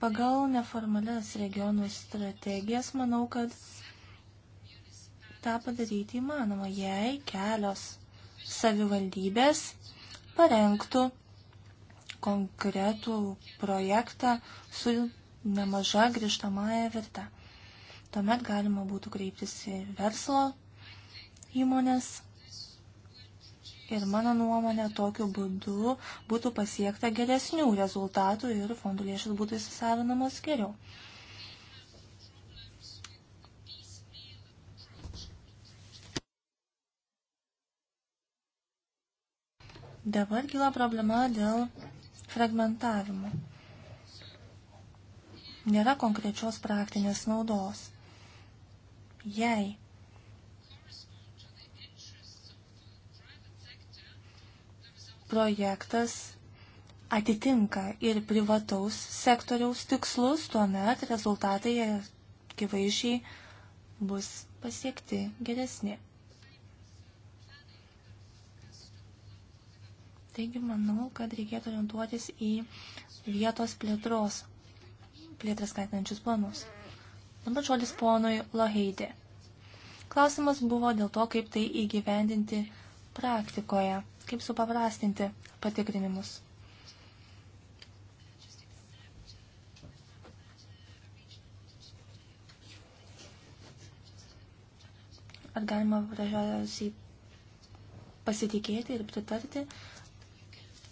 Pagal neformalias regionų strategijas manau, kad tą padaryti įmanoma, jei kelios savivaldybės parengtų konkretų projektą su nemaža grįžtamąją vertę. Tuomet galima būtų kreiptis į verslo įmonės. Ir mano nuomonė, tokiu būdu būtų pasiekta geresnių rezultatų ir fondų lėšas būtų įsisavinamas geriau. Dabar kilo problema dėl fragmentavimo. Nėra konkrečios praktinės naudos. Jei projektas atitinka ir privataus sektoriaus tikslus, tuomet rezultatai akivaizdžiai bus pasiekti geresni. Taigi manau, kad reikėtų orientuotis į vietos plėtros, plėtras skatinančius planus. Dabar žodis ponui Laheidė. Klausimas buvo dėl to, kaip tai įgyvendinti praktikoje, kaip supaprastinti patikrinimus. Ar galima gražiausiai pasitikėti ir pritarti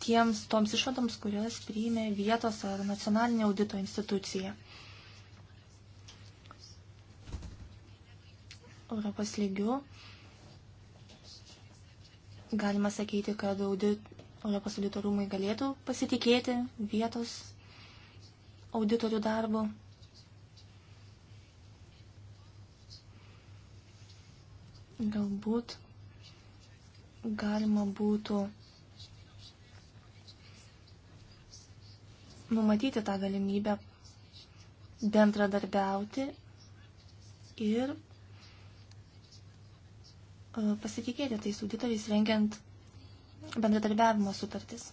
tiems toms išvadoms, kurias priimė vietos ar nacionalinė audito institucija. Europos lygių galima sakyti, kad audit, Europos audito rūmai galėtų pasitikėti vietos auditorių darbu. Galbūt galima būtų numatyti tą galimybę bendradarbiauti ir e, pasitikėti tais auditoriais rengiant bendradarbiavimo sutartis.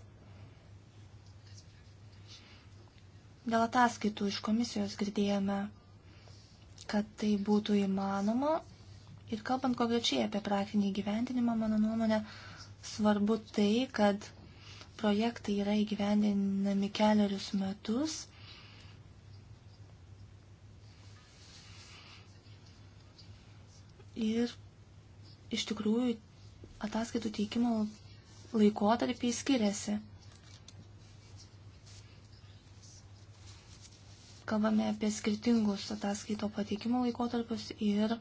Dėl ataskaitų iš komisijos girdėjome, kad tai būtų įmanoma ir kalbant konkrečiai apie praktinį gyventinimą, mano nuomonė, svarbu tai, kad projektai yra įgyvendinami keliarius metus. Ir iš tikrųjų ataskaitų teikimo laikotarpiai skiriasi. Kalbame apie skirtingus ataskaito pateikimo laikotarpius ir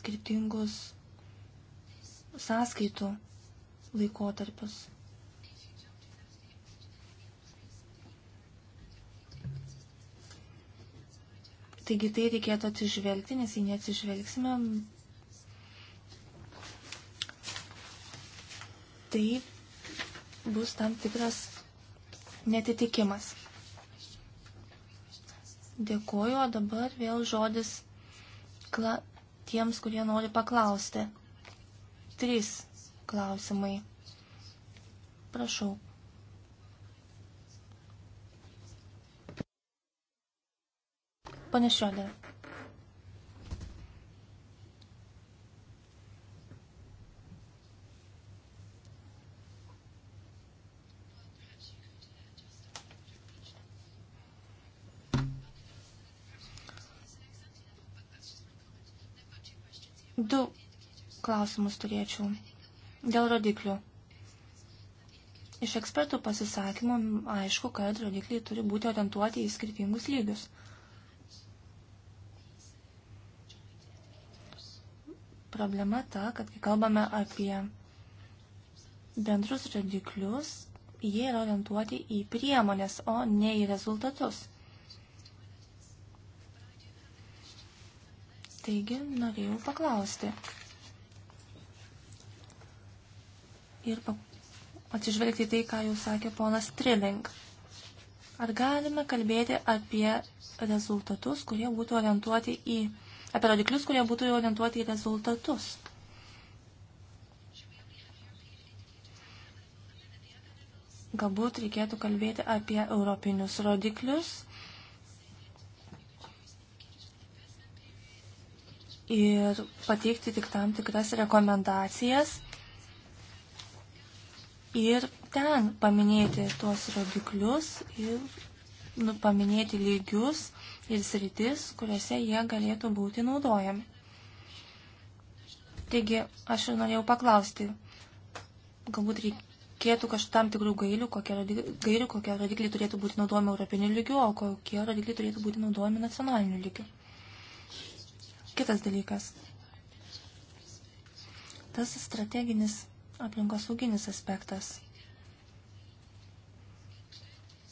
skirtingus sąskaitų laikotarpius. Taigi tai reikėtų atsižvelgti, nes jei neatsižvelgsime, tai bus tam tikras netitikimas. Dėkuoju, o dabar vėl žodis kla... tiems, kurie nori paklausti. Trys klausimai. Prašau. Pane Šiolė. Du klausimus turėčiau. Dėl rodiklių. Iš ekspertų pasisakymų aišku, kad rodikliai turi būti orientuoti į skirtingus lygius. Problema ta, kad kai kalbame apie bendrus rodiklius, jie yra orientuoti į priemonės, o ne į rezultatus. Taigi, norėjau paklausti, ir atsižvelgti tai, ką jau sakė ponas Trilling. Ar galime kalbėti apie rezultatus, kurie būtų orientuoti į, apie rodiklius, kurie būtų orientuoti į rezultatus? Galbūt reikėtų kalbėti apie europinius rodiklius ir pateikti tik tam tikras rekomendacijas ir ten paminėti tuos rodiklius ir nu, paminėti lygius ir sritis, kuriuose jie galėtų būti naudojami. Taigi, aš ir norėjau paklausti, galbūt reikėtų kažkokiu tam tikrų gairių, kokie, gairių, kokie rodikliai turėtų būti naudojami europiniu lygiu, o kokie rodikliai turėtų būti naudojami nacionaliniu lygiu. Kitas dalykas. Tas strateginis aplinkosauginis aspektas.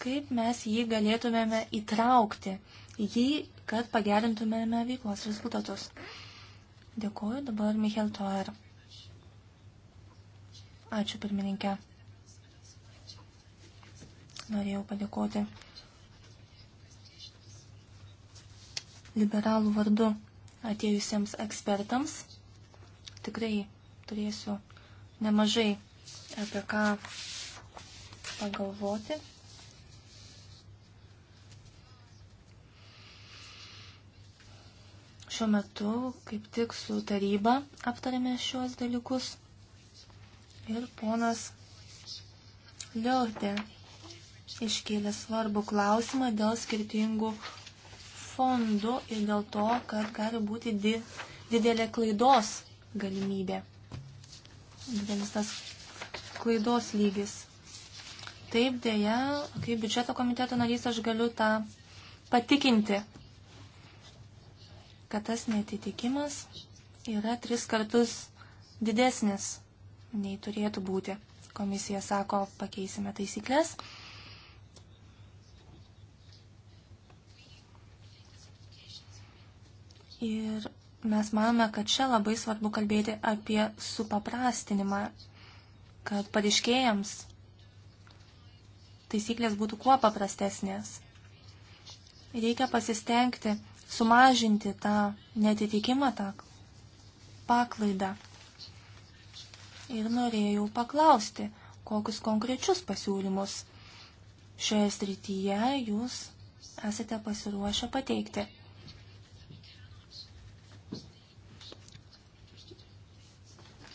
Kaip mes jį galėtumėme įtraukti, jį, kad pagerintumėme veiklos rezultatus. Dėkuoju dabar Michel Toer. Ačiū pirmininkė. Norėjau padėkoti liberalų vardu atėjusiems ekspertams. Tikrai turėsiu nemažai apie ką pagalvoti. Šiuo metu kaip tik su taryba aptarėme šiuos dalykus ir ponas Liodė iškėlė svarbų klausimą dėl skirtingų fondų ir dėl to, kad gali būti di didelė klaidos galimybė didelis tas klaidos lygis. Taip dėja, kaip biudžeto komiteto narys aš galiu tą patikinti, kad tas netitikimas yra tris kartus didesnis nei turėtų būti. Komisija sako, pakeisime taisyklės. Ir mes manome, kad čia labai svarbu kalbėti apie supaprastinimą, kad pareiškėjams taisyklės būtų kuo paprastesnės. Reikia pasistengti sumažinti tą netitikimą, tą paklaidą. Ir norėjau paklausti, kokius konkrečius pasiūlymus šioje srityje jūs esate pasiruošę pateikti.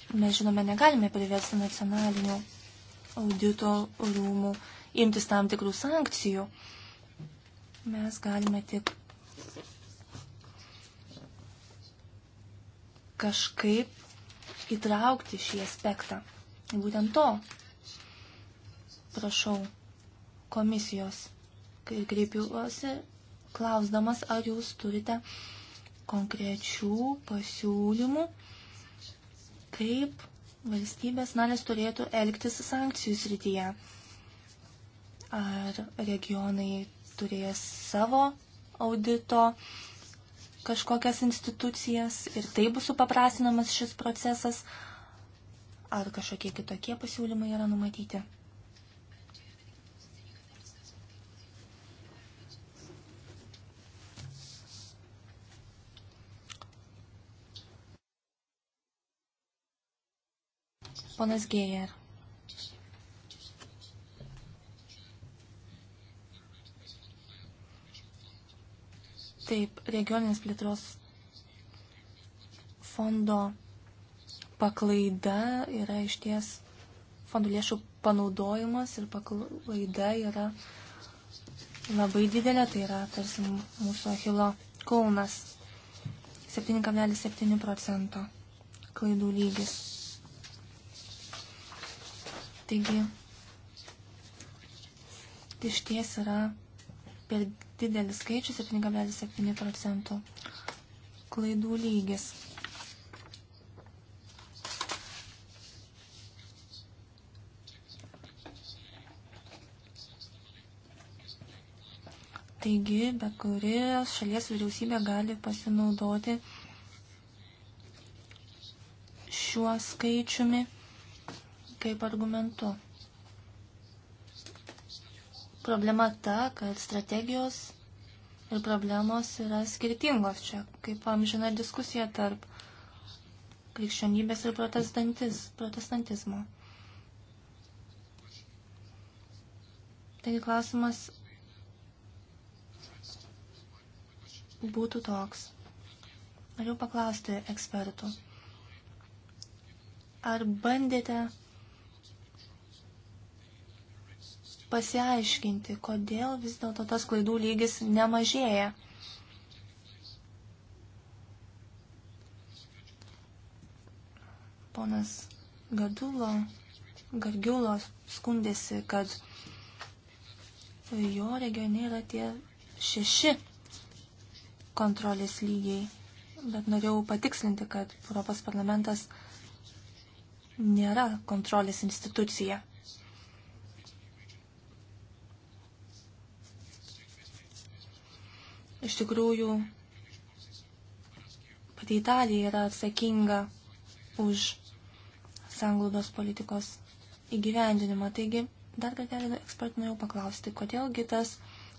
Mes žinome, negalime priversti nacionalinių audito rūmų imtis tam tikrų sankcijų. Mes galime tik kažkaip įtraukti šį aspektą. Būtent to prašau komisijos ir kreipiuosi klausdamas, ar jūs turite konkrečių pasiūlymų kaip valstybės narės turėtų elgtis sankcijų srityje. Ar regionai turės savo audito kažkokias institucijas ir taip bus supaprastinamas šis procesas, ar kažkokie kitokie pasiūlymai yra numatyti. ponas Geijer. Taip, regioninės plėtros fondo paklaida yra išties fondų lėšų panaudojimas ir paklaida yra labai didelė, tai yra tarsi mūsų Achilo kulnas 7,7 procento klaidų lygis. Taigi, iš ties yra per didelis skaičius 7,7 procentų klaidų lygis. Taigi, be kurios šalies vyriausybė gali pasinaudoti šiuo skaičiumi kaip argumentu. Problema ta, kad strategijos ir problemos yra skirtingos čia, kaip amžina diskusija tarp krikščionybės ir protestantizmo. Taigi klausimas būtų toks. Noriu paklausti ekspertų. Ar bandėte pasiaiškinti, kodėl vis dėlto tas klaidų lygis nemažėja. Ponas Gadulo, Gargiulo skundėsi, kad jo regione yra tie šeši kontrolės lygiai. Bet norėjau patikslinti, kad Europos parlamentas nėra kontrolės institucija. Iš tikrųjų, pati Italija yra atsakinga už sanglaudos politikos įgyvendinimą. Taigi, dar kartelį ekspertų norėjau paklausti, kodėlgi tas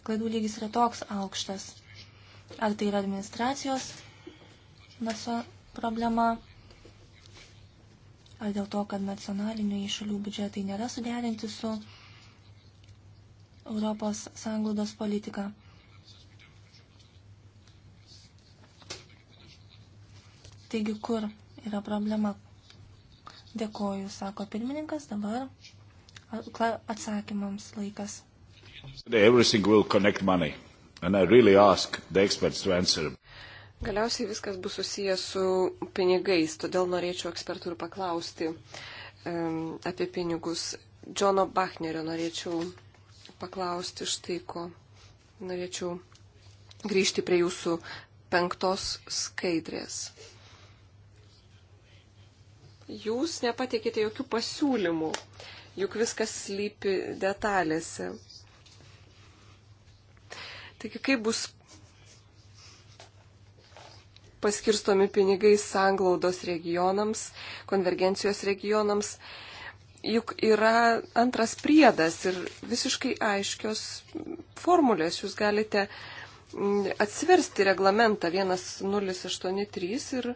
klaidų lygis yra toks aukštas. Ar tai yra administracijos problema, ar dėl to, kad nacionalinių šalių biudžetai nėra suderinti su Europos sanglaudos politika. Taigi, kur yra problema? Dėkoju, sako pirmininkas, dabar atsakymams laikas. Really Galiausiai viskas bus susijęs su pinigais, todėl norėčiau ekspertų ir paklausti um, apie pinigus. Džono Bachnerio norėčiau paklausti štai ko. Norėčiau grįžti prie jūsų penktos skaidrės jūs nepateikite jokių pasiūlymų, juk viskas slypi detalėse. Taigi, kaip bus paskirstomi pinigai sanglaudos regionams, konvergencijos regionams, juk yra antras priedas ir visiškai aiškios formulės. Jūs galite mm, atsiversti reglamentą 1083 ir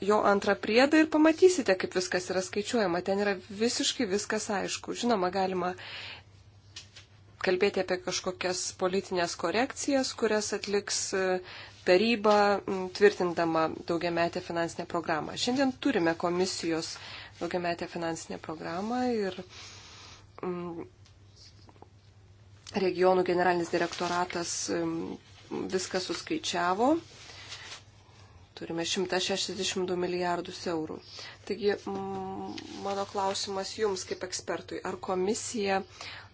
jo antrą priedą ir pamatysite, kaip viskas yra skaičiuojama. Ten yra visiškai viskas aišku. Žinoma, galima kalbėti apie kažkokias politinės korekcijas, kurias atliks e, taryba tvirtindama daugiametę finansinę programą. Šiandien turime komisijos daugiametę finansinę programą ir regionų generalinis direktoratas viską suskaičiavo. Turime 162 milijardus eurų. Taigi mano klausimas jums kaip ekspertui, ar komisija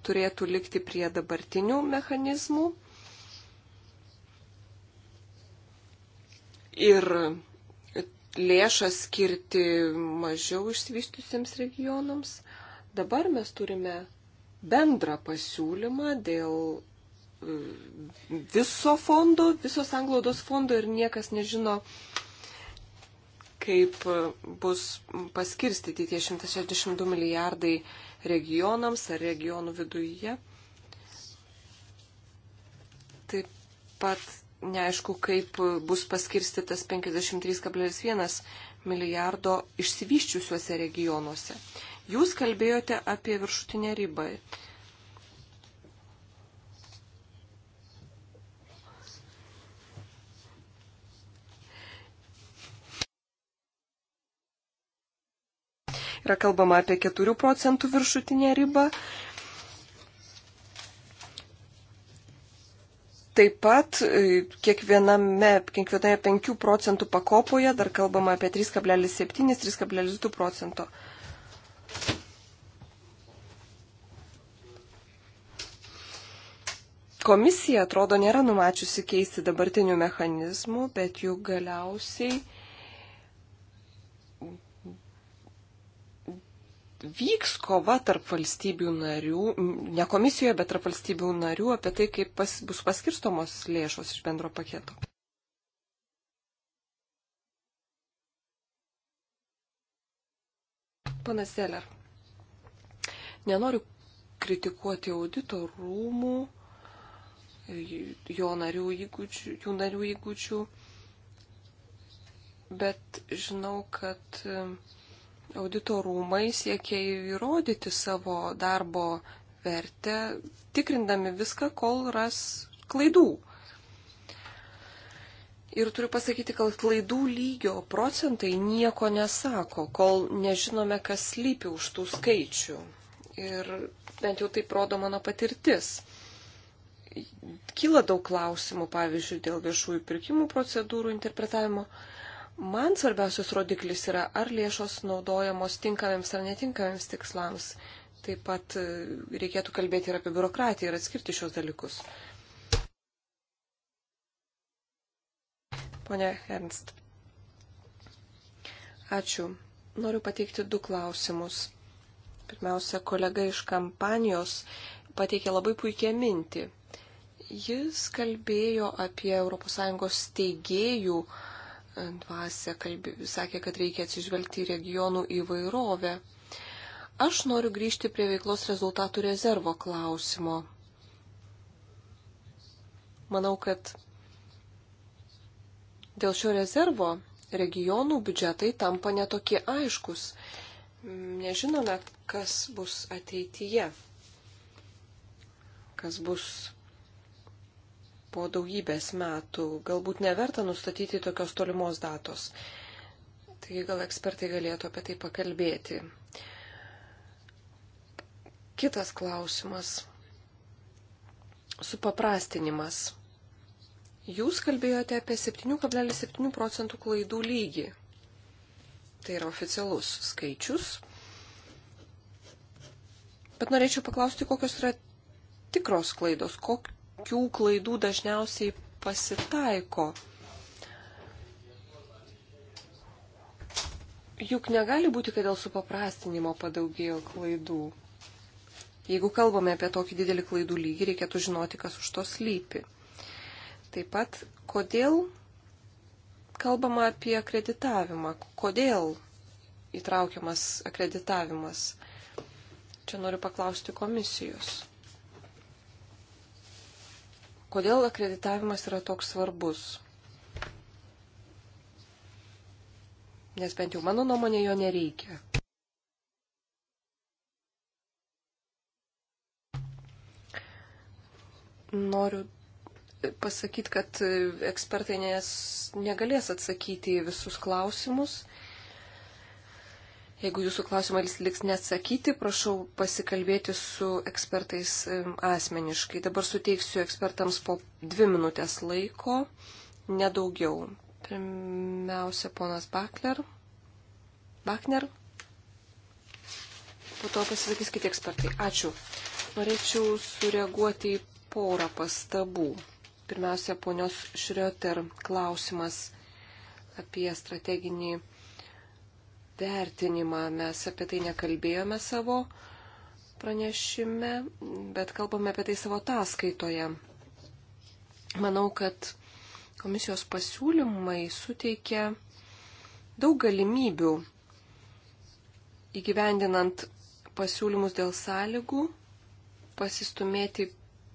turėtų likti prie dabartinių mechanizmų ir lėšas skirti mažiau išsivystusiems regionams. Dabar mes turime bendrą pasiūlymą dėl viso fondo, visos anglaudos fondo ir niekas nežino, kaip bus paskirstyti tie 162 milijardai regionams ar regionų viduje. Taip pat neaišku, kaip bus paskirstytas 53,1 milijardo išsivyščiusiuose regionuose. Jūs kalbėjote apie viršutinę ribą. Yra kalbama apie 4 procentų viršutinę ribą. Taip pat e, kiekviename, kiekvienoje 5 procentų pakopoje dar kalbama apie 3,7-3,2 procento. Komisija atrodo nėra numačiusi keisti dabartinių mechanizmų, bet juk galiausiai vyks kova tarp valstybių narių, ne komisijoje, bet tarp valstybių narių apie tai, kaip pas, bus paskirstomos lėšos iš bendro paketo. Pana Seller, nenoriu kritikuoti audito rūmų, jo narių įgūdžių, jų narių įgūdžių, bet žinau, kad audito rūmai siekia įrodyti savo darbo vertę, tikrindami viską, kol ras klaidų. Ir turiu pasakyti, kad klaidų lygio procentai nieko nesako, kol nežinome, kas lypi už tų skaičių. Ir bent jau taip rodo mano patirtis. Kyla daug klausimų, pavyzdžiui, dėl viešųjų pirkimų procedūrų interpretavimo. Uh, Man svarbiausias rodiklis yra, ar lėšos naudojamos tinkamiems ar netinkamiems tikslams. Taip pat e, reikėtų kalbėti ir apie biurokratiją ir atskirti šios dalykus. Pone Ernst. Ačiū. Noriu pateikti du klausimus. Pirmiausia, kolega iš kampanijos pateikė labai puikia mintį. Jis kalbėjo apie ES steigėjų uh, dvasę, kalbė, sakė, kad reikia atsižvelgti į regionų įvairovę. Aš noriu grįžti prie veiklos rezultatų rezervo klausimo. Manau, kad dėl šio rezervo regionų biudžetai tampa netokie aiškus. Nežinome, kas bus ateityje, kas bus po daugybės metų. Galbūt neverta nustatyti tokios tolimos datos. Taigi gal ekspertai galėtų apie tai pakalbėti. Kitas klausimas. Supaprastinimas. Jūs kalbėjote apie 7,7 procentų klaidų lygį. Tai yra oficialus skaičius. Bet norėčiau paklausti, kokios yra tikros klaidos, kok, kokių klaidų dažniausiai pasitaiko. Juk negali būti, kad dėl supaprastinimo padaugėjo klaidų. Jeigu kalbame apie tokį didelį klaidų lygį, reikėtų žinoti, kas už to slypi. Taip pat, kodėl kalbama apie akreditavimą, kodėl įtraukiamas akreditavimas. Čia noriu paklausti komisijos. Kodėl akreditavimas yra toks svarbus? Nes bent jau mano nuomonė jo nereikia. Noriu pasakyti, kad ekspertai nes, negalės atsakyti į visus klausimus Jeigu jūsų klausimai liks neatsakyti, prašau pasikalbėti su ekspertais asmeniškai. Dabar suteiksiu ekspertams po dvi minutės laiko, nedaugiau. Pirmiausia, ponas Bakler. Bakner. Po to pasisakys kiti ekspertai. Ačiū. Norėčiau sureaguoti į porą pastabų. Pirmiausia, ponios Šrioter klausimas apie strateginį vertinimą. Mes apie tai nekalbėjome savo pranešime, bet kalbame apie tai savo ataskaitoje. Manau, kad komisijos pasiūlymai suteikia daug galimybių įgyvendinant pasiūlymus dėl sąlygų, pasistumėti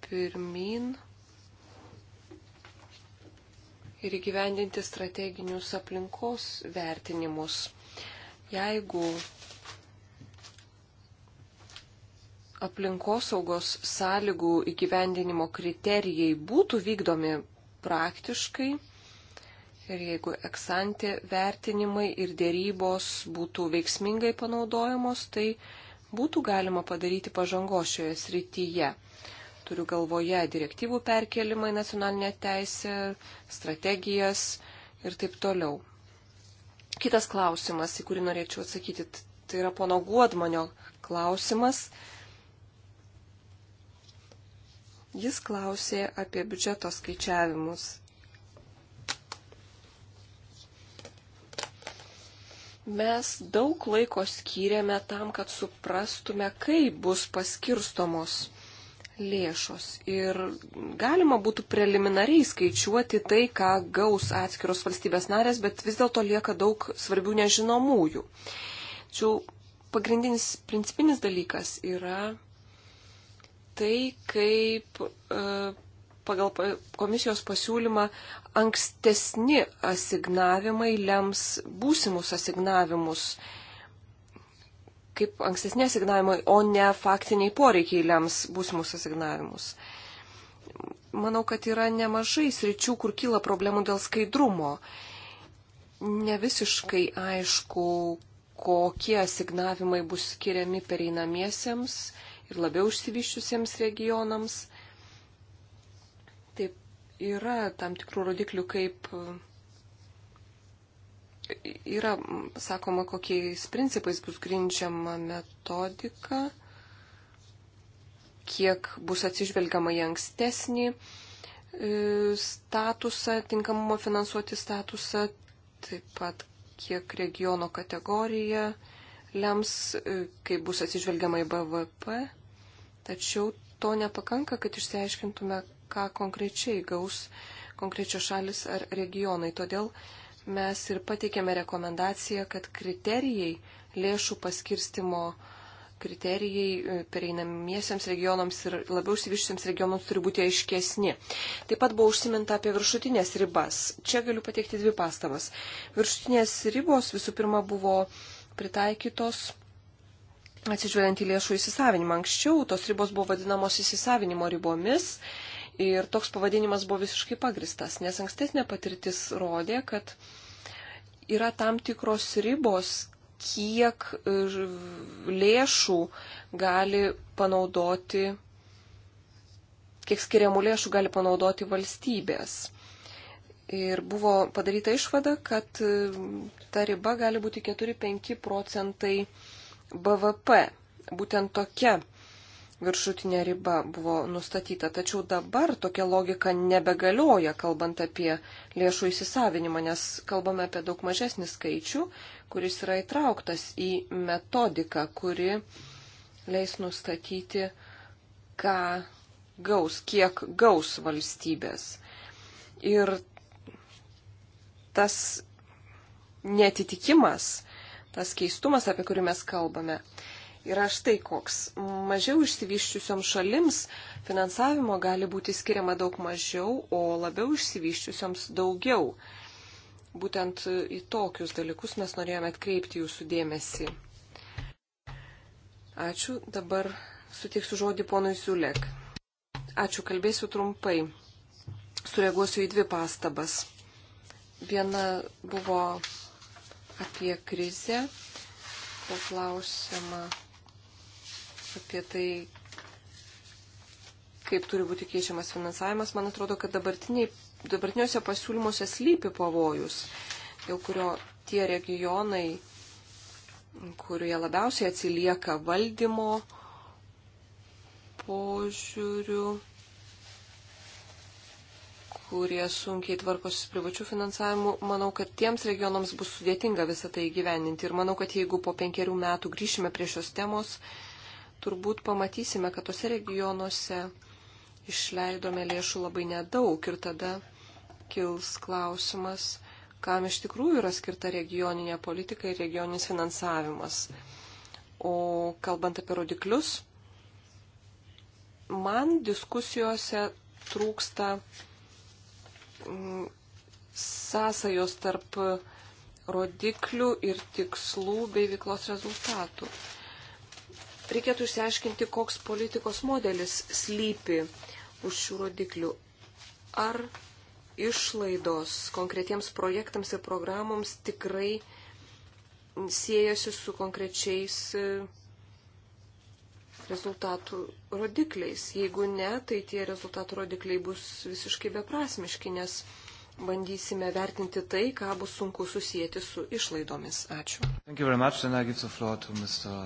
pirmin ir įgyvendinti strateginius aplinkos vertinimus. Jeigu aplinkosaugos sąlygų įgyvendinimo kriterijai būtų vykdomi praktiškai ir jeigu eksantė vertinimai ir dėrybos būtų veiksmingai panaudojamos, tai būtų galima padaryti pažangos šioje srityje. Turiu galvoje direktyvų perkelimą į nacionalinę teisę, strategijas ir taip toliau kitas klausimas, į kurį norėčiau atsakyti, tai yra pono Guodmanio klausimas. Jis klausė apie biudžeto skaičiavimus. Mes daug laiko skyrėme tam, kad suprastume, kaip bus paskirstomos lėšos. Ir galima būtų preliminariai skaičiuoti tai, ką gaus atskiros valstybės narės, bet vis dėlto lieka daug svarbių nežinomųjų. Tačiau pagrindinis principinis dalykas yra tai, kaip e, pagal komisijos pasiūlymą ankstesni asignavimai lems būsimus asignavimus kaip ankstesnė asignavimai, o ne faktiniai poreikiai lems būsimus asignavimus. Manau, kad yra nemažai sričių, kur kyla problemų dėl skaidrumo. Ne visiškai aišku, kokie asignavimai bus skiriami pereinamiesiems ir labiau užsivyščiusiems regionams. Taip yra tam tikrų rodiklių kaip yra sakoma, kokiais principais bus grindžiama metodika, kiek bus atsižvelgiama į ankstesnį e, statusą, tinkamumo finansuoti statusą, taip pat kiek regiono kategorija lems, e, kaip bus atsižvelgiama į BVP. Tačiau to nepakanka, kad išsiaiškintume, ką konkrečiai gaus konkrečios šalis ar regionai. Todėl uh, mes ir pateikėme rekomendaciją, kad kriterijai lėšų paskirstimo kriterijai e, pereinamiesiems regionams ir labiau išsivyščiams regionams turi būti aiškesni. Taip pat buvo užsiminta apie viršutinės ribas. Čia galiu pateikti dvi pastabas. Viršutinės ribos visų pirma buvo pritaikytos atsižvelgiant į lėšų įsisavinimą. Anksčiau tos ribos buvo vadinamos įsisavinimo ribomis Ir toks pavadinimas buvo visiškai pagristas, nes ankstesnė patirtis rodė, kad yra tam tikros ribos, kiek e, lėšų gali panaudoti, kiek skiriamų lėšų gali panaudoti valstybės. Ir buvo padaryta išvada, kad e, ta riba gali būti 4-5 procentai BVP. Būtent tokia viršutinė riba buvo nustatyta. Tačiau dabar tokia logika nebegalioja, kalbant apie lėšų įsisavinimą, nes kalbame apie daug mažesnį skaičių, kuris yra įtrauktas į metodiką, kuri leis nustatyti, ką gaus, kiek gaus valstybės. Ir tas netitikimas, tas keistumas, apie kurį mes kalbame, yra štai koks. Mažiau išsivyščiusiom šalims finansavimo gali būti skiriama daug mažiau, o labiau išsivyščiusioms daugiau. Būtent į tokius dalykus mes norėjome atkreipti jūsų dėmesį. Ačiū. Dabar suteiksiu žodį ponui Ziulek. Ačiū, kalbėsiu trumpai. Sureaguosiu į dvi pastabas. Viena buvo apie krizę, buvo klausima apie tai, kaip turi būti keičiamas finansavimas, man atrodo, kad dabartiniuose pasiūlymuose slypi pavojus, dėl kurio tie regionai, kurie labiausiai atsilieka valdymo požiūrių, kurie sunkiai tvarkosi su privačių finansavimu, manau, kad tiems regionams bus sudėtinga visą tai gyveninti. Ir manau, kad jeigu po penkerių metų grįšime prie šios temos, turbūt pamatysime, kad tose regionuose išleidome lėšų labai nedaug ir tada kils klausimas, kam iš tikrųjų yra skirta regioninė politika ir regioninis finansavimas. O kalbant apie rodiklius, man diskusijose trūksta mm, sąsajos tarp rodiklių ir tikslų bei veiklos rezultatų. Reikėtų išsiaiškinti, koks politikos modelis slypi už šių rodiklių. Ar išlaidos konkretiems projektams ir programoms tikrai siejasi su konkrečiais e, rezultatų rodikliais. Jeigu ne, tai tie rezultatų rodikliai bus visiškai beprasmiški, nes bandysime vertinti tai, ką bus sunku susijęti su išlaidomis. Ačiū. Mr...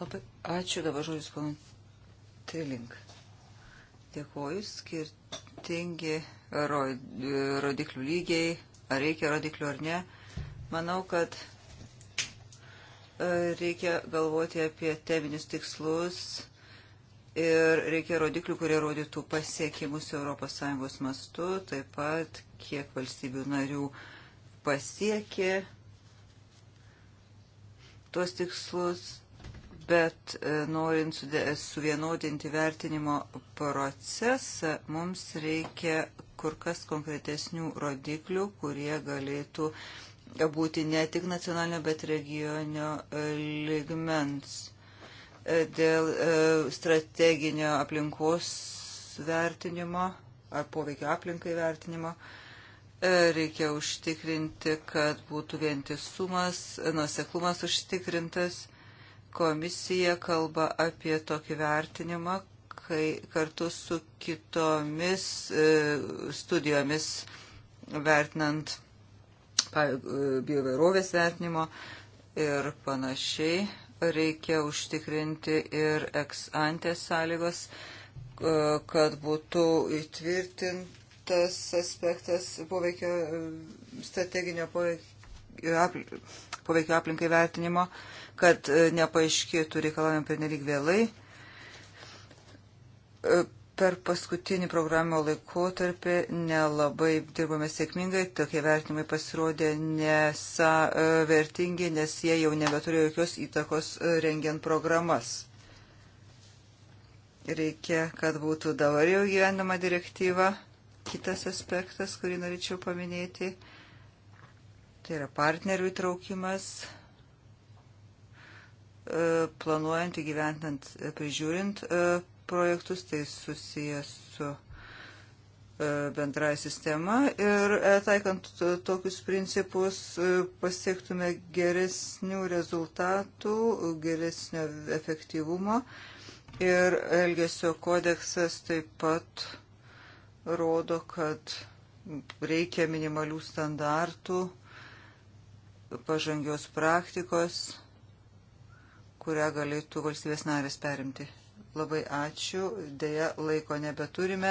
Labai ačiū dabar žodis ponui Trilink. Dėkuoju, skirtingi rodiklių lygiai, ar reikia rodiklių ar ne. Manau, kad e, reikia galvoti apie teminius tikslus ir reikia rodiklių, kurie rodytų pasiekimus ES mastu, taip pat kiek valstybių narių pasiekė tuos tikslus bet e, norint suvienodinti vertinimo procesą, mums reikia kur kas konkretesnių rodiklių, kurie galėtų būti ne tik nacionalinio, bet regioninio e, ligmens. E, dėl strateginio aplinkos vertinimo ar poveikio aplinkai vertinimo reikia užtikrinti, kad būtų vientisumas, nuseklumas užtikrintas Komisija kalba apie tokį vertinimą, kai kartu su kitomis e, studijomis vertinant e, bioverovės vertinimo ir panašiai reikia užtikrinti ir eksantės sąlygos, e, kad būtų įtvirtintas aspektas poveikio, strateginio poveikio, aplinkai vertinimo kad e, nepaaiškėtų reikalavimai pernelyg vėlai. E, per paskutinį programą laikotarpį nelabai dirbome sėkmingai, tokie vertinimai pasirodė nesa vertingi, nes jie jau nebeturėjo jokios įtakos e, rengiant programas reikia, kad būtų dabar jau gyvenama direktyva. Kitas aspektas, kurį norėčiau paminėti, tai yra partnerių įtraukimas E, planuojant, įgyventant, e, prižiūrint e, projektus, tai susijęs su bendrąją sistemą ir taikant tokius principus pasiektume geresnių rezultatų, geresnio efektyvumo ir Elgesio kodeksas taip pat rodo, kad reikia minimalių standartų, pažangios praktikos kurią galėtų valstybės narės perimti. Labai ačiū, dėja laiko nebeturime.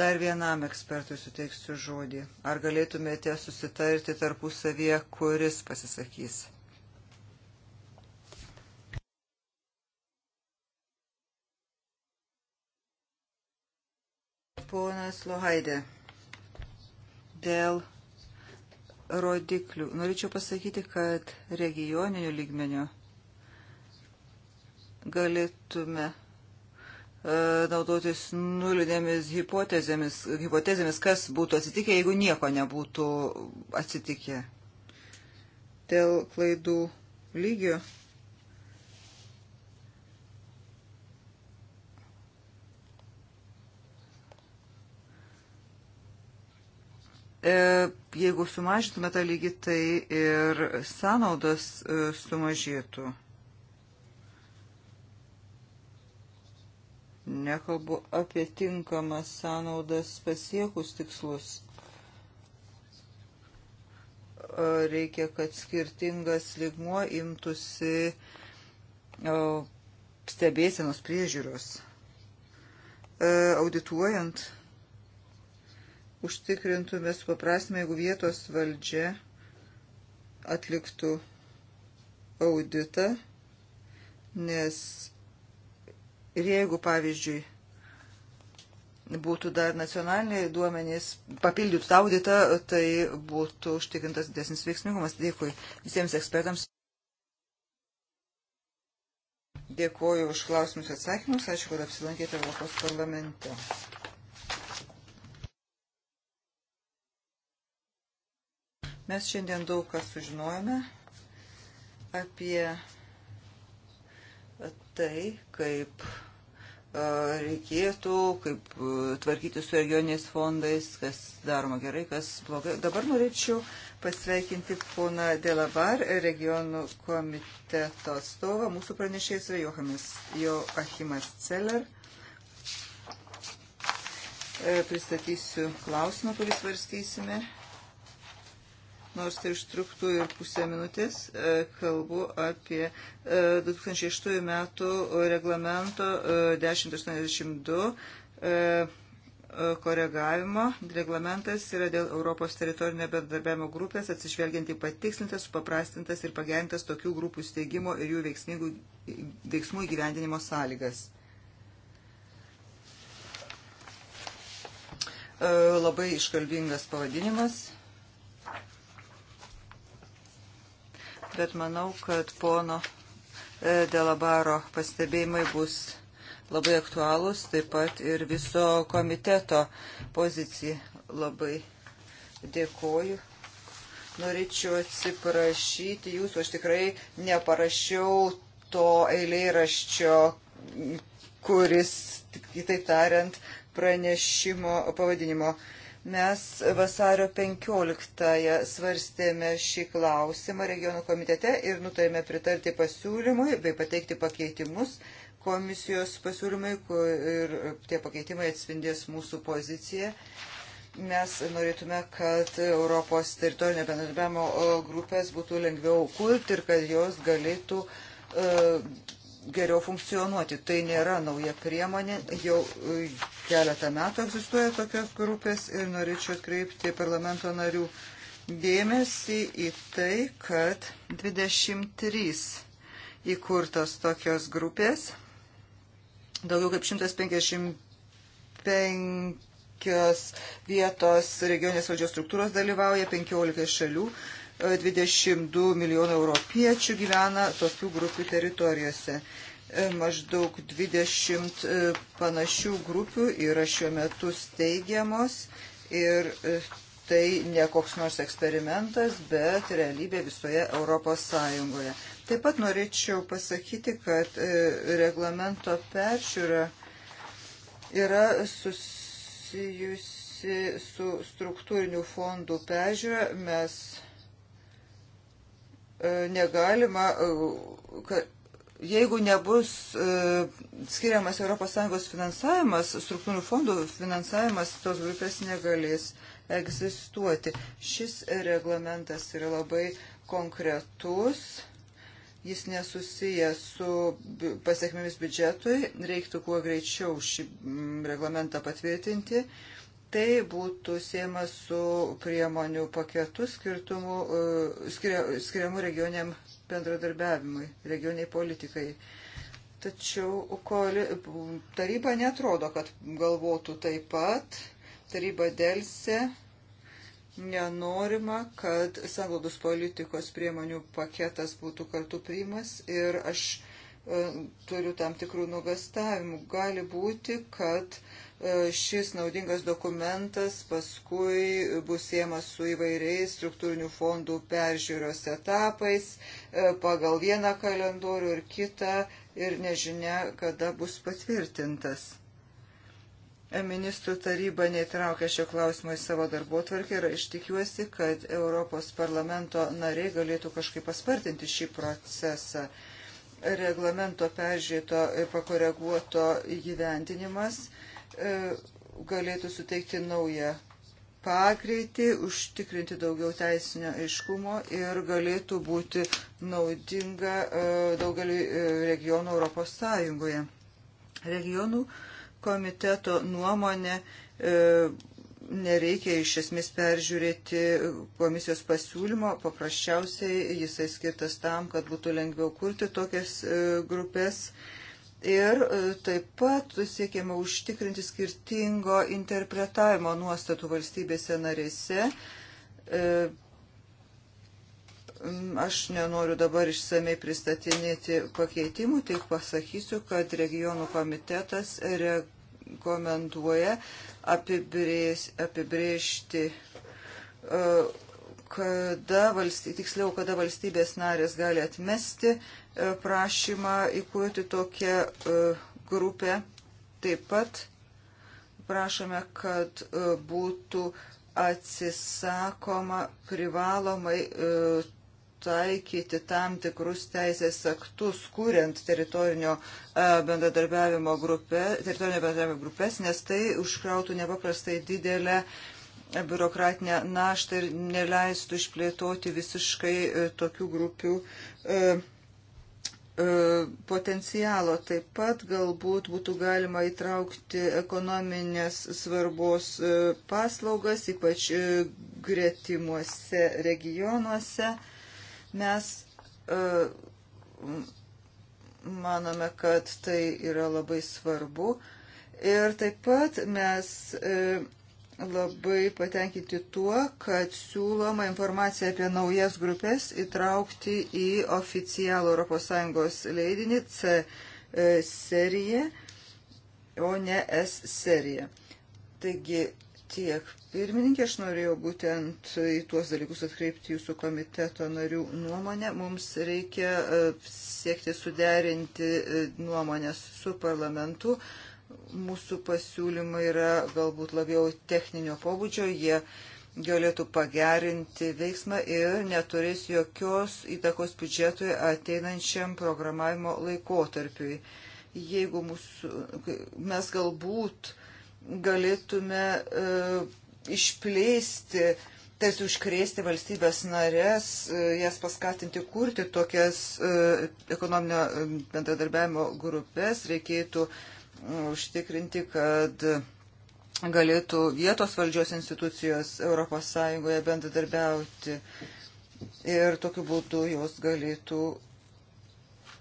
Dar vienam ekspertui suteiksiu žodį. Ar galėtumėte susitarti tarpusavyje, kuris pasisakys? Ponas Lohaidė, dėl rodiklių. Norėčiau pasakyti, kad regioninių lygmenio galėtume e, naudotis nulinėmis hipotezėmis, hipotezėmis, kas būtų atsitikę, jeigu nieko nebūtų atsitikę. Dėl klaidų lygio E, jeigu sumažintume tą lygį, tai ir sąnaudos e, sumažėtų. Nekalbu apie tinkamas sąnaudas pasiekus tikslus. E, reikia, kad skirtingas ligmuo imtųsi stebėsenos priežiūros. Audituojant užtikrintume supaprasmę, jeigu vietos valdžia atliktų auditą, nes ir jeigu, pavyzdžiui, būtų dar nacionaliniai duomenys, papildytų tą auditą, tai būtų užtikrintas didesnis veiksmingumas. Dėkui visiems ekspertams. Dėkuoju už klausimus atsakymus. Ačiū, kad apsilankėte Europos parlamente. Mes šiandien daug kas sužinojame apie tai, kaip e, reikėtų, kaip e, tvarkyti su regioniais fondais, kas daroma gerai, kas blogai. Dabar norėčiau pasveikinti poną Delavar, regionų komiteto atstovą, mūsų pranešėjas yra Johamis, Joachimas Celler. E, pristatysiu klausimą, kurį svarstysime nors tai užtruktų ir pusę minutės. E, kalbu apie 2006 e, metų reglamento 1082 e, koregavimo. Reglamentas yra dėl Europos teritorinio bendarbiavimo grupės atsižvelgiant į patikslintas, supaprastintas ir pagerintas tokių grupų steigimo ir jų veiksmų įgyvendinimo sąlygas. Labai iškalbingas pavadinimas bet manau, kad pono e, Delabaro pastebėjimai bus labai aktualūs, taip pat ir viso komiteto pozicija labai dėkoju. Norėčiau atsiprašyti jūsų, aš tikrai neparašiau to eilėraščio, kuris, kitaip tariant, pranešimo pavadinimo. Mes vasario 15-ąją svarstėme šį klausimą regionų komitete ir nutarėme pritarti pasiūlymui bei pateikti pakeitimus komisijos pasiūlymai ir tie pakeitimai atspindės mūsų poziciją. Mes norėtume, kad Europos teritorinio bendradarbiavimo grupės būtų lengviau kulti ir kad jos galėtų uh, geriau funkcionuoti. Tai nėra nauja priemonė, jau e, keletą metų egzistuoja tokios grupės ir norėčiau atkreipti parlamento narių dėmesį į tai, kad 23 įkurtos tokios grupės, daugiau kaip 155 vietos regionės valdžios struktūros dalyvauja 15 šalių. 22 milijonų europiečių gyvena tokių grupių teritorijose. E, maždaug 20 e, panašių grupių yra šiuo metu steigiamos ir e, tai ne koks nors eksperimentas, bet realybė visoje Europos Sąjungoje. Taip pat norėčiau pasakyti, kad reglamento peržiūra yra susijusi su struktūrinių fondų peržiūra. Mes E, negalima, e, jeigu nebus e, skiriamas ES finansavimas, struktūrų fondų finansavimas, tos grupės negalės egzistuoti. Šis reglamentas yra labai konkretus jis nesusijęs su pasiekmėmis biudžetui, reiktų kuo greičiau šį reglamentą patvirtinti. Tai būtų siejama su priemonių paketu skirtumų, e, skiria, skiriamų regioniam bendradarbiavimui, regioniai politikai. Tačiau koali, taryba netrodo, kad galvotų taip pat. Taryba dėlse nenorima, kad sanglaudos politikos priemonių paketas būtų kartu priimas ir aš e, turiu tam tikrų nugastavimų. Gali būti, kad E, šis naudingas dokumentas paskui bus siemas su įvairiais struktūrinių fondų peržiūros etapais e, pagal vieną kalendorių ir kitą ir nežinia, kada bus patvirtintas. E, ministrų taryba neįtraukė šio klausimo į savo darbo tvarkį ir aš tikiuosi, kad Europos parlamento nariai galėtų kažkaip paspartinti šį procesą. Reglamento peržiūrėto ir pakoreguoto įgyvendinimas E, galėtų suteikti naują pagreitį, užtikrinti daugiau teisinio aiškumo ir galėtų būti naudinga e, daugeliu e, regionų Europos Sąjungoje. Regionų komiteto nuomonė nereikia iš esmės peržiūrėti komisijos pasiūlymo, paprasčiausiai jisai skirtas tam, kad būtų lengviau kurti tokias grupės. E, Ir e, taip pat siekiama užtikrinti skirtingo interpretavimo nuostatų valstybėse narėse. E, aš nenoriu dabar išsamei pristatinėti pakeitimų, tik pasakysiu, kad regionų komitetas rekomenduoja apibrėž, apibrėžti, e, kada valstybės, tiksliau, kada valstybės narės gali atmesti uh, E, prašymą įkurti tokią e, grupę. Taip pat prašome, kad e, būtų atsisakoma privalomai taikyti tam tikrus teisės aktus, kuriant teritorinio bendradarbiavimo, grupė, teritorinio bendradarbiavimo grupės, nes tai užkrautų nepaprastai didelę biurokratinę naštą ir neleistų išplėtoti visiškai tokių grupių E, potencialo. Taip pat galbūt būtų galima įtraukti ekonominės svarbos e, paslaugas, ypač e, gretimuose regionuose. Mes manome, kad tai yra labai svarbu. Ir taip pat mes labai patenkinti tuo, kad siūloma informacija apie naujas grupės įtraukti į oficialų ES leidinį C e, seriją, o ne S seriją. Taigi tiek. Pirmininkė, aš norėjau būtent į tuos dalykus atkreipti jūsų komiteto narių nuomonę. Mums reikia e, siekti suderinti e, nuomonės su parlamentu. Mūsų pasiūlymai yra galbūt labiau techninio pobūdžio, jie galėtų pagerinti veiksmą ir neturės jokios įtakos biudžetui ateinančiam programavimo laikotarpiui. Jeigu mūsų, mes galbūt galėtume e, išplėsti e, tarsi užkrėsti valstybės narės, e, jas paskatinti kurti tokias e, ekonominio e, bendradarbiavimo grupės, reikėtų užtikrinti, kad galėtų vietos valdžios institucijos ES bendradarbiauti ir tokiu būdu jos galėtų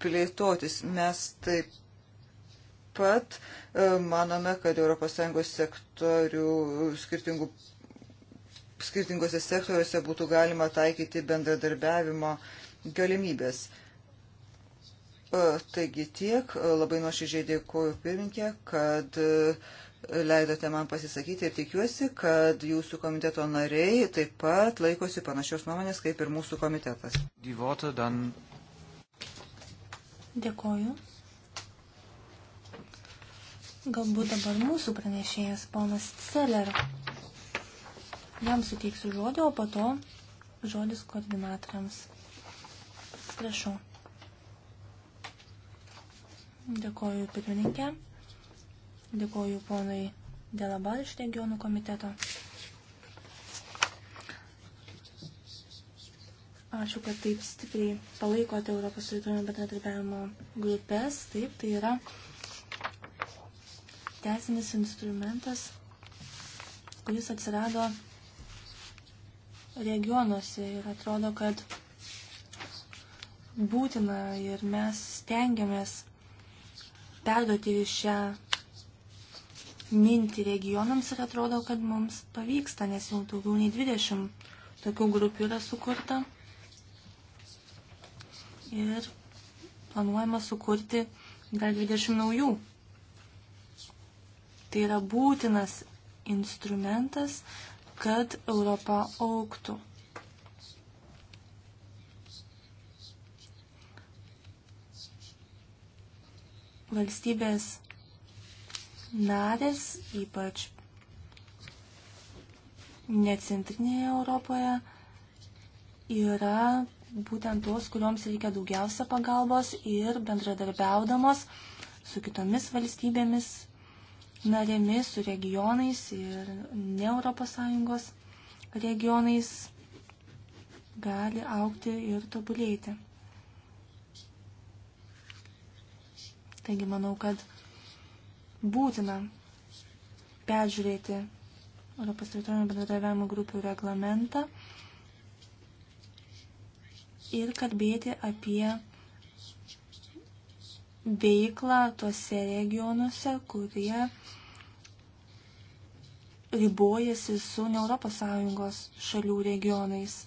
plėtotis. Mes taip pat e, manome, kad ES sektorių skirtingų, skirtingose sektoriuose būtų galima taikyti bendradarbiavimo galimybės. E, taigi tiek, e, labai nuoširdžiai dėkuoju pirminkė, kad e, leidote man pasisakyti ir tikiuosi, kad jūsų komiteto nariai taip pat laikosi panašios nuomonės kaip ir mūsų komitetas. Dėkuoju. Galbūt dabar mūsų pranešėjas ponas Celer. Jam suteiksiu žodį, o po to žodis koordinatoriams. Prašau. Dėkoju pirmininkė. Dėkoju ponui Delabal iš regionų komiteto. Ačiū, kad taip stipriai palaikote Europos rytojų bendradarbiavimo grupės. Taip, tai yra teisinis instrumentas, kuris atsirado regionuose ir atrodo, kad būtina ir mes stengiamės perduoti šią mintį regionams ir atrodo, kad mums pavyksta, nes jau daugiau nei 20 tokių grupių yra sukurta. Ir planuojama sukurti dar 20 naujų. Tai yra būtinas instrumentas, kad Europa auktų. valstybės narės, ypač necentrinėje Europoje, yra būtent tos, kuriuoms reikia daugiausia pagalbos ir bendradarbiaudamos su kitomis valstybėmis narėmis, su regionais ir ne ES regionais gali aukti ir tobulėti. Taigi manau, kad būtina peržiūrėti Europos teritorinio bendradarbiavimo grupių reglamentą ir kalbėti apie veiklą tuose regionuose, kurie ribojasi su ne Europos Sąjungos šalių regionais.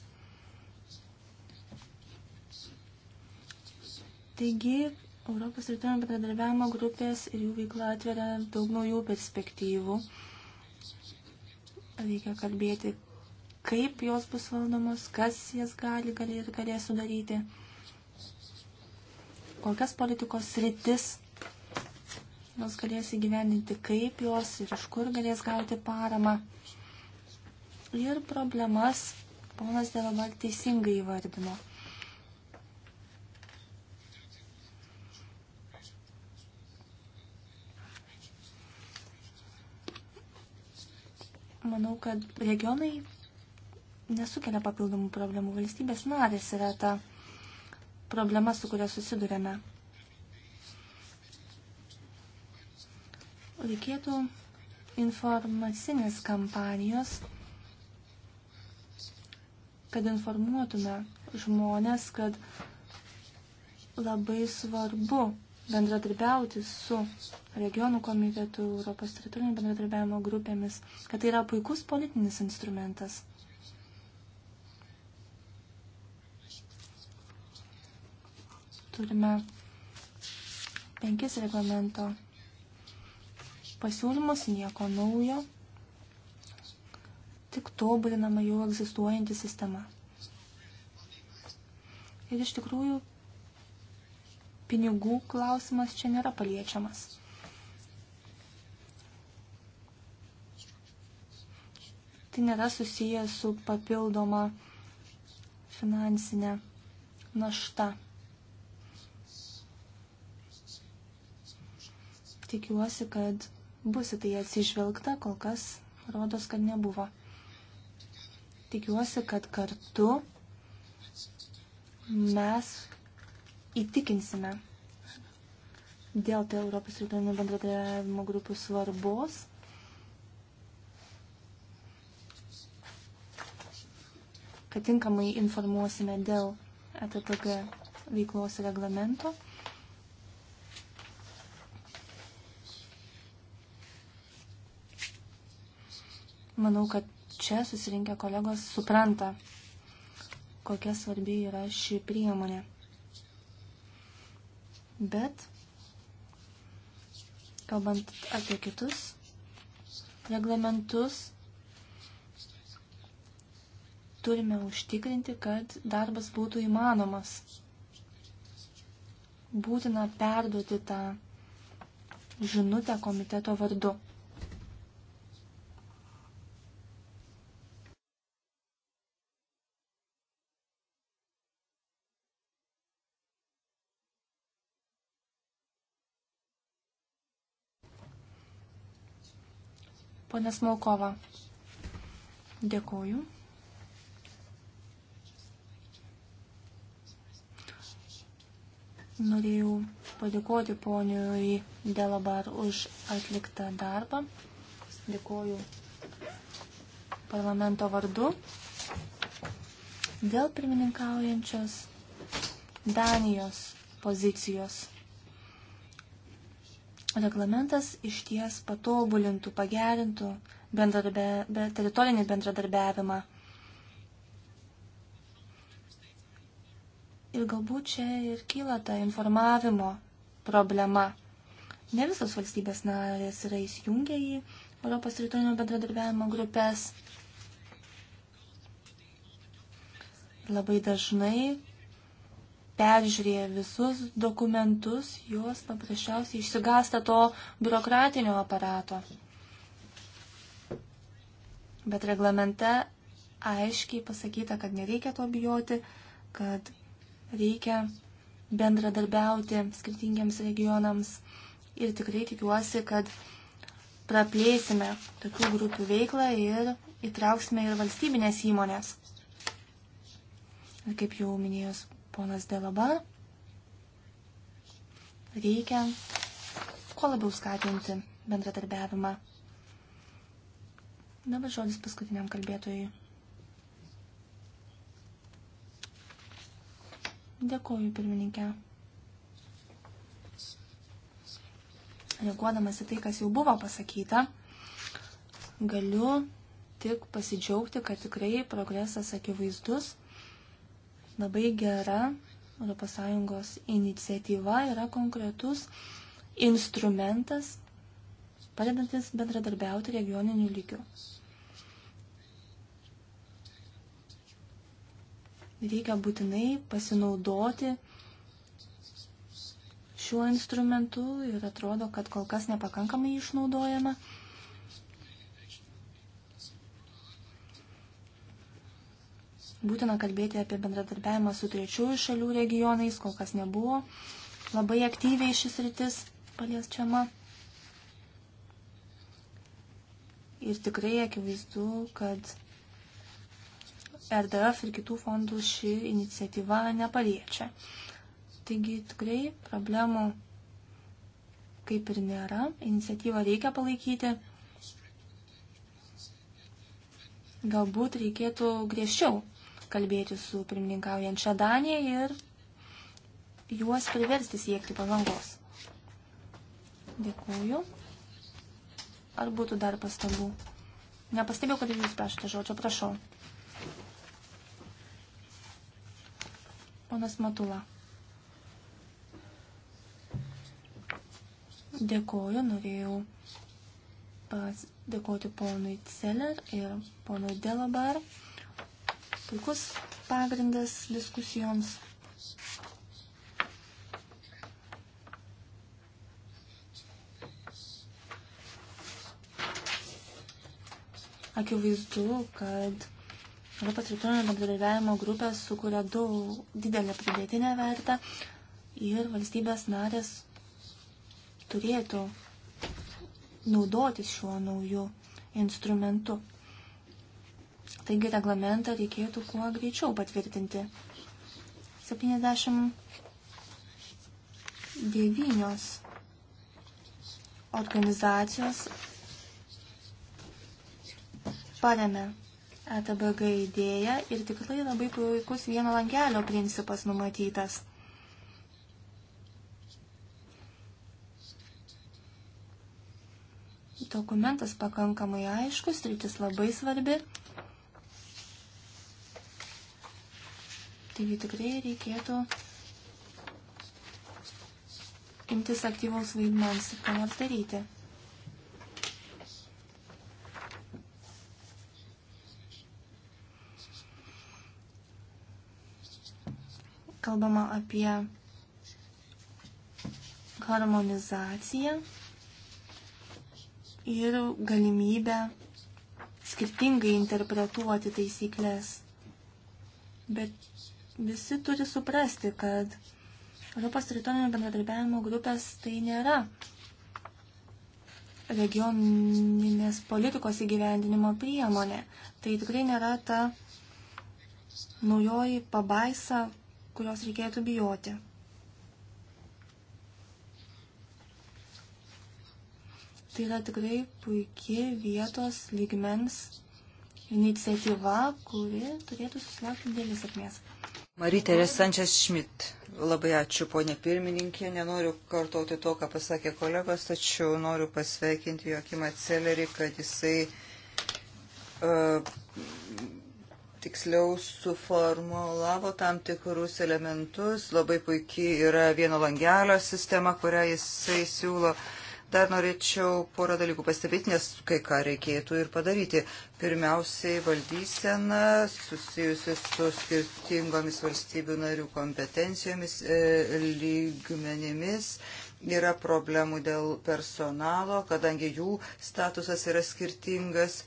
Taigi, Europos rytojų bendradarbiavimo grupės ir jų veikla atveria daug naujų perspektyvų. Reikia kalbėti, kaip jos bus valdomos, kas jas gali, gali ir galės sudaryti, kokias politikos sritis jos galės įgyvendinti, kaip jos ir iš kur galės gauti paramą. Ir problemas ponas Delaval teisingai įvardino. manau, kad regionai nesukelia papildomų problemų. Valstybės narės yra ta problema, su kuria susidurėme. Reikėtų informacinės kampanijos, kad informuotume žmonės, kad labai svarbu bendradarbiauti su regionų komitetu, Europos teritorinio bendradarbiavimo grupėmis, kad tai yra puikus politinis instrumentas. Turime penkis reglamento pasiūlymus, nieko naujo, tik tobulinama jau egzistuojanti sistema. Ir iš tikrųjų pinigų klausimas čia nėra paliečiamas. Tai nėra susiję su papildoma finansinė našta. Tikiuosi, kad bus į tai atsižvelgta, kol kas rodos, kad nebuvo. Tikiuosi, kad kartu mes įtikinsime dėl tai Europos regioninio bendradarbiavimo grupių svarbos. kad tinkamai informuosime dėl ETTG veiklos reglamento. Manau, kad čia susirinkę kolegos supranta, kokia svarbi yra ši priemonė bet kalbant apie kitus reglamentus, turime užtikrinti, kad darbas būtų įmanomas. Būtina perduoti tą žinutę komiteto vardu. Pone Smaukova. Dėkoju. Norėjau padėkoti poniui Delabar už atliktą darbą. Dėkoju parlamento vardu. Dėl pirmininkaujančios Danijos pozicijos reglamentas išties patobulintų, pagerintų bendradarbia, be, teritorinį bendradarbiavimą. Ir galbūt čia ir kyla ta informavimo problema. Ne visos valstybės narės yra įsijungę į Europos teritorinio bendradarbiavimo grupės. Labai dažnai peržiūrėję visus dokumentus, jos paprasčiausiai išsigasta to biurokratinio aparato. Bet reglamente aiškiai pasakyta, kad nereikia to bijoti, kad reikia bendradarbiauti skirtingiams regionams ir tikrai tikiuosi, kad praplėsime tokių grupių veiklą ir įtrauksime ir valstybinės įmonės. Ir kaip jau minėjus ponas Delabar, reikia kuo labiau skatinti bendradarbiavimą. Dabar žodis paskutiniam kalbėtojui. Dėkuoju, pirmininkė. Reaguodamas į tai, kas jau buvo pasakyta, galiu tik pasidžiaugti, kad tikrai progresas akivaizdus Labai gera ES iniciatyva yra konkretus instrumentas, padedantis bendradarbiauti regioniniu lygiu. Reikia būtinai pasinaudoti šiuo instrumentu ir atrodo, kad kol kas nepakankamai išnaudojama. Būtina kalbėti apie bendradarbiavimą su trečiųjų šalių regionais, kol kas nebuvo labai aktyviai šis rytis paliečiama. Ir tikrai akivaizdu, kad RDF ir kitų fondų ši iniciatyva nepaliečia. Taigi tikrai problemų kaip ir nėra. Iniciatyvą reikia palaikyti. Galbūt reikėtų griežčiau kalbėti su pirmininkaujančia Danija ir juos priversti siekti pažangos. Dėkuoju. Ar būtų dar pastabų? Nepastebėjau, kad jūs prašote žodžio, prašau. Ponas Matula. Dėkuoju, norėjau pas, dėkoti ponui Celer ir ponui Delabar puikus pagrindas diskusijoms. Akivaizdu, kad Europos rytinio bendradarbiavimo grupė sukuria daug didelę pridėtinę vertę ir valstybės narės turėtų naudotis šiuo nauju instrumentu. Taigi reglamentą reikėtų kuo greičiau patvirtinti. 79 organizacijos paremė ETBG idėją ir tikrai labai puikus vieno langelio principas numatytas. Dokumentas pakankamai aiškus, rytis labai svarbi. Taigi tikrai reikėtų imtis aktyvaus vaidmens ir ką nors daryti. Kalbama apie harmonizaciją ir galimybę skirtingai interpretuoti taisyklės. Bet visi turi suprasti, kad Europos teritorinio bendradarbiavimo grupės tai nėra regioninės politikos įgyvendinimo priemonė. Tai tikrai nėra ta naujoji pabaisa, kurios reikėtų bijoti. Tai yra tikrai puikiai vietos lygmens iniciatyva, kuri turėtų susilaukti dėlės sėkmės. Marytė Sančias Šmit. Labai ačiū, ponė pirmininkė. Nenoriu kartoti to, ką pasakė kolegos, tačiau noriu pasveikinti Jokimą Celerį, kad jisai uh, tiksliau suformulavo tam tikrus elementus. Labai puikiai yra vieno langelio sistema, kurią jisai siūlo. Uh, Dar norėčiau porą dalykų pastebėti, nes kai ką reikėtų ir padaryti. Pirmiausiai valdysena susijusi su skirtingomis valstybių narių kompetencijomis, e, lygmenimis. Yra problemų dėl personalo, kadangi jų statusas yra skirtingas.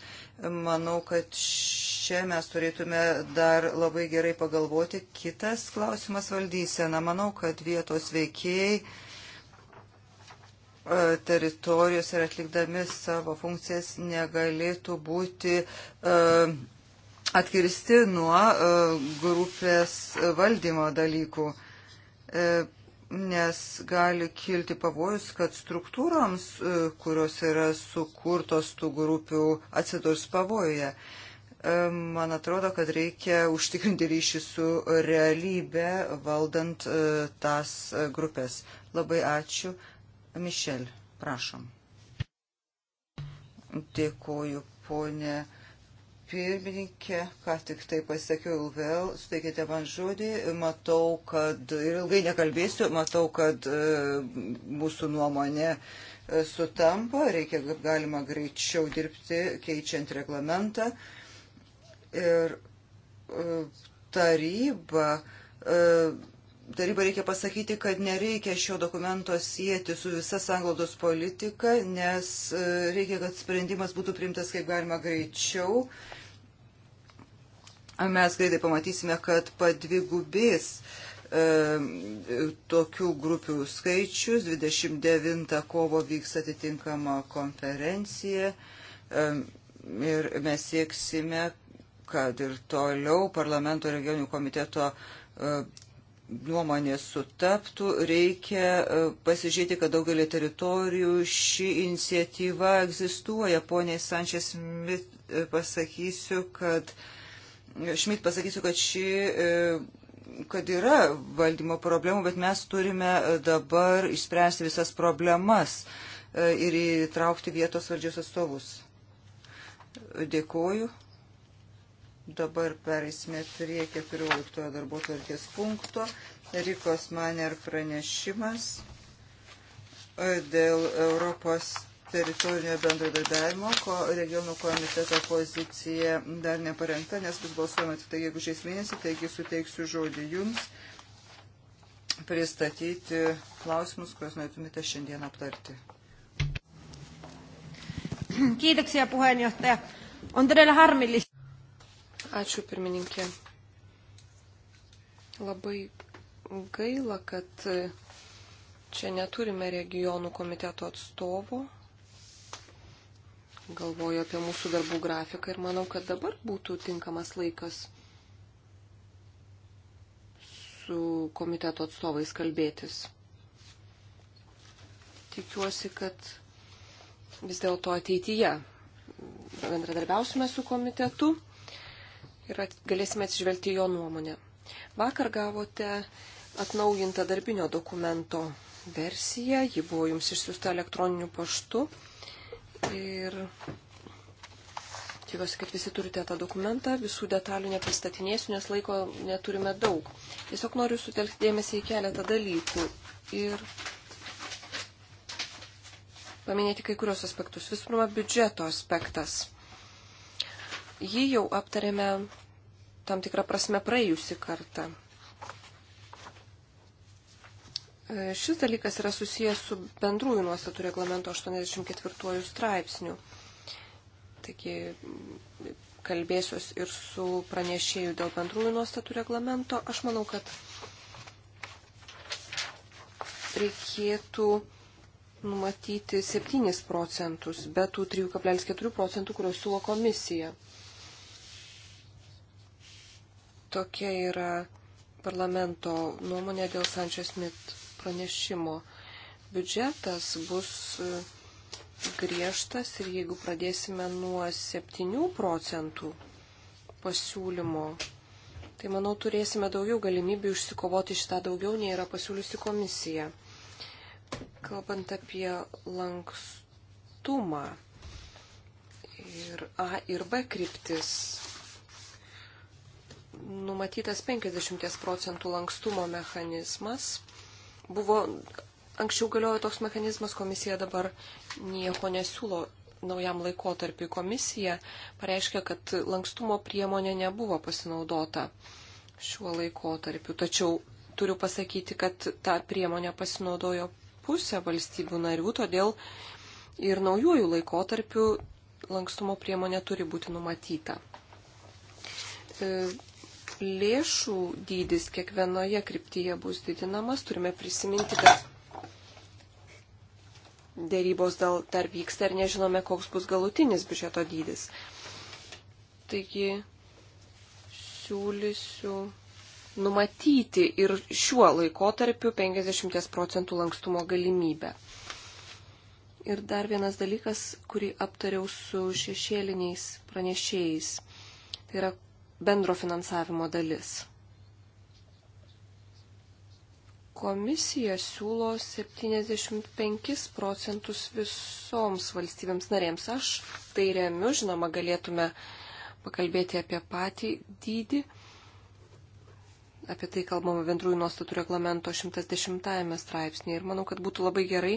Manau, kad čia mes turėtume dar labai gerai pagalvoti. Kitas klausimas valdysena. Manau, kad vietos veikėjai E, teritorijos ir atlikdami savo funkcijas negalėtų būti e, atkirsti nuo e, grupės valdymo dalykų, nes gali kilti pavojus, kad struktūroms, kurios yra sukurtos tų grupių, atsidurs pavojoje man atrodo, kad reikia užtikrinti ryšį su realybė valdant tas grupės. Labai ačiū. Mišel, prašom. Dėkuoju, ponė pirmininkė, ką tik tai pasakiau vėl, suteikite man žodį, matau, kad ir ilgai nekalbėsiu, matau, kad e, mūsų nuomonė e, sutampa, reikia galima greičiau dirbti, keičiant reglamentą. Ir e, taryba. E, Taryba reikia pasakyti, kad nereikia šio dokumento sieti su visa sanglaudos politika, nes e, reikia, kad sprendimas būtų priimtas kaip galima greičiau. Mes greitai pamatysime, kad padvigubės e, tokių grupių skaičius. 29 kovo vyks atitinkama konferencija e, ir mes sieksime, kad ir toliau parlamento regionių komiteto nuomonės sutaptų, reikia e, pasižiūrėti, kad daugelį teritorijų ši iniciatyva egzistuoja. Poniai Sančias Smith e, pasakysiu, kad e, Šmit pasakysiu, kad ši kad yra valdymo problemų, bet mes turime dabar išspręsti visas problemas ir įtraukti vietos valdžios atstovus. Dėkuoju. Dabar pereisime prie 14 darbo tvarkės punkto. Rikos Maner pranešimas e, dėl Europos teritorinio bendradarbiavimo, ko regionų komiteto pozicija dar neparengta, nes bus balsuojama tik tai jeigu šiais mėnesį, taigi suteiksiu žodį jums pristatyti klausimus, kuriuos norėtumėte šiandien aptarti. Kiitoksia puheenjohtaja. On todella harmillista. Ačiū pirmininkė. Labai gaila, kad čia neturime regionų komiteto atstovo. Galvoju apie mūsų darbų grafiką ir manau, kad dabar būtų tinkamas laikas su komiteto atstovais kalbėtis. Tikiuosi, kad vis dėlto ateityje bendradarbiausime su komitetu ir at, galėsime atsižvelgti jo nuomonę. Vakar gavote atnaujintą darbinio dokumento versiją, ji buvo jums išsiųsta elektroniniu paštu ir tikiuosi, kad visi turite tą dokumentą, visų detalių nepristatinėsiu, nes laiko neturime daug. Tiesiog noriu sutelkti dėmesį į keletą dalykų ir paminėti kai kurios aspektus. Visų pirma, biudžeto aspektas. Jį jau aptarėme tam tikrą prasme praėjusi kartą. E, šis dalykas yra susijęs su bendrųjų nuostatų reglamento 84 straipsniu. Taigi kalbėsiuos ir su pranešėju dėl bendrųjų nuostatų reglamento. Aš manau, kad reikėtų numatyti 7 procentus, bet tų 3,4 procentų, kuriuos siūlo komisija. Tokia yra parlamento nuomonė dėl Sančios Mit pranešimo. Biudžetas bus e, griežtas ir jeigu pradėsime nuo 7 procentų pasiūlymo, tai manau turėsime daugiau galimybių išsikovoti šitą daugiau, nei yra pasiūliusi komisija. Kalbant apie lankstumą ir A ir B kryptis, numatytas 50 procentų lankstumo mechanizmas. Buvo, anksčiau galiojo toks mechanizmas, komisija dabar nieko nesiūlo naujam laikotarpiu. Komisija pareiškia, kad lankstumo priemonė nebuvo pasinaudota šiuo laikotarpiu. Tačiau turiu pasakyti, kad tą priemonę pasinaudojo pusė valstybių narių, todėl ir naujųjų laikotarpių lankstumo priemonė turi būti numatyta. E, lėšų dydis kiekvienoje kryptyje bus didinamas. Turime prisiminti, kad dėrybos dal, dar vyksta ir nežinome, koks bus galutinis biudžeto dydis. Taigi siūlysiu numatyti ir šiuo laikotarpiu 50 procentų lankstumo galimybę. Ir dar vienas dalykas, kurį aptariau su šešėliniais pranešėjais. Tai yra bendro finansavimo dalis. Komisija siūlo 75 procentus visoms valstybėms narėms. Aš tai remiu, žinoma, galėtume pakalbėti apie patį dydį apie tai kalbama bendrųjų nuostatų reglamento 110 straipsnėje. Ir manau, kad būtų labai gerai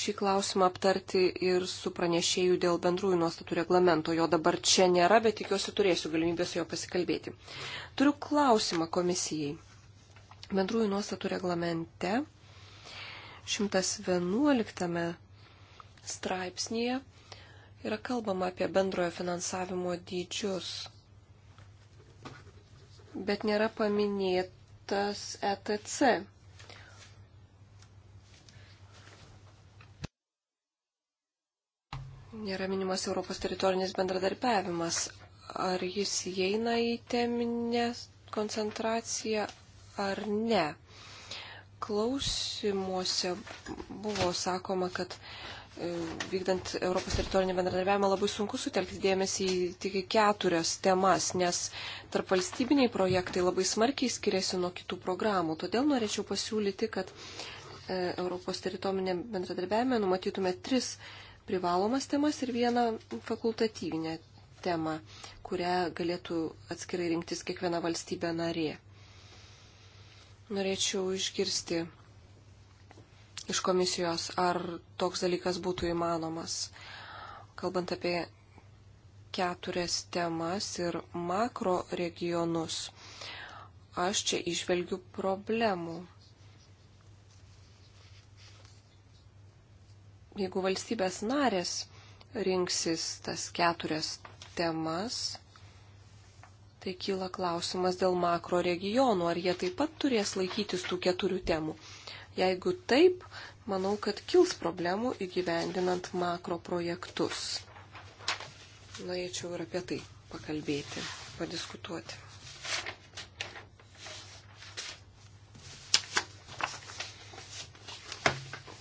šį klausimą aptarti ir su pranešėjų dėl bendrųjų nuostatų reglamento. Jo dabar čia nėra, bet tikiuosi turėsiu galimybę su jo pasikalbėti. Turiu klausimą komisijai. Bendrųjų nuostatų reglamente 111 straipsnėje yra kalbama apie bendrojo finansavimo dydžius bet nėra paminėtas ETC. Nėra minimas Europos teritorinis bendradarbiavimas. Ar jis įeina į teminę koncentraciją ar ne? klausimuose buvo sakoma, kad e, vykdant Europos teritorinį bendradarbiavimą labai sunku sutelkti dėmesį į tik keturias temas, nes tarp valstybiniai projektai labai smarkiai skiriasi nuo kitų programų. Todėl norėčiau pasiūlyti, kad e, Europos teritorinė bendradarbiavime numatytume tris privalomas temas ir vieną fakultatyvinę temą, kurią galėtų atskirai rinktis kiekviena valstybė narė. Norėčiau išgirsti iš komisijos, ar toks dalykas būtų įmanomas. Kalbant apie keturias temas ir makro regionus, aš čia išvelgiu problemų. Jeigu valstybės narės rinksis tas keturias temas, Tai kyla klausimas dėl makro regionų, ar jie taip pat turės laikytis tų keturių temų. Jeigu taip, manau, kad kils problemų įgyvendinant makro projektus. Norėčiau ir apie tai pakalbėti, padiskutuoti.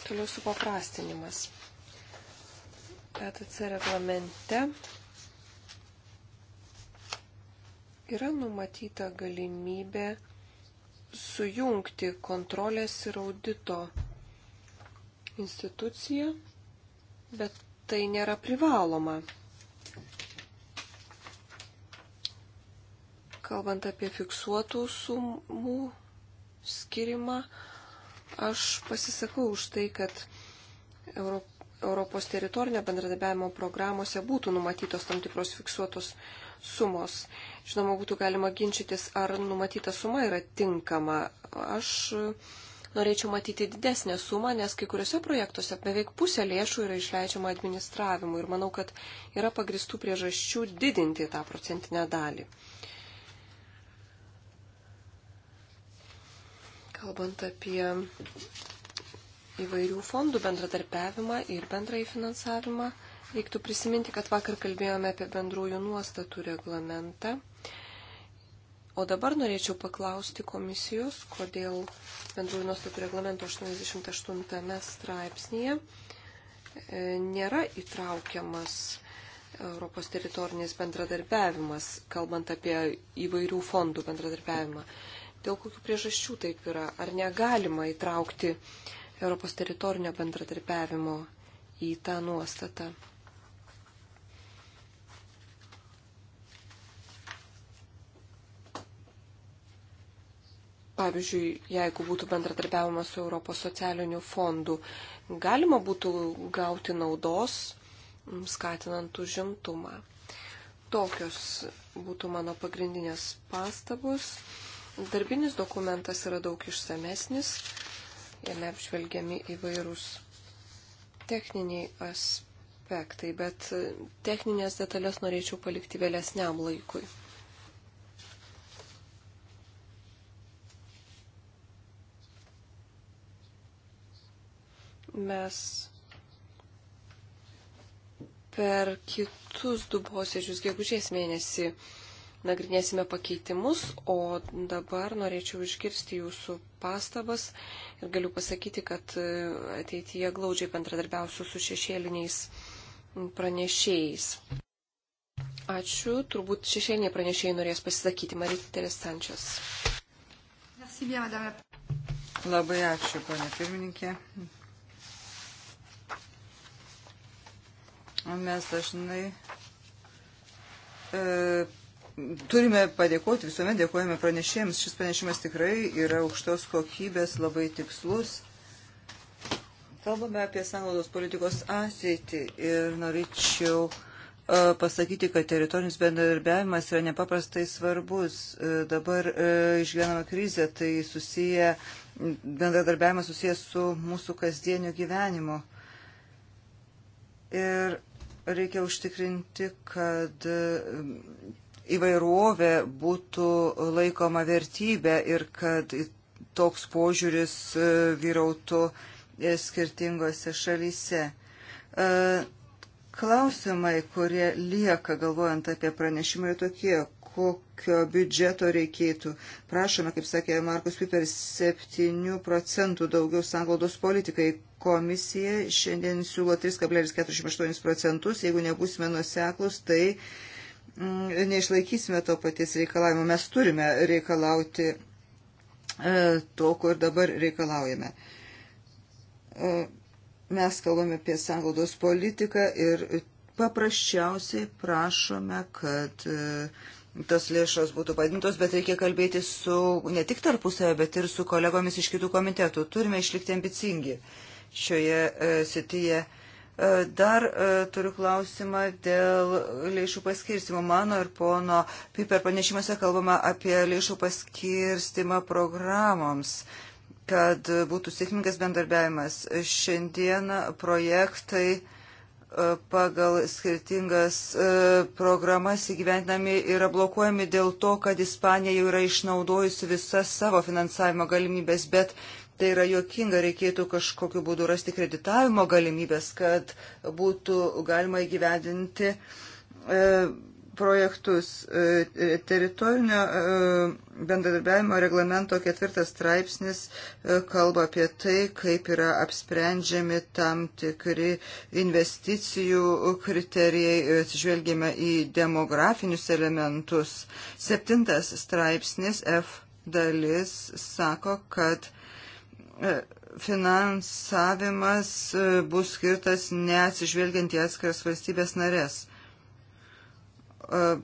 Toliau supaprastinimas. ETC reglamente Yra numatyta galimybė sujungti kontrolės ir audito instituciją, bet tai nėra privaloma. Kalbant apie fiksuotų sumų skirimą, aš pasisakau už tai, kad Europos teritorinio bendradarbiavimo programuose būtų numatytos tam tikros fiksuotos sumos sumos. Žinoma, būtų galima ginčytis, ar numatyta suma yra tinkama. Aš e, norėčiau matyti didesnę sumą, nes kai kuriuose projektuose beveik pusė lėšų yra išleidžiama administravimui ir manau, kad yra pagristų priežasčių didinti tą procentinę dalį. Kalbant apie įvairių fondų bendradarbiavimą ir bendrąjį finansavimą, Reiktų prisiminti, kad vakar kalbėjome apie bendrųjų nuostatų reglamentą. O dabar norėčiau paklausti komisijos, kodėl bendrųjų nuostatų reglamento 88 straipsnėje e, nėra įtraukiamas Europos teritorinis bendradarbiavimas, kalbant apie įvairių fondų bendradarbiavimą. Dėl kokių priežasčių taip yra? Ar negalima įtraukti Europos teritorinio bendradarbiavimo į tą nuostatą? Pavyzdžiui, jeigu būtų bendradarbiavimas su Europos socialiniu fondu, galima būtų gauti naudos, mm, skatinant užimtumą. Tokios būtų mano pagrindinės pastabos. Darbinis dokumentas yra daug išsamesnis, jame apžvelgiami įvairūs techniniai aspektai, bet techninės detalės norėčiau palikti vėlesniam laikui. mes per kitus du posėdžius gegužės mėnesį nagrinėsime pakeitimus, o dabar norėčiau išgirsti jūsų pastabas ir galiu pasakyti, kad e, ateityje glaudžiai bendradarbiausiu su šešėliniais pranešėjais. Ačiū. Turbūt šešėliniai pranešėjai norės pasisakyti. Marita Teresančios. Labai ačiū, ponė pirmininkė. Mes dažnai e, turime padėkoti, visuomet dėkojame pranešėjams. Šis pranešimas tikrai yra aukštos kokybės, labai tikslus. Kalbame apie sąnaudos politikos ateitį ir norėčiau e, pasakyti, kad teritorinis bendradarbiavimas yra nepaprastai svarbus. E, dabar e, išgyvenama krizė, tai susiję, bendradarbiavimas susijęs su mūsų kasdieniu gyvenimu. Ir Reikia užtikrinti, kad e, įvairovė būtų laikoma vertybė ir kad toks požiūris e, vyrautų e, skirtingose šalyse. Klausimai, kurie lieka galvojant apie pranešimą, yra tokie, kokio biudžeto reikėtų. Prašome, kaip sakė Markus Piper, 7 procentų daugiau sanglaudos politikai. Komisija šiandien siūlo 3,48 procentus. Jeigu nebūsime nuseklus, tai mm, neišlaikysime to paties reikalavimo. Mes turime reikalauti e, to, ko ir dabar reikalaujame. E, mes kalbame apie sanglaudos politiką ir paprasčiausiai prašome, kad uh, tos lėšos būtų padintos, bet reikia kalbėti su ne tik tarpusavio, bet ir su kolegomis iš kitų komitetų. Turime išlikti ambicingi šioje e, sityje. E, dar e, turiu klausimą dėl lėšų paskirstimo. Mano ir pono Piper pranešimuose kalbama apie lėšų paskirstimą programoms kad būtų sėkmingas bendarbiavimas. Šiandieną projektai uh, E, pagal skirtingas e, programas įgyvendinami yra blokuojami dėl to, kad Ispanija jau yra išnaudojusi visas savo finansavimo galimybės, bet tai yra jokinga, reikėtų kažkokiu būdu rasti kreditavimo galimybės, kad būtų galima įgyvendinti e, projektus e, e, teritorinio e, bendradarbiavimo reglamento ketvirtas straipsnis kalba apie tai, kaip yra apsprendžiami tam tikri investicijų kriterijai, atsižvelgime į demografinius elementus. Septintas straipsnis F dalis sako, kad finansavimas bus skirtas neatsižvelgiant į atskiras valstybės narės. E,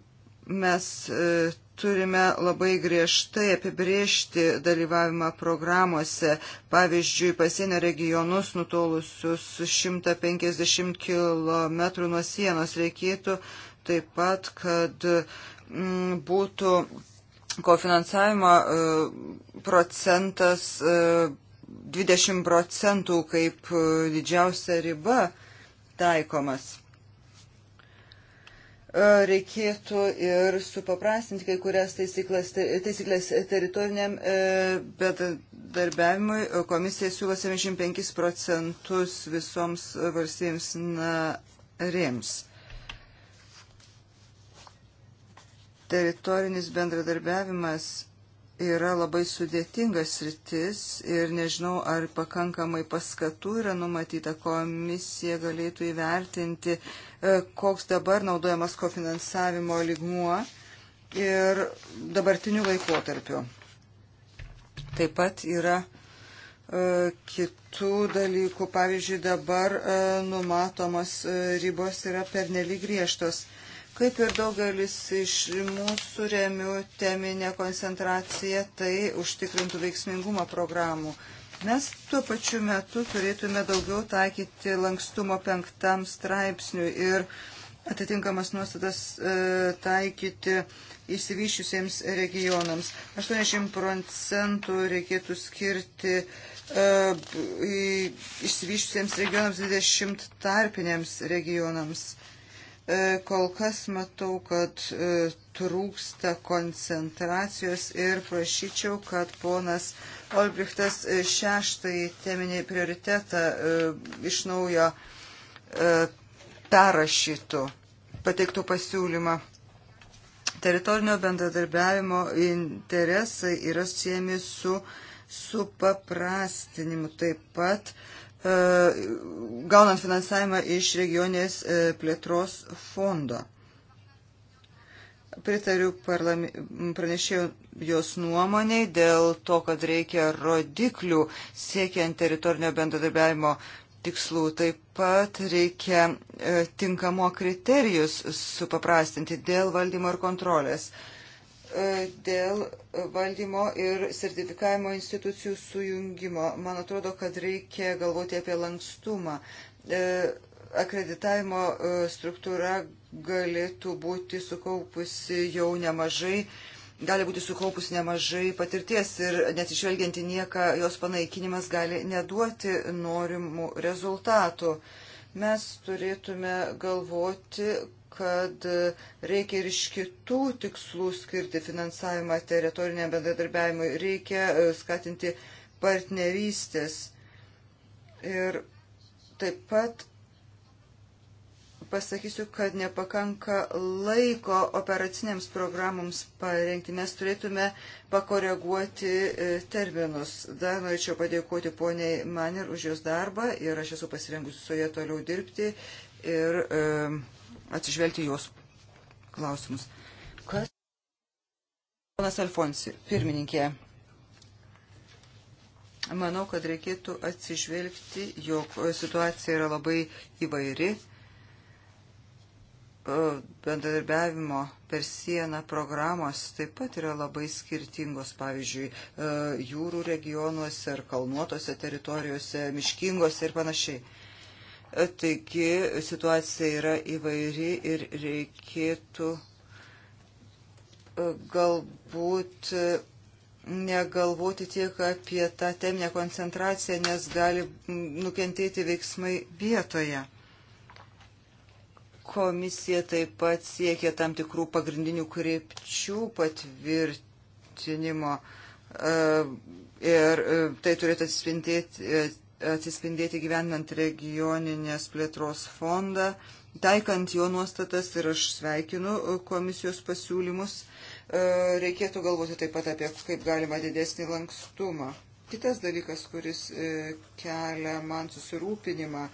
mes e, turime labai griežtai apibriežti dalyvavimą programuose, pavyzdžiui, pasienio regionus nutolusius 150 km nuo sienos reikėtų taip pat, kad m, mm, būtų kofinansavimo e, procentas 20 procentų kaip didžiausia riba taikomas reikėtų ir supaprastinti kai kurias taisyklės, taisyklės teritoriniam e, bedarbiavimui. Komisija siūlo 75 procentus visoms valstybėms narėms. Teritorinis bendradarbiavimas yra labai sudėtingas sritis ir nežinau, ar pakankamai paskatų yra numatyta. Komisija galėtų įvertinti, e, koks dabar naudojamas kofinansavimo lygmuo ir dabartiniu laikotarpiu. Taip pat yra e, kitų dalykų. Pavyzdžiui, dabar e, numatomos ribos yra pernelyg griežtos Kaip ir daugelis iš mūsų remių teminė koncentracija, tai užtikrintų veiksmingumą programų. Mes tuo pačiu metu turėtume daugiau taikyti lankstumo penktam straipsniui ir atitinkamas nuostatas e, taikyti įsivyšiusiems regionams. 80 procentų reikėtų skirti e, išsivyšiusiems regionams, 20 tarpiniams regionams E, kol kas matau, kad e, trūksta koncentracijos ir prašyčiau, kad ponas Olbrichtas e, šeštąjį teminį prioritetą iš naujo perrašytų, pateiktų pasiūlymą teritorinio bendradarbiavimo interesai yra siejami su supaprastinimu. Taip pat E, gaunant finansavimą iš regionės e, plėtros fondo. Pritariu pranešėjo jos nuomoniai dėl to, kad reikia rodiklių siekiant teritorinio bendradarbiavimo tikslų. Taip pat reikia e, tinkamo kriterijus supaprastinti dėl valdymo ir kontrolės. E, E, dėl valdymo ir sertifikavimo institucijų sujungimo. Man atrodo, kad reikia galvoti apie lankstumą. E, akreditavimo e, struktūra galėtų būti sukaupusi jau nemažai, gali būti sukaupusi nemažai patirties ir nesižvelgianti nieką, jos panaikinimas gali neduoti norimų rezultatų. Mes turėtume galvoti, kad reikia ir iš kitų tikslų skirti finansavimą teritoriniam bendradarbiavimui, reikia e, skatinti partnerystės. Ir taip pat pasakysiu, kad nepakanka laiko operaciniams programams parengti. Mes turėtume pakoreguoti e, terminus. Dar norėčiau padėkoti poniai Manir už jos darbą ir aš esu pasirengusi su ja toliau dirbti. Ir, e, atsižvelgti jos klausimus. Kas? Ponas Alfonsi, pirmininkė. Manau, kad reikėtų atsižvelgti, jog situacija yra labai įvairi. Bendradarbiavimo per sieną programos taip pat yra labai skirtingos, pavyzdžiui, e, jūrų regionuose ar kalnuotose teritorijose, miškingose ir panašiai. Taigi situacija yra įvairi ir reikėtų e, galbūt negalvoti tiek apie tą teminę koncentraciją, nes gali nukentėti veiksmai vietoje. Komisija taip pat siekia tam tikrų pagrindinių krypčių patvirtinimo e, ir e, tai turėtų atsispindėti atsispindėti gyvenant regioninės plėtros fondą, taikant jo nuostatas ir aš sveikinu komisijos pasiūlymus, e, reikėtų galvoti taip pat apie kaip galima didesnį lankstumą. Kitas dalykas, kuris e, kelia man susirūpinimą,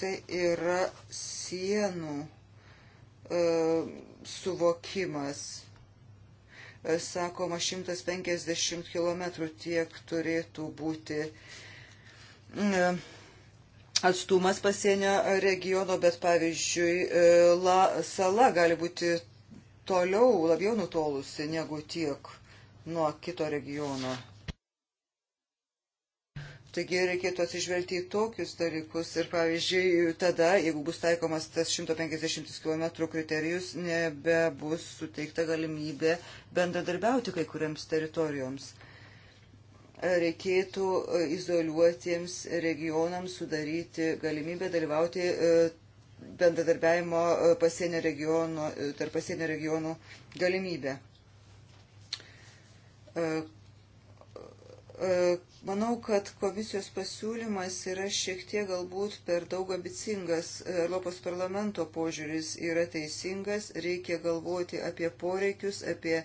tai yra sienų e, suvokimas sakoma, 150 km tiek turėtų būti mm, e, atstumas pasienio regiono, bet pavyzdžiui, e, la, sala gali būti toliau, labiau nutolusi negu tiek nuo kito regiono. Taigi reikėtų atsižvelgti į tokius dalykus ir, pavyzdžiui, tada, jeigu bus taikomas tas 150 km kriterijus, nebebus suteikta galimybė bendradarbiauti kai kuriams teritorijoms. Reikėtų e, izoliuotiems regionams sudaryti galimybę dalyvauti e, bendradarbiavimo e, pasienio regionų, tarp pasienio regionų galimybę E, manau, kad komisijos pasiūlymas yra šiek tiek galbūt per daug ambicingas. E, Europos parlamento požiūris yra teisingas, reikia galvoti apie poreikius, apie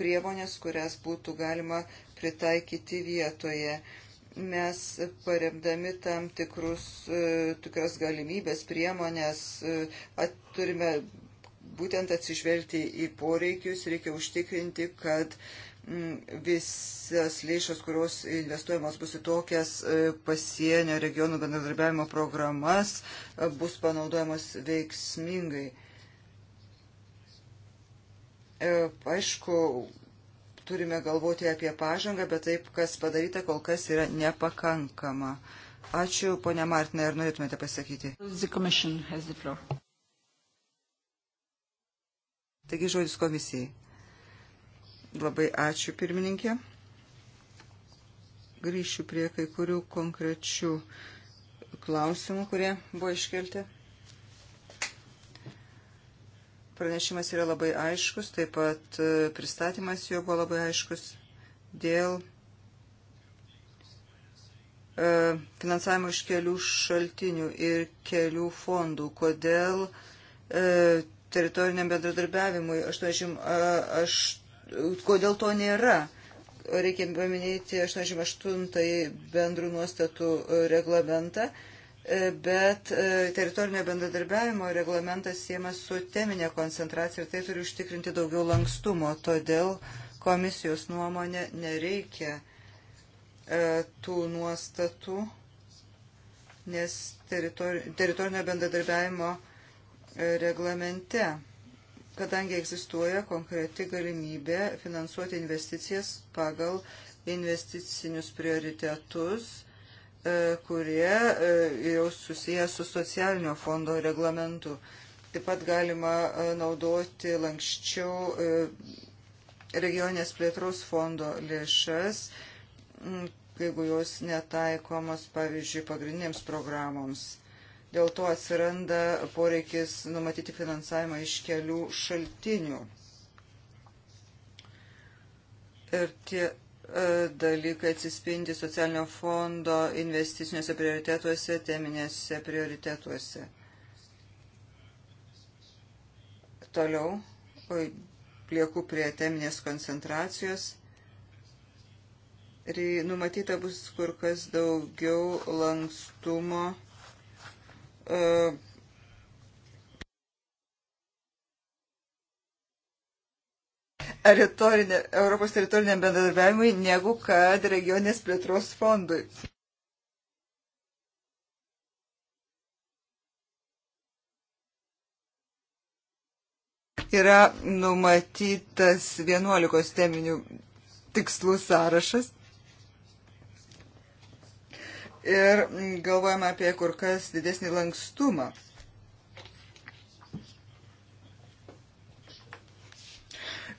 priemonės, kurias būtų galima pritaikyti vietoje. Mes paremdami tam tikrus, e, tikras galimybės, priemonės, at, turime būtent atsižvelgti į poreikius, reikia užtikrinti, kad uh, Mm, visas lėšas, kurios investuojamos bus į tokias e, pasienio regionų bendradarbiavimo programas, e, bus panaudojamos veiksmingai. E, aišku, turime galvoti apie pažangą, bet taip, kas padaryta, kol kas yra nepakankama. Ačiū, ponia Martina, ar norėtumėte pasakyti? Taigi žodis komisijai. Labai ačiū pirmininkė. Grįšiu prie kai kurių konkrečių klausimų, kurie buvo iškelti. Pranešimas yra labai aiškus, taip pat e, pristatymas jo buvo labai aiškus dėl e, finansavimo iš kelių šaltinių ir kelių fondų. Kodėl e, teritoriniam bendradarbiavimui 88 kodėl to nėra. Reikia paminėti 88 bendrų nuostatų e, reglamentą, e, bet e, teritorinio bendradarbiavimo reglamentas siemas su teminė koncentracija ir tai turi užtikrinti daugiau lankstumo. Todėl komisijos nuomonė nereikia tų nuostatų, nes teritorinio bendradarbiavimo reglamente kadangi egzistuoja konkreti galimybė finansuoti investicijas pagal investicinius prioritetus, e, kurie e, jau susiję su socialinio fondo reglamentu. Taip pat galima e, naudoti lankščiau regionės plėtros fondo lėšas, jeigu jos netaikomos, pavyzdžiui, pagrindiniams programoms. Dėl to atsiranda poreikis numatyti finansavimą iš kelių šaltinių. Ir tie e, dalykai atsispindi socialinio fondo investiciniuose prioritetuose, teminėse prioritetuose. Toliau lieku prie teminės koncentracijos. Ir numatyta bus kur kas daugiau lankstumo Teritorinė, Europos teritoriniam bendradarbiavimui negu kad regionės plėtros fondui. Yra numatytas 11 teminių tikslų sąrašas ir galvojame apie kur kas didesnį lankstumą.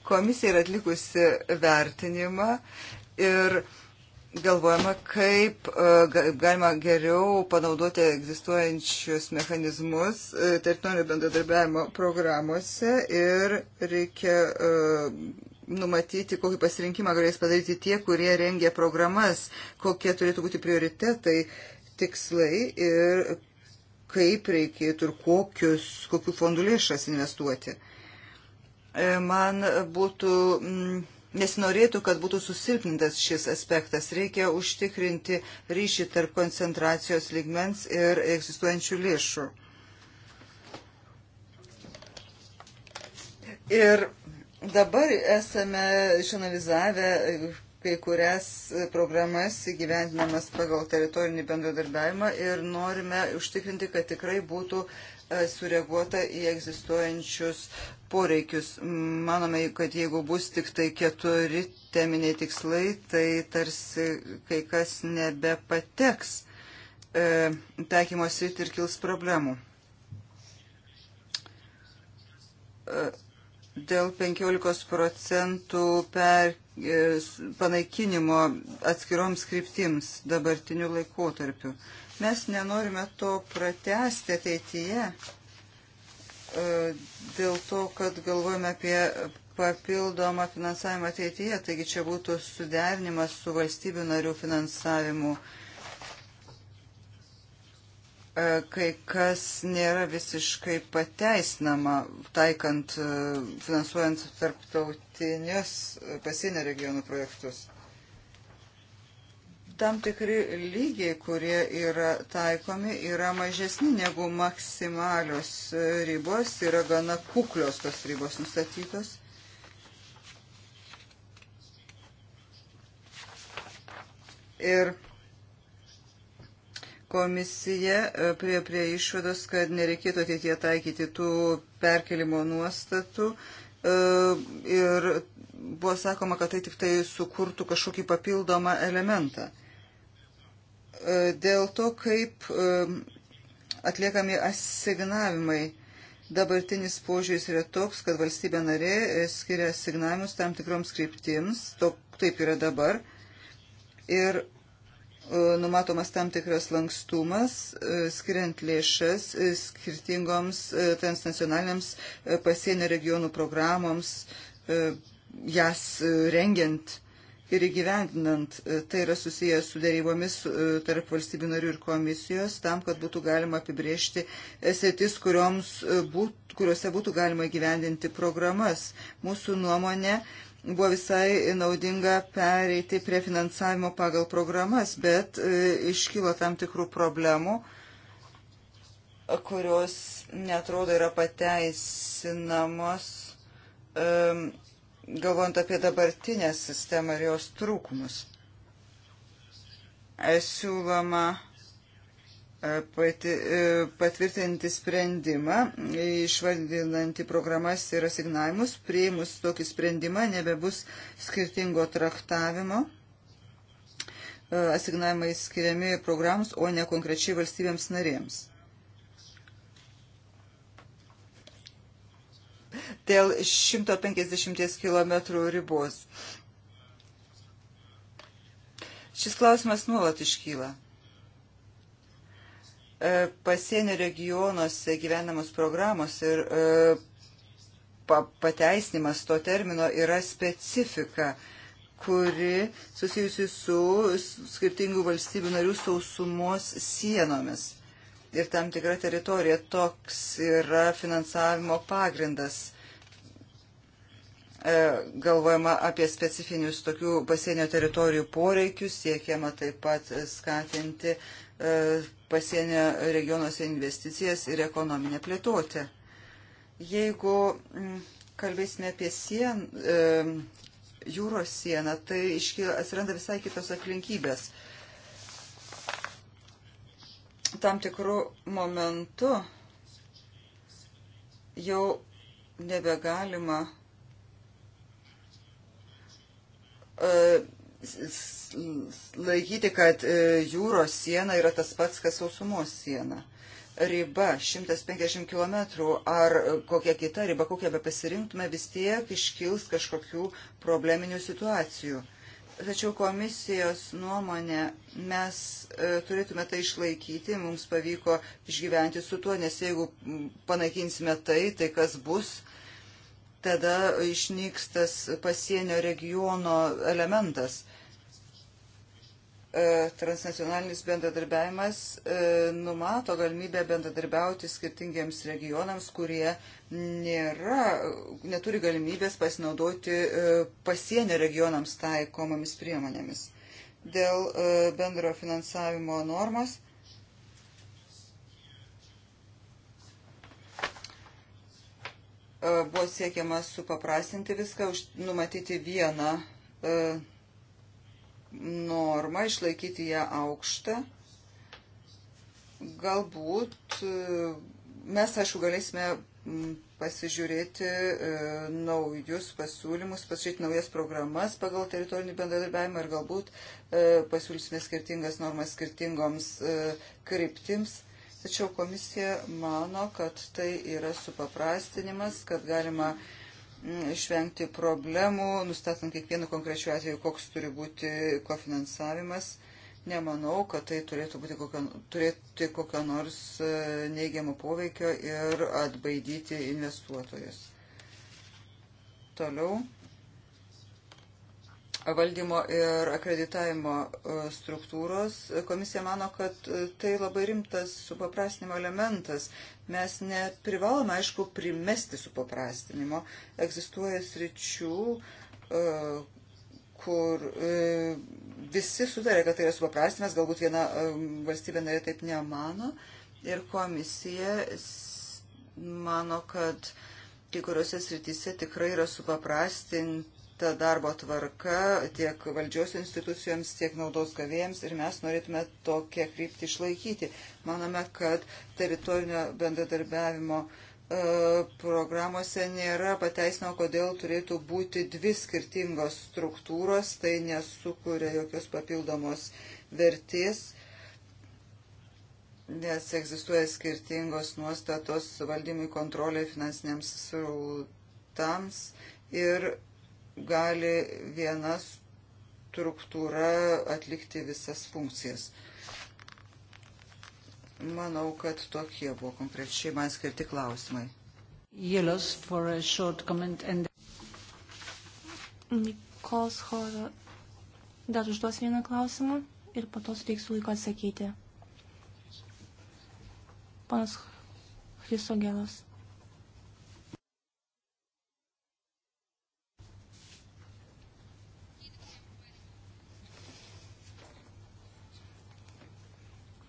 Komisija yra atlikusi vertinimą ir galvojama, kaip e, galima geriau panaudoti egzistuojančius mechanizmus e, teritorinio bendradarbiavimo programuose ir reikia e, numatyti, kokį pasirinkimą galės padaryti tie, kurie rengia programas, kokie turėtų būti prioritetai, tikslai ir kaip reikėtų ir kokius, kokių fondų lėšas investuoti. E, man būtų, mm, nesinorėtų, kad būtų susilpnintas šis aspektas. Reikia užtikrinti ryšį tarp koncentracijos ligmens ir egzistuojančių lėšų. Ir Dabar esame išanalizavę kai kurias programas įgyvendinamas pagal teritorinį bendradarbiavimą ir norime užtikrinti, kad tikrai būtų e, sureaguota į egzistuojančius poreikius. Manome, kad jeigu bus tik tai keturi teminiai tikslai, tai tarsi kai kas nebepateks e, taikymos rytį ir kils problemų. E, dėl 15 procentų per e, panaikinimo atskiroms kryptims dabartiniu laikotarpiu. Mes nenorime to pratesti ateityje e, dėl to, kad galvojame apie papildomą finansavimą ateityje, taigi čia būtų suderinimas su valstybių narių finansavimu E, kai kas nėra visiškai pateisinama, taikant, e, finansuojant tarptautinius e, pasienio regionų projektus. Tam tikri lygiai, kurie yra taikomi, yra mažesni negu maksimalios ribos, yra gana kuklios tos ribos nustatytos. Ir Komisija e, prie, prie išvados, kad nereikėtų ateitie taikyti tų perkelimo nuostatų e, ir buvo sakoma, kad tai tik tai sukurtų kažkokį papildomą elementą. E, dėl to, kaip atliekami asignavimai dabartinis požiūris yra toks, kad valstybė narė skiria signavimus tam tikroms kryptims, to, taip yra dabar. Ir E, numatomas tam tikras lankstumas, e, skiriant lėšas e, skirtingoms transnacionaliniams pasienio regionų programoms, jas rengiant ir įgyvendinant. Tai yra susijęs su dėrybomis tarp valstybių narių ir komisijos, tam, kad būtų galima apibriežti sėtis, kuriuose būtų galima įgyvendinti programas. Mūsų nuomonė, buvo visai naudinga pereiti prie finansavimo pagal programas, bet e, iškylo tam tikrų problemų, kurios netrodo yra pateisinamos, galvojant apie dabartinę sistemą ir jos trūkumus. Siūloma pati, e, patvirtinti sprendimą, išvardinantį programas ir asignavimus, prieimus tokį sprendimą nebebus skirtingo traktavimo e, asignavimai skiriami programs, o ne konkrečiai valstybėms narėms. Dėl 150 km ribos. Šis klausimas nuolat iškyla. E, pasienio regionuose gyvenamos programos ir e, pateisnimas to termino yra specifika, kuri susijusi su skirtingų valstybių narių sausumos sienomis. Ir tam tikra teritorija toks yra finansavimo pagrindas. E, galvojama apie specifinius tokių pasienio teritorijų poreikius, siekiama taip pat skatinti pasienio regionuose investicijas ir ekonominę plėtotę. Jeigu mm, kalbėsime apie sien, e, jūros sieną, tai iškyla, atsiranda visai kitos aplinkybės. Tam tikrų momentų jau nebegalima e, laikyti, kad e, jūros siena yra tas pats, kas sausumos siena. Riba 150 km ar kokia kita riba, kokią be pasirinktume, vis tiek iškils kažkokių probleminių situacijų. Tačiau komisijos nuomonė mes e, turėtume tai išlaikyti, mums pavyko išgyventi su tuo, nes jeigu panaikinsime tai, tai kas bus, tada išnyks tas pasienio regiono elementas. E, transnacionalinis bendradarbiavimas e, numato galimybę bendradarbiauti skirtingiems regionams, kurie nėra, neturi galimybės pasinaudoti e, pasienio regionams taikomomis priemonėmis. Dėl bendro finansavimo normos E, buvo siekiama supaprastinti viską, numatyti vieną e, normą, išlaikyti ją aukštą. Galbūt e, mes, aišku, galėsime pasižiūrėti naujus pasiūlymus, pasižiūrėti naujas programas pagal teritorinį bendradarbiavimą ir galbūt pasiūlysime skirtingas normas skirtingoms kryptims tačiau komisija mano, kad tai yra supaprastinimas, kad galima mm, išvengti problemų, nustatant kiekvienu konkrečiu atveju, koks turi būti kofinansavimas. Nemanau, kad tai turėtų būti kokio, turėti kokio nors e, neigiamo poveikio ir atbaidyti investuotojus. Toliau valdymo ir akreditavimo e, struktūros. Komisija mano, kad e, tai labai rimtas supaprastinimo elementas. Mes neprivalome, aišku, primesti supaprastinimo. Egzistuoja sričių, e, kur visi sutarė, kad tai yra supaprastinimas, galbūt viena valstybė narė taip nemano. Ir komisija mano, kad kai kuriuose srityse tikrai yra supaprastinti numatyta darbo tvarka tiek valdžios institucijoms, tiek naudos gavėjams ir mes norėtume tokią kryptį išlaikyti. Manome, kad teritorinio bendradarbiavimo e, programuose nėra pateisino, kodėl turėtų būti dvi skirtingos struktūros, tai nesukuria jokios papildomos vertės, nes egzistuoja skirtingos nuostatos valdymui kontroliai finansiniams srautams ir gali viena struktūra atlikti visas funkcijas. Manau, kad tokie buvo konkrečiai man skirti klausimai. Jėlos for a short comment and... Nikolas Horo dar užduos vieną klausimą ir po to suteiksiu laiko atsakyti. Panas Hrisogelas.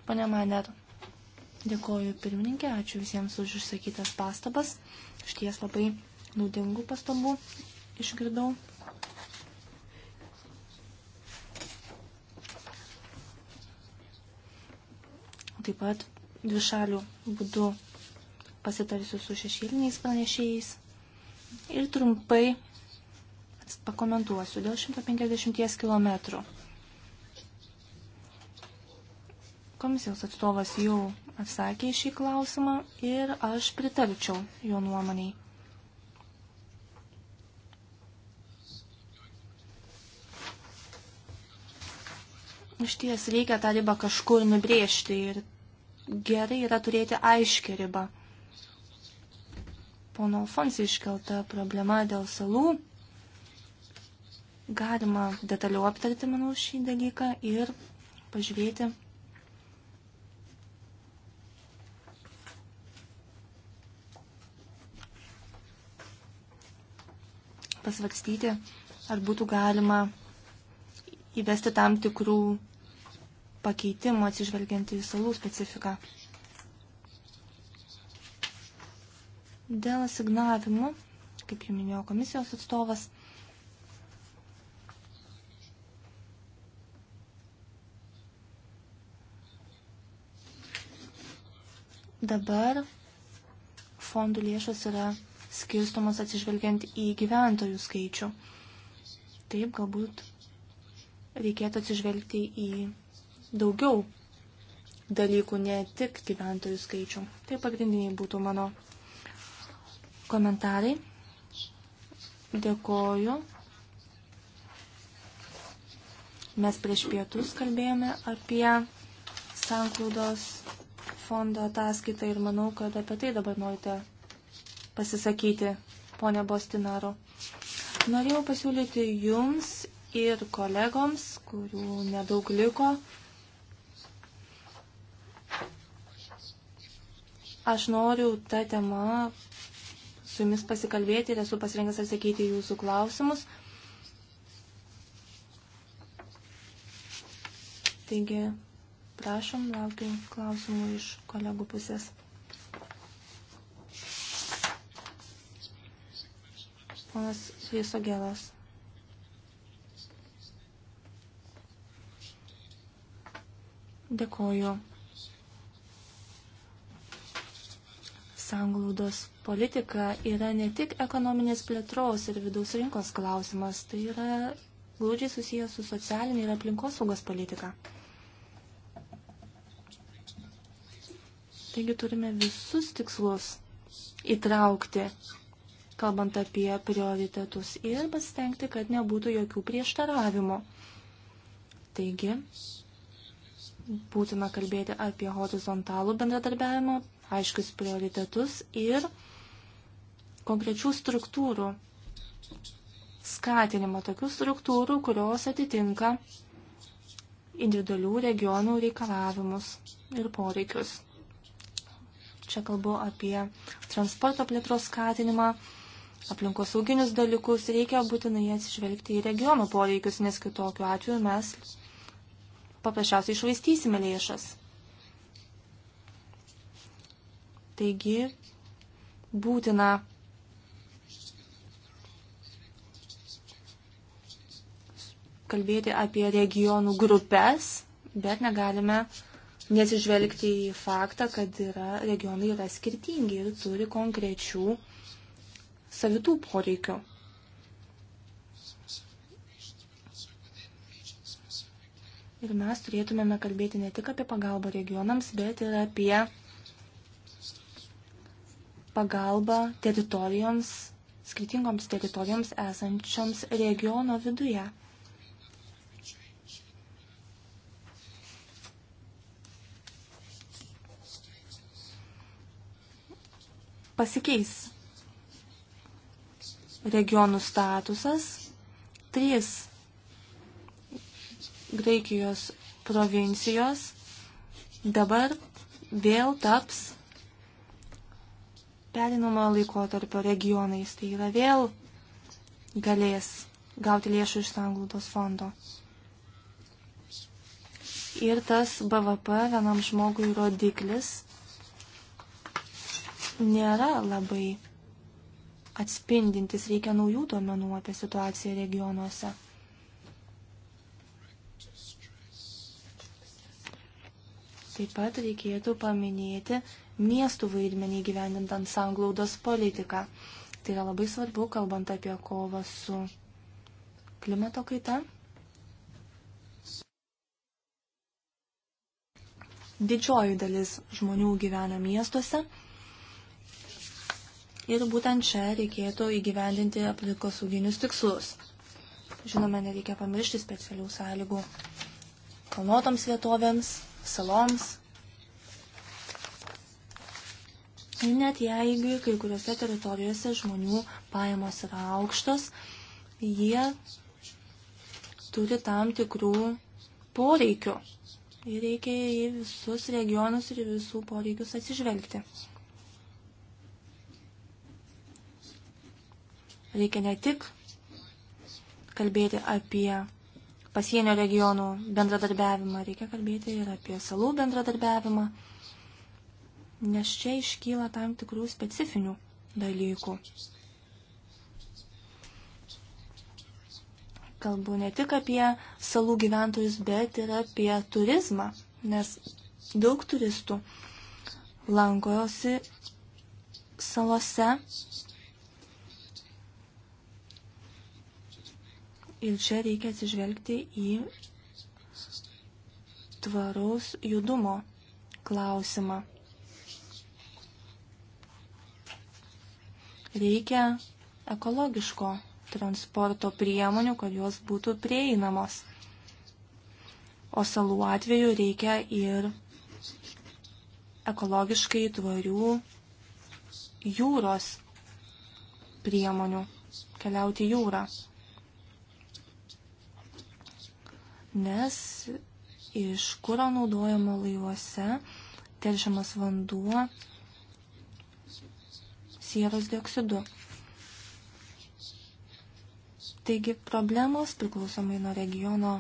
Pone Mander, dėkoju pirmininkė, ačiū visiems už išsakytas pastabas. Šties labai naudingų pastabų išgirdau. Taip pat dvišalių būdų pasitarsiu su šešėliniais pranešėjais ir trumpai pakomentuosiu dėl 150 km. Komisijos atstovas jau atsakė šį klausimą ir aš pritarčiau jo nuomoniai. Iš ties reikia tą ribą kažkur nubrėžti ir gerai yra turėti aiškę ribą. Pono Alfonsai iškelta problema dėl salų. Galima detaliau aptarti, manau, šį dalyką ir pažiūrėti, pasvarstyti, ar būtų galima įvesti tam tikrų pakeitimų atsižvelgiant į salų specifiką. Dėl asignavimų, kaip jau minėjo komisijos atstovas, dabar fondų lėšos yra skirstomas atsižvelgiant į gyventojų skaičių. Taip, galbūt reikėtų atsižvelgti į daugiau dalykų, ne tik gyventojų skaičių. Tai pagrindiniai būtų mano komentarai. Dėkoju. Mes prieš pietus kalbėjome apie sanklaudos fondo ataskaitą ir manau, kad apie tai dabar norite pasisakyti, ponė Bostinaro. Norėjau pasiūlyti jums ir kolegoms, kurių nedaug liko. Aš noriu tą temą su jumis pasikalbėti ir esu pasirengęs atsakyti jūsų klausimus. Taigi, prašom, laukiu klausimų iš kolegų pusės. Ponas Visogėlas. Dėkoju. Sanglaudos politika yra ne tik ekonominės plėtros ir vidaus rinkos klausimas, tai yra glūdžiai susijęs su socialinė ir aplinkosaugos politika. Taigi turime visus tikslus įtraukti kalbant apie prioritetus ir pasitengti, kad nebūtų jokių prieštaravimų. Taigi, būtina kalbėti apie horizontalų bendradarbiavimą, aiškius prioritetus ir konkrečių struktūrų skatinimą, tokių struktūrų, kurios atitinka individualių regionų reikalavimus ir poreikius. Čia kalbu apie transporto plėtros skatinimą, aplinkosauginius dalykus, reikia būtinai atsižvelgti į regionų poreikius, nes kitokiu atveju mes paprasčiausiai išvaistysime lėšas. Taigi, būtina kalbėti apie regionų grupės, bet negalime nesižvelgti į faktą, kad yra, regionai yra skirtingi ir turi konkrečių savitų poreikių. Ir mes turėtumėme kalbėti ne tik apie pagalbą regionams, bet ir apie pagalbą teritorijoms, skirtingoms teritorijoms esančioms regiono viduje. Pasikeis regionų statusas, trys Graikijos provincijos dabar vėl taps perinamojo laikotarpio regionais. Tai yra vėl galės gauti lėšų iš sanglūdos fondo. Ir tas BVP vienam žmogui rodiklis nėra labai atspindintis, reikia naujų duomenų apie situaciją regionuose. Taip pat reikėtų paminėti miestų vaidmenį gyvendintant sanglaudos politiką. Tai yra labai svarbu, kalbant apie kovą su klimato kaita. Didžioji dalis žmonių gyvena miestuose ir būtent čia reikėtų įgyvendinti aplinkosauginius tikslus. Žinome, nereikia pamiršti specialių sąlygų kalnuotoms vietovėms, saloms. Net jeigu kai kuriuose teritorijose žmonių pajamos yra aukštos, jie turi tam tikrų poreikių. Ir reikia į visus regionus ir į visų poreikius atsižvelgti. Reikia ne tik kalbėti apie pasienio regionų bendradarbiavimą, reikia kalbėti ir apie salų bendradarbiavimą, nes čia iškyla tam tikrų specifinių dalykų. Kalbu ne tik apie salų gyventojus, bet ir apie turizmą, nes daug turistų lankojosi salose Ir čia reikia atsižvelgti į tvaraus judumo klausimą. Reikia ekologiško transporto priemonių, kad jos būtų prieinamos. O salų atveju reikia ir ekologiškai tvarių jūros priemonių keliauti jūrą. nes iš kūro naudojimo laivuose teršiamas vanduo sieros dioksidu. Taigi problemos priklausomai nuo regiono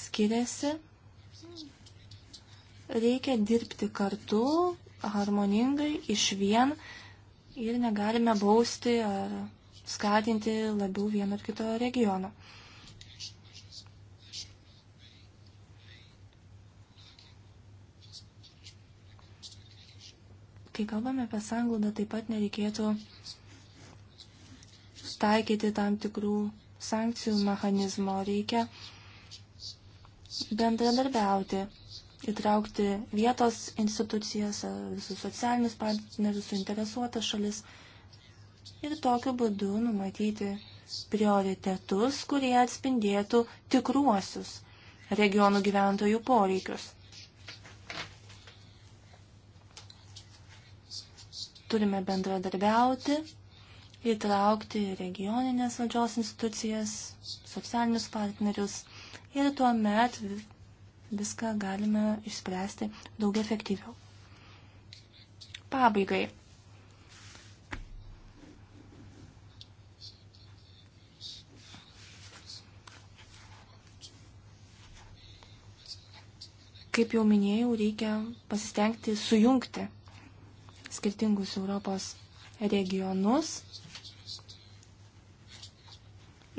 skiriasi. Reikia dirbti kartu, harmoningai, iš vien ir negalime bausti ar skatinti labiau vieno ar kito regiono. Kai kalbame apie sanglaudą, taip pat nereikėtų taikyti tam tikrų sankcijų mechanizmo. Reikia bendradarbiauti, įtraukti vietos institucijas, visus socialinius partnerius, suinteresuotas šalis ir tokiu būdu numatyti prioritetus, kurie atspindėtų tikruosius regionų gyventojų poreikius. turime bendradarbiauti, įtraukti regioninės valdžios institucijas, socialinius partnerius ir tuo met viską galime išspręsti daug efektyviau. Pabaigai. Kaip jau minėjau, reikia pasistengti sujungti skirtingus Europos regionus.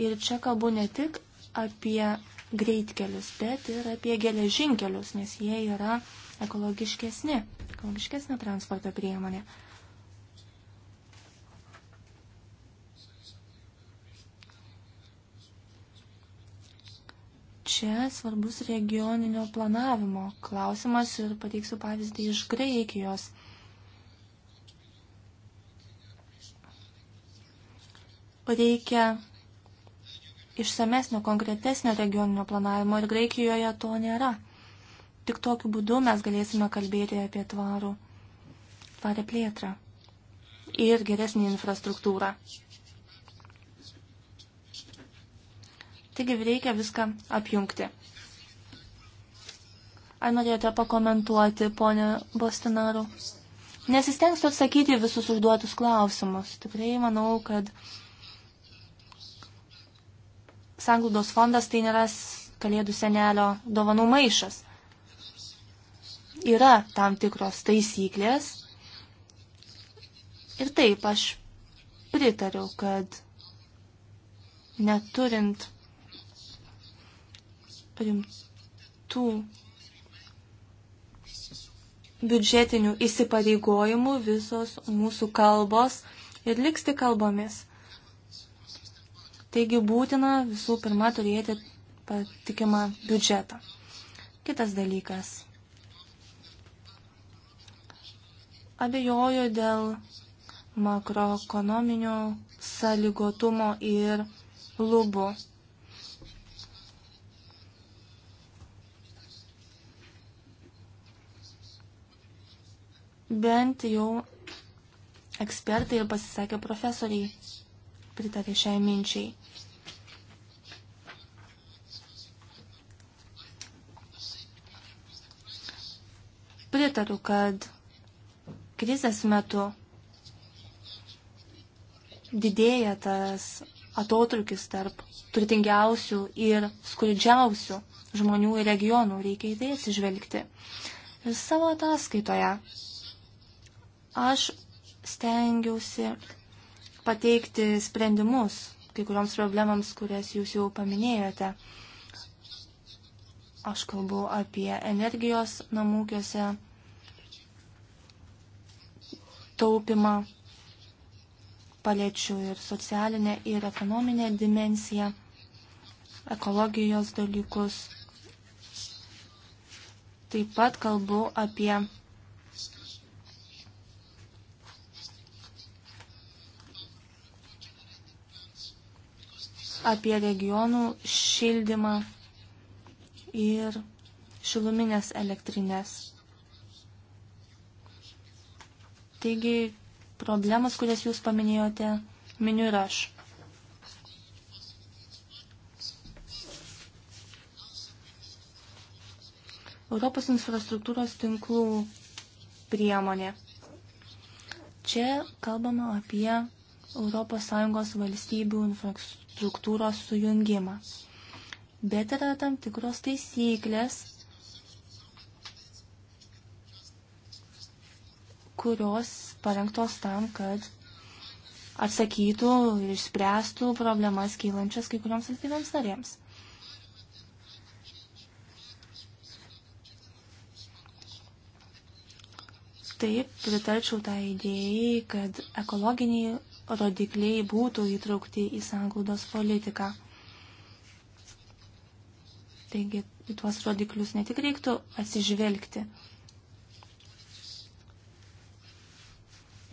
Ir čia kalbu ne tik apie greitkelius, bet ir apie geležinkelius, nes jie yra ekologiškesni, ekologiškesnė transporto priemonė. Čia svarbus regioninio planavimo klausimas ir pateiksiu pavyzdį iš Graikijos. reikia išsamesnio, konkretesnio regioninio planavimo ir Graikijoje to nėra. Tik tokiu būdu mes galėsime kalbėti apie tvarų, tvarę plėtrą ir geresnį infrastruktūrą. Taigi reikia viską apjungti. Ar norėjote pakomentuoti, ponė Bostinaru? Nesistengsiu atsakyti visus užduotus klausimus. Tikrai manau, kad uh, sanglaudos fondas tai nėra kalėdų senelio dovanų maišas. Yra tam tikros taisyklės. Ir taip aš pritariu, kad neturint rimtų biudžetinių įsipareigojimų visos mūsų kalbos ir liks tik kalbomis. Taigi būtina visų pirma turėti patikimą biudžetą. Kitas dalykas. Abejoju dėl makroekonominio sąlygotumo ir lubų. Bent jau ekspertai ir pasisakė profesoriai pritarė šiai minčiai. Pritaru, kad krizės metu didėja tas atotrukis tarp turtingiausių ir skurdžiausių žmonių ir regionų. Reikia į tai atsižvelgti. Ir savo ataskaitoje aš stengiausi pateikti sprendimus kai kurioms problemams, kurias jūs jau paminėjote. Aš kalbu apie energijos namūkiuose taupimą, paliečiu ir socialinę, ir ekonominę dimensiją, ekologijos dalykus. Taip pat kalbu apie apie regionų šildymą ir šiluminės elektrinės. Taigi, problemas, kurias jūs paminėjote, miniu ir aš. Europos infrastruktūros tinklų priemonė. Čia kalbama apie ES valstybių infrastruktūros sujungimą bet yra tam tikros taisyklės, kurios parengtos tam, kad atsakytų ir išspręstų problemas kylančias kai kurioms valstybėms narėms. Taip, pritarčiau tą idėjai, kad ekologiniai rodikliai būtų įtraukti į sanglaudos politiką. Taigi į tuos rodiklius ne tik reiktų atsižvelgti,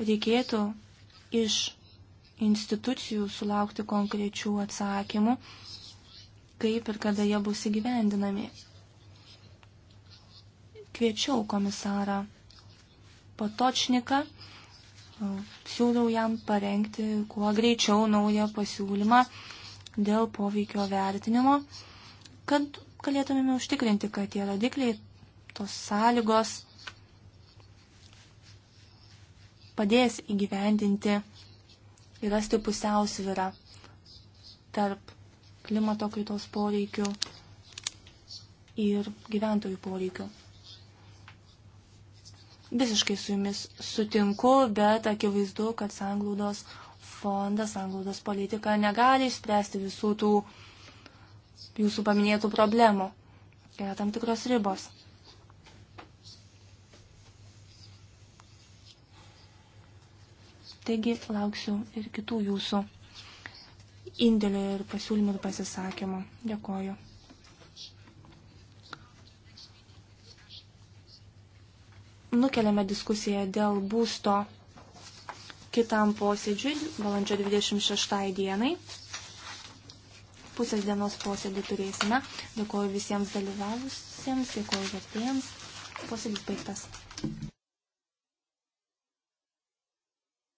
reikėtų iš institucijų sulaukti konkrečių atsakymų, kaip ir kada jie bus įgyvendinami. Kviečiau komisarą Patočniką, siūliau jam parengti kuo greičiau naują pasiūlymą dėl poveikio vertinimo, kad galėtumėme užtikrinti, kad tie rodikliai, tos sąlygos padės įgyvendinti ir rasti pusiausvyrą tarp klimato kaitos poreikių ir gyventojų poreikių. Visiškai su jumis sutinku, bet akivaizdu, kad sanglaudos fondas, sanglaudos politika negali išspręsti visų tų uh, jūsų paminėtų problemų. Yra tam tikros ribos. Taigi lauksiu ir kitų jūsų indėlio ir pasiūlymų ir pasisakymų. Dėkoju. Nukeliame diskusiją dėl būsto kitam posėdžiui, valandžio 26 dienai pusės dienos posėdį turėsime. Dėkuoju visiems dalyvavusiems, dėkuoju vertėjams. Posėdis baigtas.